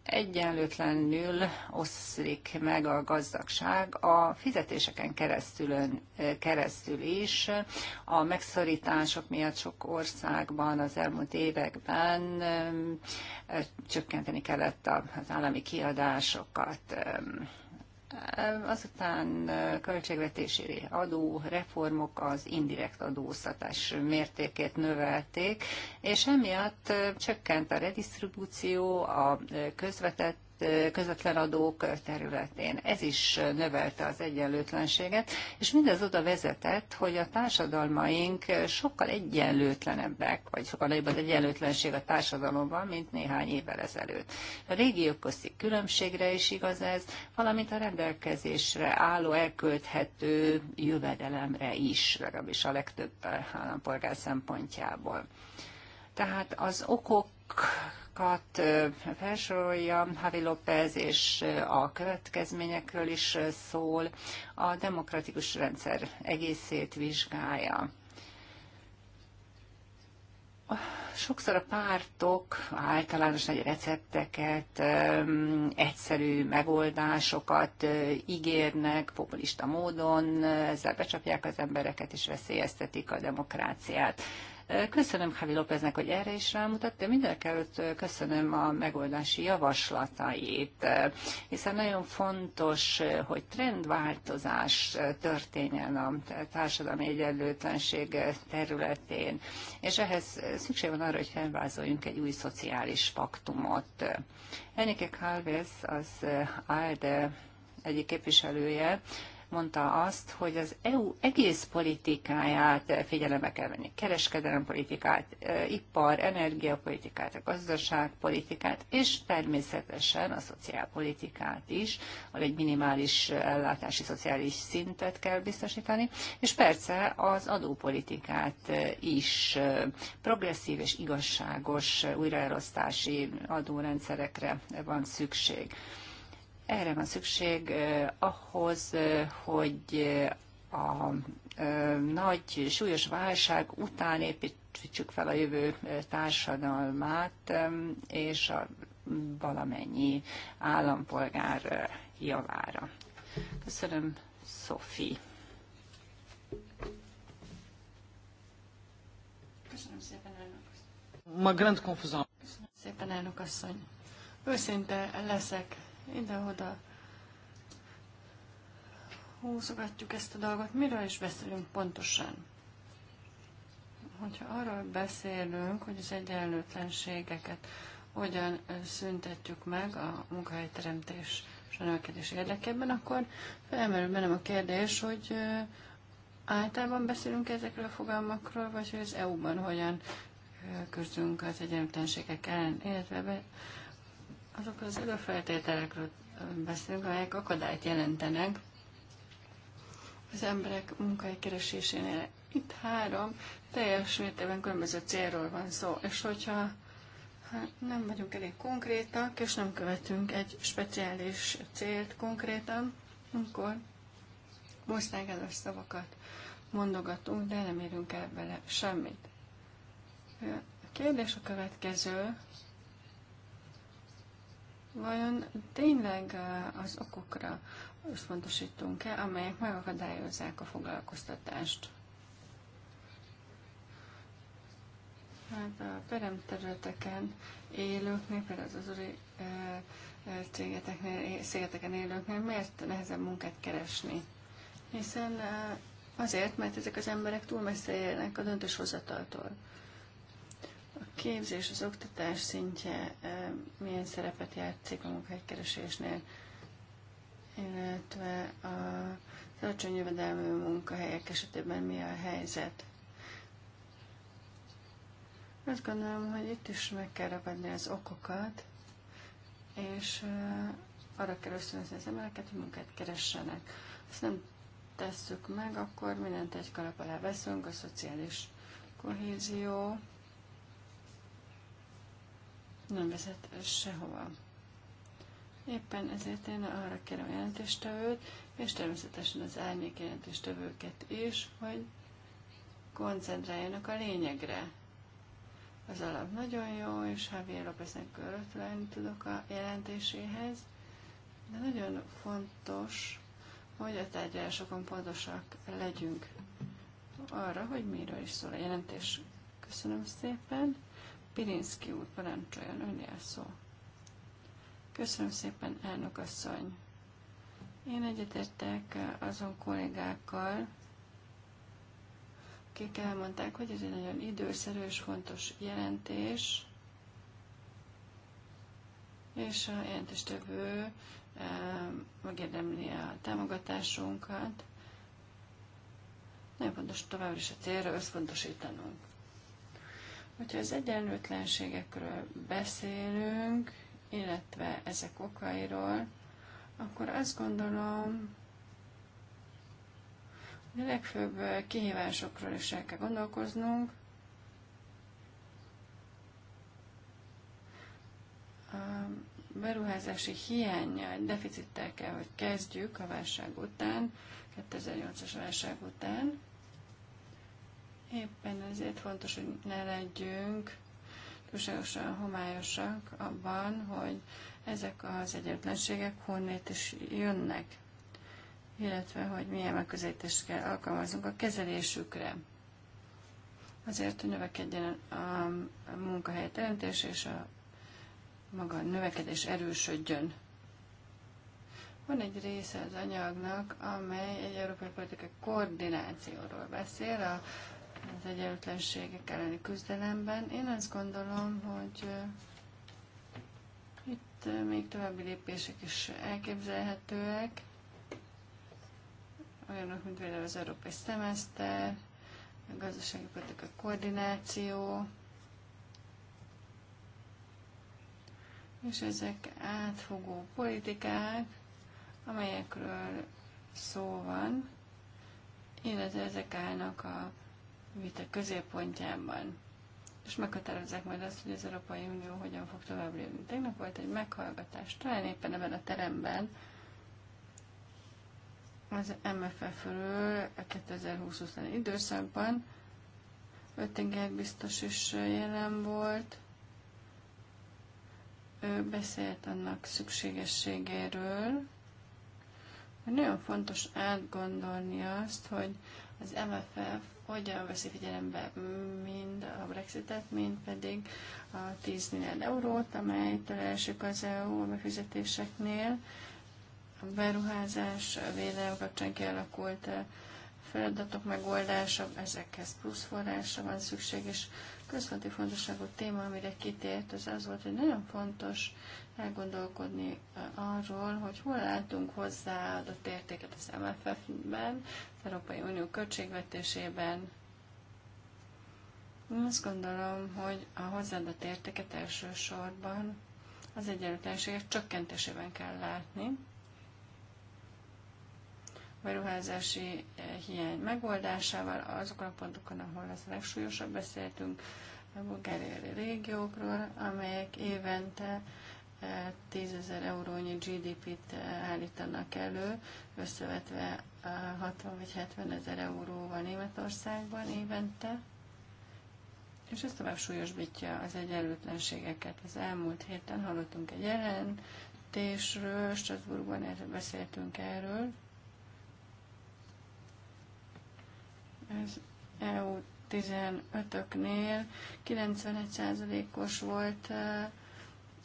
egyenlőtlenül oszlik meg a gazdagság a fizetéseken keresztülön, keresztül is. A megszorítások miatt sok országban az elmúlt években csökkenteni kellett az állami kiadásokat Azután költségvetési adó reformok az indirekt adóztatás mértékét növelték, és emiatt csökkent a redistribúció, a közvetett közvetlen adók területén. Ez is növelte az egyenlőtlenséget, és mindez oda vezetett, hogy a társadalmaink sokkal egyenlőtlenebbek, vagy sokkal nagyobb az egyenlőtlenség a társadalomban, mint néhány évvel ezelőtt. A régiók közti különbségre is igaz ez, valamint a rendelkezésre álló elkölthető jövedelemre is, legalábbis a legtöbb állampolgár szempontjából. Tehát az okok célokat felsorolja, Javi López, és a következményekről is szól, a demokratikus rendszer egészét vizsgálja. Sokszor a pártok általános nagy recepteket, egyszerű megoldásokat ígérnek populista módon, ezzel becsapják az embereket és veszélyeztetik a demokráciát. Köszönöm Javi Lópeznek, hogy erre is rámutat, de mindenek előtt köszönöm a megoldási javaslatait, hiszen nagyon fontos, hogy trendváltozás történjen a társadalmi egyenlőtlenség területén, és ehhez szükség van arra, hogy felvázoljunk egy új szociális paktumot. Enike Kálvész, az ALDE egyik képviselője, mondta azt, hogy az EU egész politikáját figyelembe kell venni. politikát, e, ipar, energiapolitikát, a gazdaságpolitikát, és természetesen a szociálpolitikát is, ahol egy minimális ellátási szociális szintet kell biztosítani, és persze az adópolitikát e, is e, progresszív és igazságos újraelosztási adórendszerekre van szükség. Erre van szükség ahhoz, hogy a nagy, súlyos válság után építsük fel a jövő társadalmát, és a valamennyi állampolgár javára. Köszönöm, Szofi. Köszönöm szépen, elnök. Ma grand confusion. Köszönöm szépen, elnök asszony. Őszinte leszek ide-oda húzogatjuk ezt a dolgot, miről is beszélünk pontosan? Hogyha arról beszélünk, hogy az egyenlőtlenségeket hogyan szüntetjük meg a munkahelyteremtés és a növekedés érdekében, akkor felmerül bennem a kérdés, hogy általában beszélünk ezekről a fogalmakról, vagy hogy az EU-ban hogyan küzdünk az egyenlőtlenségek ellen, illetve Azokról az előfeltételekről beszélünk, amelyek akadályt jelentenek az emberek munkai keresésénél. Itt három teljes mértékben különböző célról van szó, és hogyha hát nem vagyunk elég konkrétak, és nem követünk egy speciális célt konkrétan, akkor a szavakat mondogatunk, de nem érünk el vele semmit. A kérdés a következő, Vajon tényleg eh, az okokra összpontosítunk-e, amelyek megakadályozzák a foglalkoztatást? Hát a peremterületeken élőknél, például az azori cégeteknél, eh, eh, szigeteken élőknél miért nehezebb munkát keresni? Hiszen azért, mert ezek az emberek túl messze élnek a döntéshozataltól. A képzés, az oktatás szintje milyen szerepet játszik a munkahelykeresésnél, illetve a alacsony jövedelmű munkahelyek esetében mi a helyzet? Azt gondolom, hogy itt is meg kell ragadni az okokat, és arra kell ösztönözni az embereket, hogy munkát keressenek. Ezt nem tesszük meg, akkor mindent egy kalap alá veszünk, a szociális kohézió, nem vezet sehova. Éppen ezért én arra kérem a jelentéstevőt, és természetesen az árnyék jelentéstevőket is, hogy koncentráljanak a lényegre. Az alap nagyon jó, és Javier Lópeznek gratulálni tudok a jelentéséhez, de nagyon fontos, hogy a tárgyalásokon pontosak legyünk arra, hogy miről is szól a jelentés. Köszönöm szépen! Pirinszki úr, parancsoljon, önjel szó. Köszönöm szépen, elnök asszony. Én egyetértek azon kollégákkal, akik elmondták, hogy ez egy nagyon időszerű és fontos jelentés, és a jelentéstevő megérdemli a támogatásunkat. Nagyon fontos továbbra is a célra összpontosítanunk. Hogyha az egyenlőtlenségekről beszélünk, illetve ezek okairól, akkor azt gondolom, hogy a legfőbb kihívásokról is el kell gondolkoznunk. A beruházási egy deficittel kell, hogy kezdjük a válság után, 2008-as válság után. Éppen ezért fontos, hogy ne legyünk túlságosan homályosak abban, hogy ezek az egyetlenségek honnét is jönnek, illetve hogy milyen megközelítést kell alkalmaznunk a kezelésükre. Azért, hogy növekedjen a munkahely teremtés és a maga a növekedés erősödjön. Van egy része az anyagnak, amely egy európai politikai koordinációról beszél, a az egyenlőtlenségek elleni küzdelemben. Én azt gondolom, hogy itt még további lépések is elképzelhetőek, olyanok, mint például az európai szemeszter, a gazdasági politika koordináció, és ezek átfogó politikák, amelyekről szó van, illetve ezek állnak a vita középpontjában, és meghatározzák majd azt, hogy az Európai Unió hogyan fog tovább lépni. Tegnap volt egy meghallgatás, talán éppen ebben a teremben, az MFF ről a 2020 20 időszakban, Öttinger biztos is jelen volt, ő beszélt annak szükségességéről, hogy nagyon fontos átgondolni azt, hogy az MFF hogyan veszi figyelembe mind a Brexitet, mind pedig a 10 milliárd eurót, amelyet elsők az EU a befizetéseknél. A beruházás, a védelem kapcsán kialakult eh, feladatok megoldása, ezekhez plusz forrásra van szükség, és központi fontosságú téma, amire kitért, az az volt, hogy nagyon fontos elgondolkodni arról, hogy hol látunk hozzáadott értéket az MFF-ben, az Európai Unió költségvetésében. Én azt gondolom, hogy a hozzáadott értéket elsősorban az egyenlőtlenségek csökkentésében kell látni beruházási eh, hiány megoldásával, azokon a pontokon, ahol az legsúlyosabb beszéltünk, a bulgáriai régiókról, amelyek évente 10 eh, ezer eurónyi GDP-t eh, állítanak elő, összevetve 60 vagy 70 ezer euróval Németországban évente. És ez tovább súlyosbítja az egyenlőtlenségeket. Az elmúlt héten hallottunk egy jelentésről, Strasbourgban beszéltünk erről, Az EU 15-öknél 91%-os volt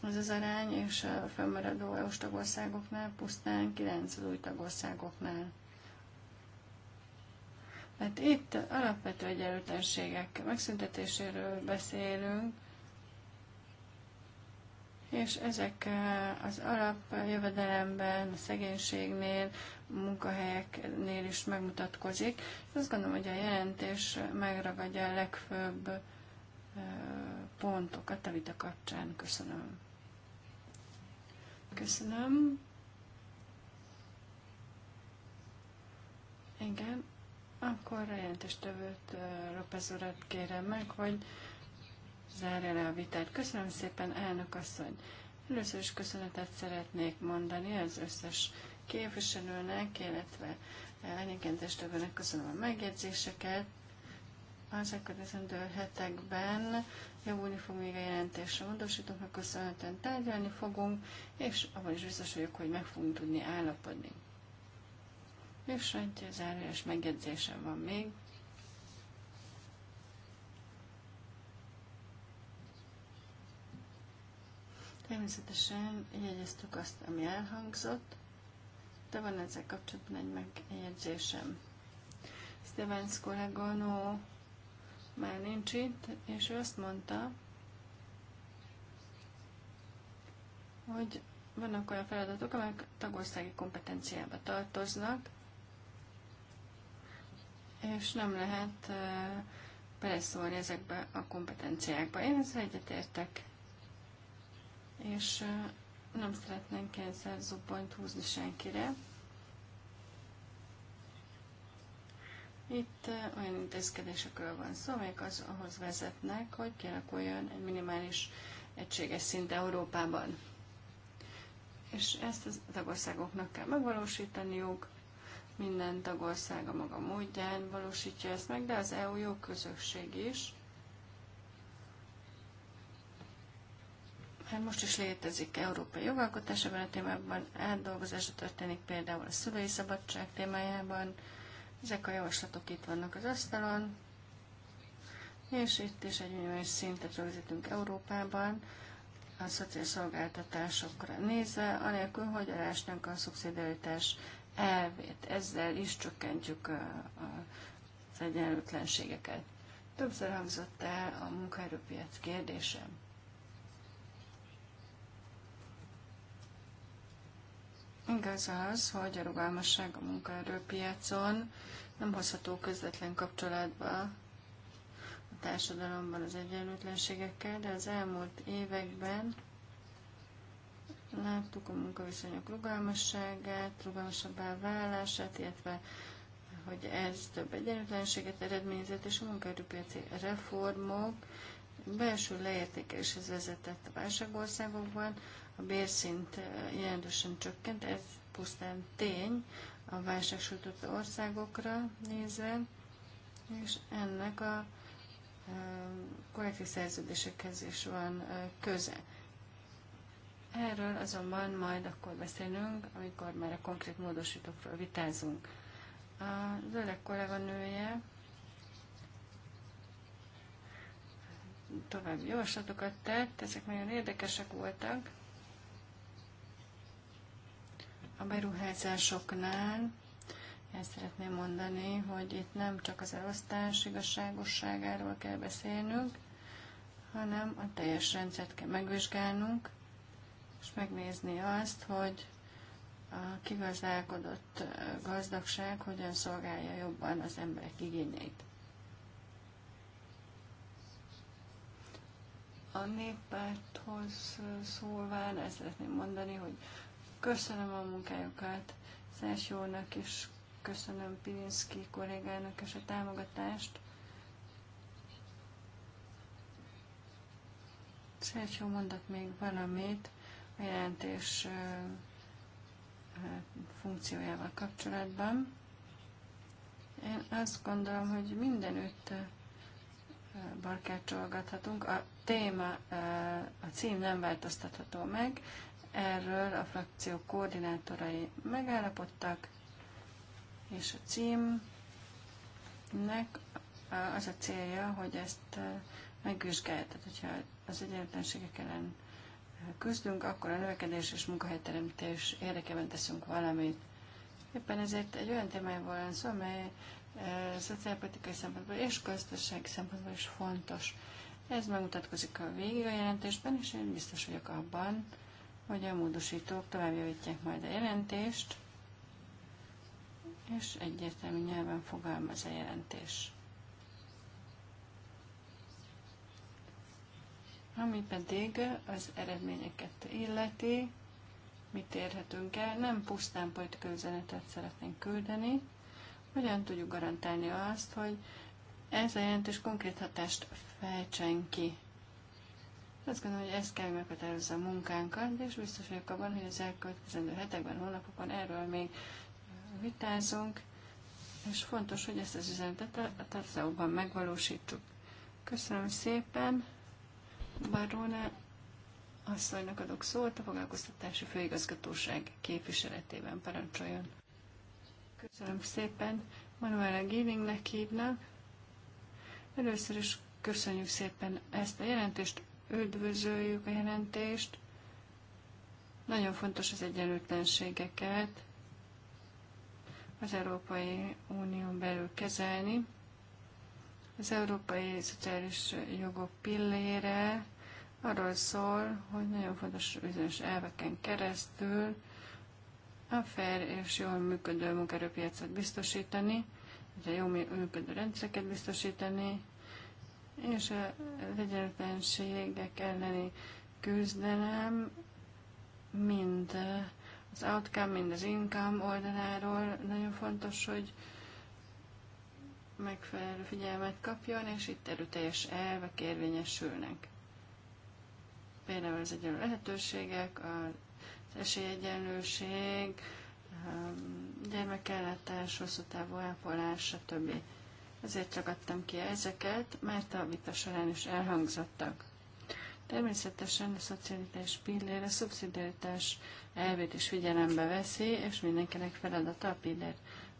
az az arány, és a fennmaradó EU-s tagországoknál pusztán 9 az új tagországoknál. Hát itt alapvető egyenlőtlenségek megszüntetéséről beszélünk, és ezek az alapjövedelemben, a szegénységnél, munkahelyeknél is megmutatkozik. Azt gondolom, hogy a jelentés megragadja a legfőbb pontokat a vita kapcsán. Köszönöm. Köszönöm. Igen, akkor a jelentéstevőt López urat kérem meg, hogy zárja le a vitát. Köszönöm szépen, elnök asszony. Először is köszönetet szeretnék mondani az összes képviselőnek, illetve elégedéstevőnek köszönöm a megjegyzéseket. Az elkövetkezendő hetekben javulni fog még a jelentésre, módosítóknak köszönhetően tárgyalni fogunk, és abban is biztos vagyok, hogy meg fogunk tudni állapodni. És egy zárójeles megjegyzésem van még. Természetesen jegyeztük azt, ami elhangzott előtte van ezzel kapcsolatban egy megjegyzésem. Stevens kolléganó már nincs itt, és ő azt mondta, hogy vannak olyan feladatok, amelyek tagországi kompetenciába tartoznak, és nem lehet beleszólni ezekbe a kompetenciákba. Én ezzel egyetértek. És nem szeretnénk ezzel zubbonyt húzni senkire. Itt eh, olyan intézkedésekről van szó, amelyek az, ahhoz vezetnek, hogy kialakuljon egy minimális egységes szint Európában. És ezt a tagországoknak kell megvalósítaniuk, minden tagország a maga módján valósítja ezt meg, de az EU közösség is, már hát most is létezik európai jogalkotás ebben a témában, átdolgozása történik például a szülői szabadság témájában. Ezek a javaslatok itt vannak az asztalon, és itt is egy minimális szintet rögzítünk Európában, a szociális szolgáltatásokra nézve, anélkül, hogy elásnánk a szubszidiaritás elvét. Ezzel is csökkentjük az egyenlőtlenségeket. Többször hangzott el a munkaerőpiac kérdésem. Igaz az, hogy a rugalmasság a munkaerőpiacon nem hozható közvetlen kapcsolatba a társadalomban az egyenlőtlenségekkel, de az elmúlt években láttuk a munkaviszonyok rugalmasságát, rugalmasabbá válását, illetve hogy ez több egyenlőtlenséget eredményezett, és a munkaerőpiaci reformok belső leértékeléshez vezetett a válságországokban, a bérszint jelentősen csökkent, ez pusztán tény a válságsújtott országokra nézve, és ennek a kollektív szerződésekhez is van köze. Erről azonban majd akkor beszélünk, amikor már a konkrét módosítókról vitázunk. A öreg kolléganője további javaslatokat tett, ezek nagyon érdekesek voltak. A beruházásoknál ezt szeretném mondani, hogy itt nem csak az elosztás igazságosságáról kell beszélnünk, hanem a teljes rendszert kell megvizsgálnunk, és megnézni azt, hogy a kigazdálkodott gazdagság hogyan szolgálja jobban az emberek igényeit. A néppárthoz szólván ezt szeretném mondani, hogy Köszönöm a munkájukat Szársjónak, és köszönöm Pilinszki kollégának és a támogatást. jó mondott még valamit a jelentés funkciójával kapcsolatban. Én azt gondolom, hogy mindenütt barkácsolgathatunk. A téma, a cím nem változtatható meg, Erről a frakció koordinátorai megállapodtak, és a címnek az a célja, hogy ezt megvizsgálja. Tehát, hogyha az egyenlőtlenségek ellen küzdünk, akkor a növekedés és munkahelyteremtés érdekében teszünk valamit. Éppen ezért egy olyan témájával van szó, amely szociálpolitikai szempontból és gazdasági szempontból is fontos. Ez megmutatkozik a végig a jelentésben, és én biztos vagyok abban, hogy a módosítók továbbjavítják majd a jelentést, és egyértelmű nyelven fogalmaz a jelentés. Ami pedig az eredményeket illeti, mit érhetünk el, nem pusztán politikai üzenetet szeretnénk küldeni, hogyan tudjuk garantálni azt, hogy ez a jelentés konkrét hatást fejtsen ki azt gondolom, hogy ezt kell meghatározza a munkánkat, és biztos vagyok abban, hogy az elkövetkezendő hetekben, hónapokon erről még vitázunk, és fontos, hogy ezt az üzenetet a tartalóban megvalósítsuk. Köszönöm szépen, Barone asszonynak adok szót a foglalkoztatási főigazgatóság képviseletében parancsoljon. Köszönöm szépen, Manuela Givingnek hívnak. Először is köszönjük szépen ezt a jelentést, üdvözöljük a jelentést. Nagyon fontos az egyenlőtlenségeket az Európai Unión belül kezelni. Az Európai Szociális Jogok pillére arról szól, hogy nagyon fontos bizonyos elveken keresztül a fair és jól működő munkerőpiacot biztosítani, a jól működő rendszereket biztosítani, és a egyenlőtlenségek elleni küzdelem mind az outcome, mind az income oldaláról nagyon fontos, hogy megfelelő figyelmet kapjon, és itt erőteljes elvek érvényesülnek. Például az egyenlő lehetőségek, az esélyegyenlőség, gyermekellátás, hosszú távú ápolás, stb. Ezért ragadtam ki ezeket, mert a vita során is elhangzottak. Természetesen a szocialitás pillér a szubszidiaritás elvét is figyelembe veszi, és mindenkinek feladata a pillér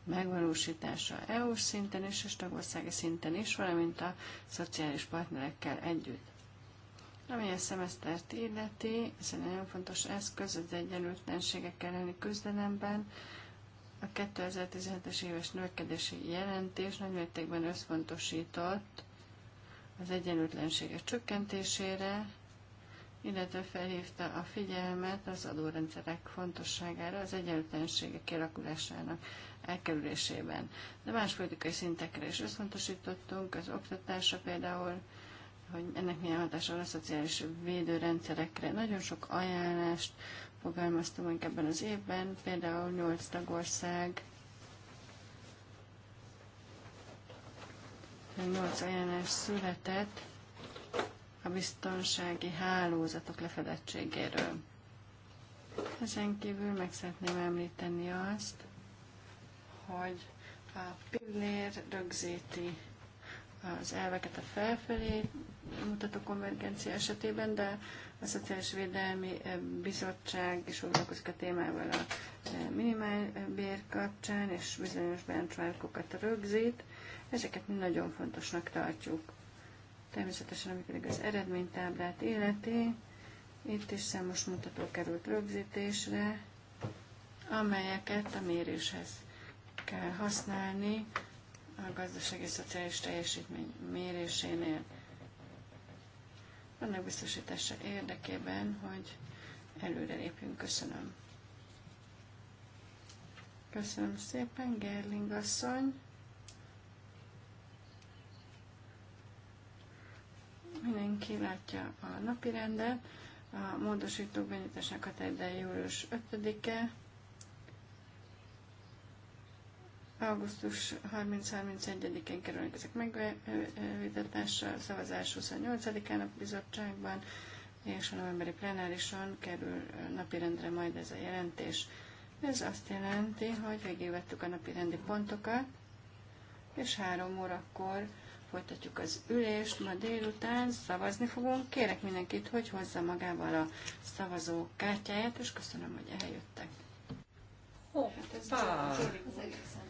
megvalósítása EU-s szinten is, és tagországi szinten is, valamint a szociális partnerekkel együtt. Ami a szemesztert illeti, ez egy nagyon fontos eszköz az egyenlőtlenségek elleni küzdelemben, a 2017-es éves növekedési jelentés nagymértékben összpontosított az egyenlőtlenségek csökkentésére, illetve felhívta a figyelmet az adórendszerek fontosságára az egyenlőtlenségek kialakulásának elkerülésében. De más politikai szintekre is összpontosítottunk, az oktatásra például, hogy ennek milyen hatása van a szociális védőrendszerekre. Nagyon sok ajánlást fogalmaztunk meg ebben az évben, például 8 tagország 8 ajánlás született a biztonsági hálózatok lefedettségéről. Ezen kívül meg szeretném említeni azt, hogy a pillér rögzíti az elveket a felfelé mutató konvergencia esetében, de a Szociális Védelmi Bizottság is foglalkozik a témával a minimálbér kapcsán, és bizonyos benchmarkokat rögzít. Ezeket mi nagyon fontosnak tartjuk. Természetesen, ami pedig az eredménytáblát életi, itt is számos mutató került rögzítésre, amelyeket a méréshez kell használni a gazdasági szociális teljesítmény mérésénél annak biztosítása érdekében, hogy előre lépjünk. Köszönöm. Köszönöm szépen, Gerling asszony. Mindenki látja a napi rendet. A módosítók benyújtásnak a július 5-e. Augusztus 30-31-én kerülnek ezek megvitatásra, szavazás 28-án a bizottságban, és a novemberi plenárison kerül napirendre majd ez a jelentés. Ez azt jelenti, hogy végigvettük a napirendi pontokat, és három órakor folytatjuk az ülést, ma délután szavazni fogunk. Kérek mindenkit, hogy hozza magával a szavazó kártyáját, és köszönöm, hogy eljöttek. Oh, Hát ez az egészen.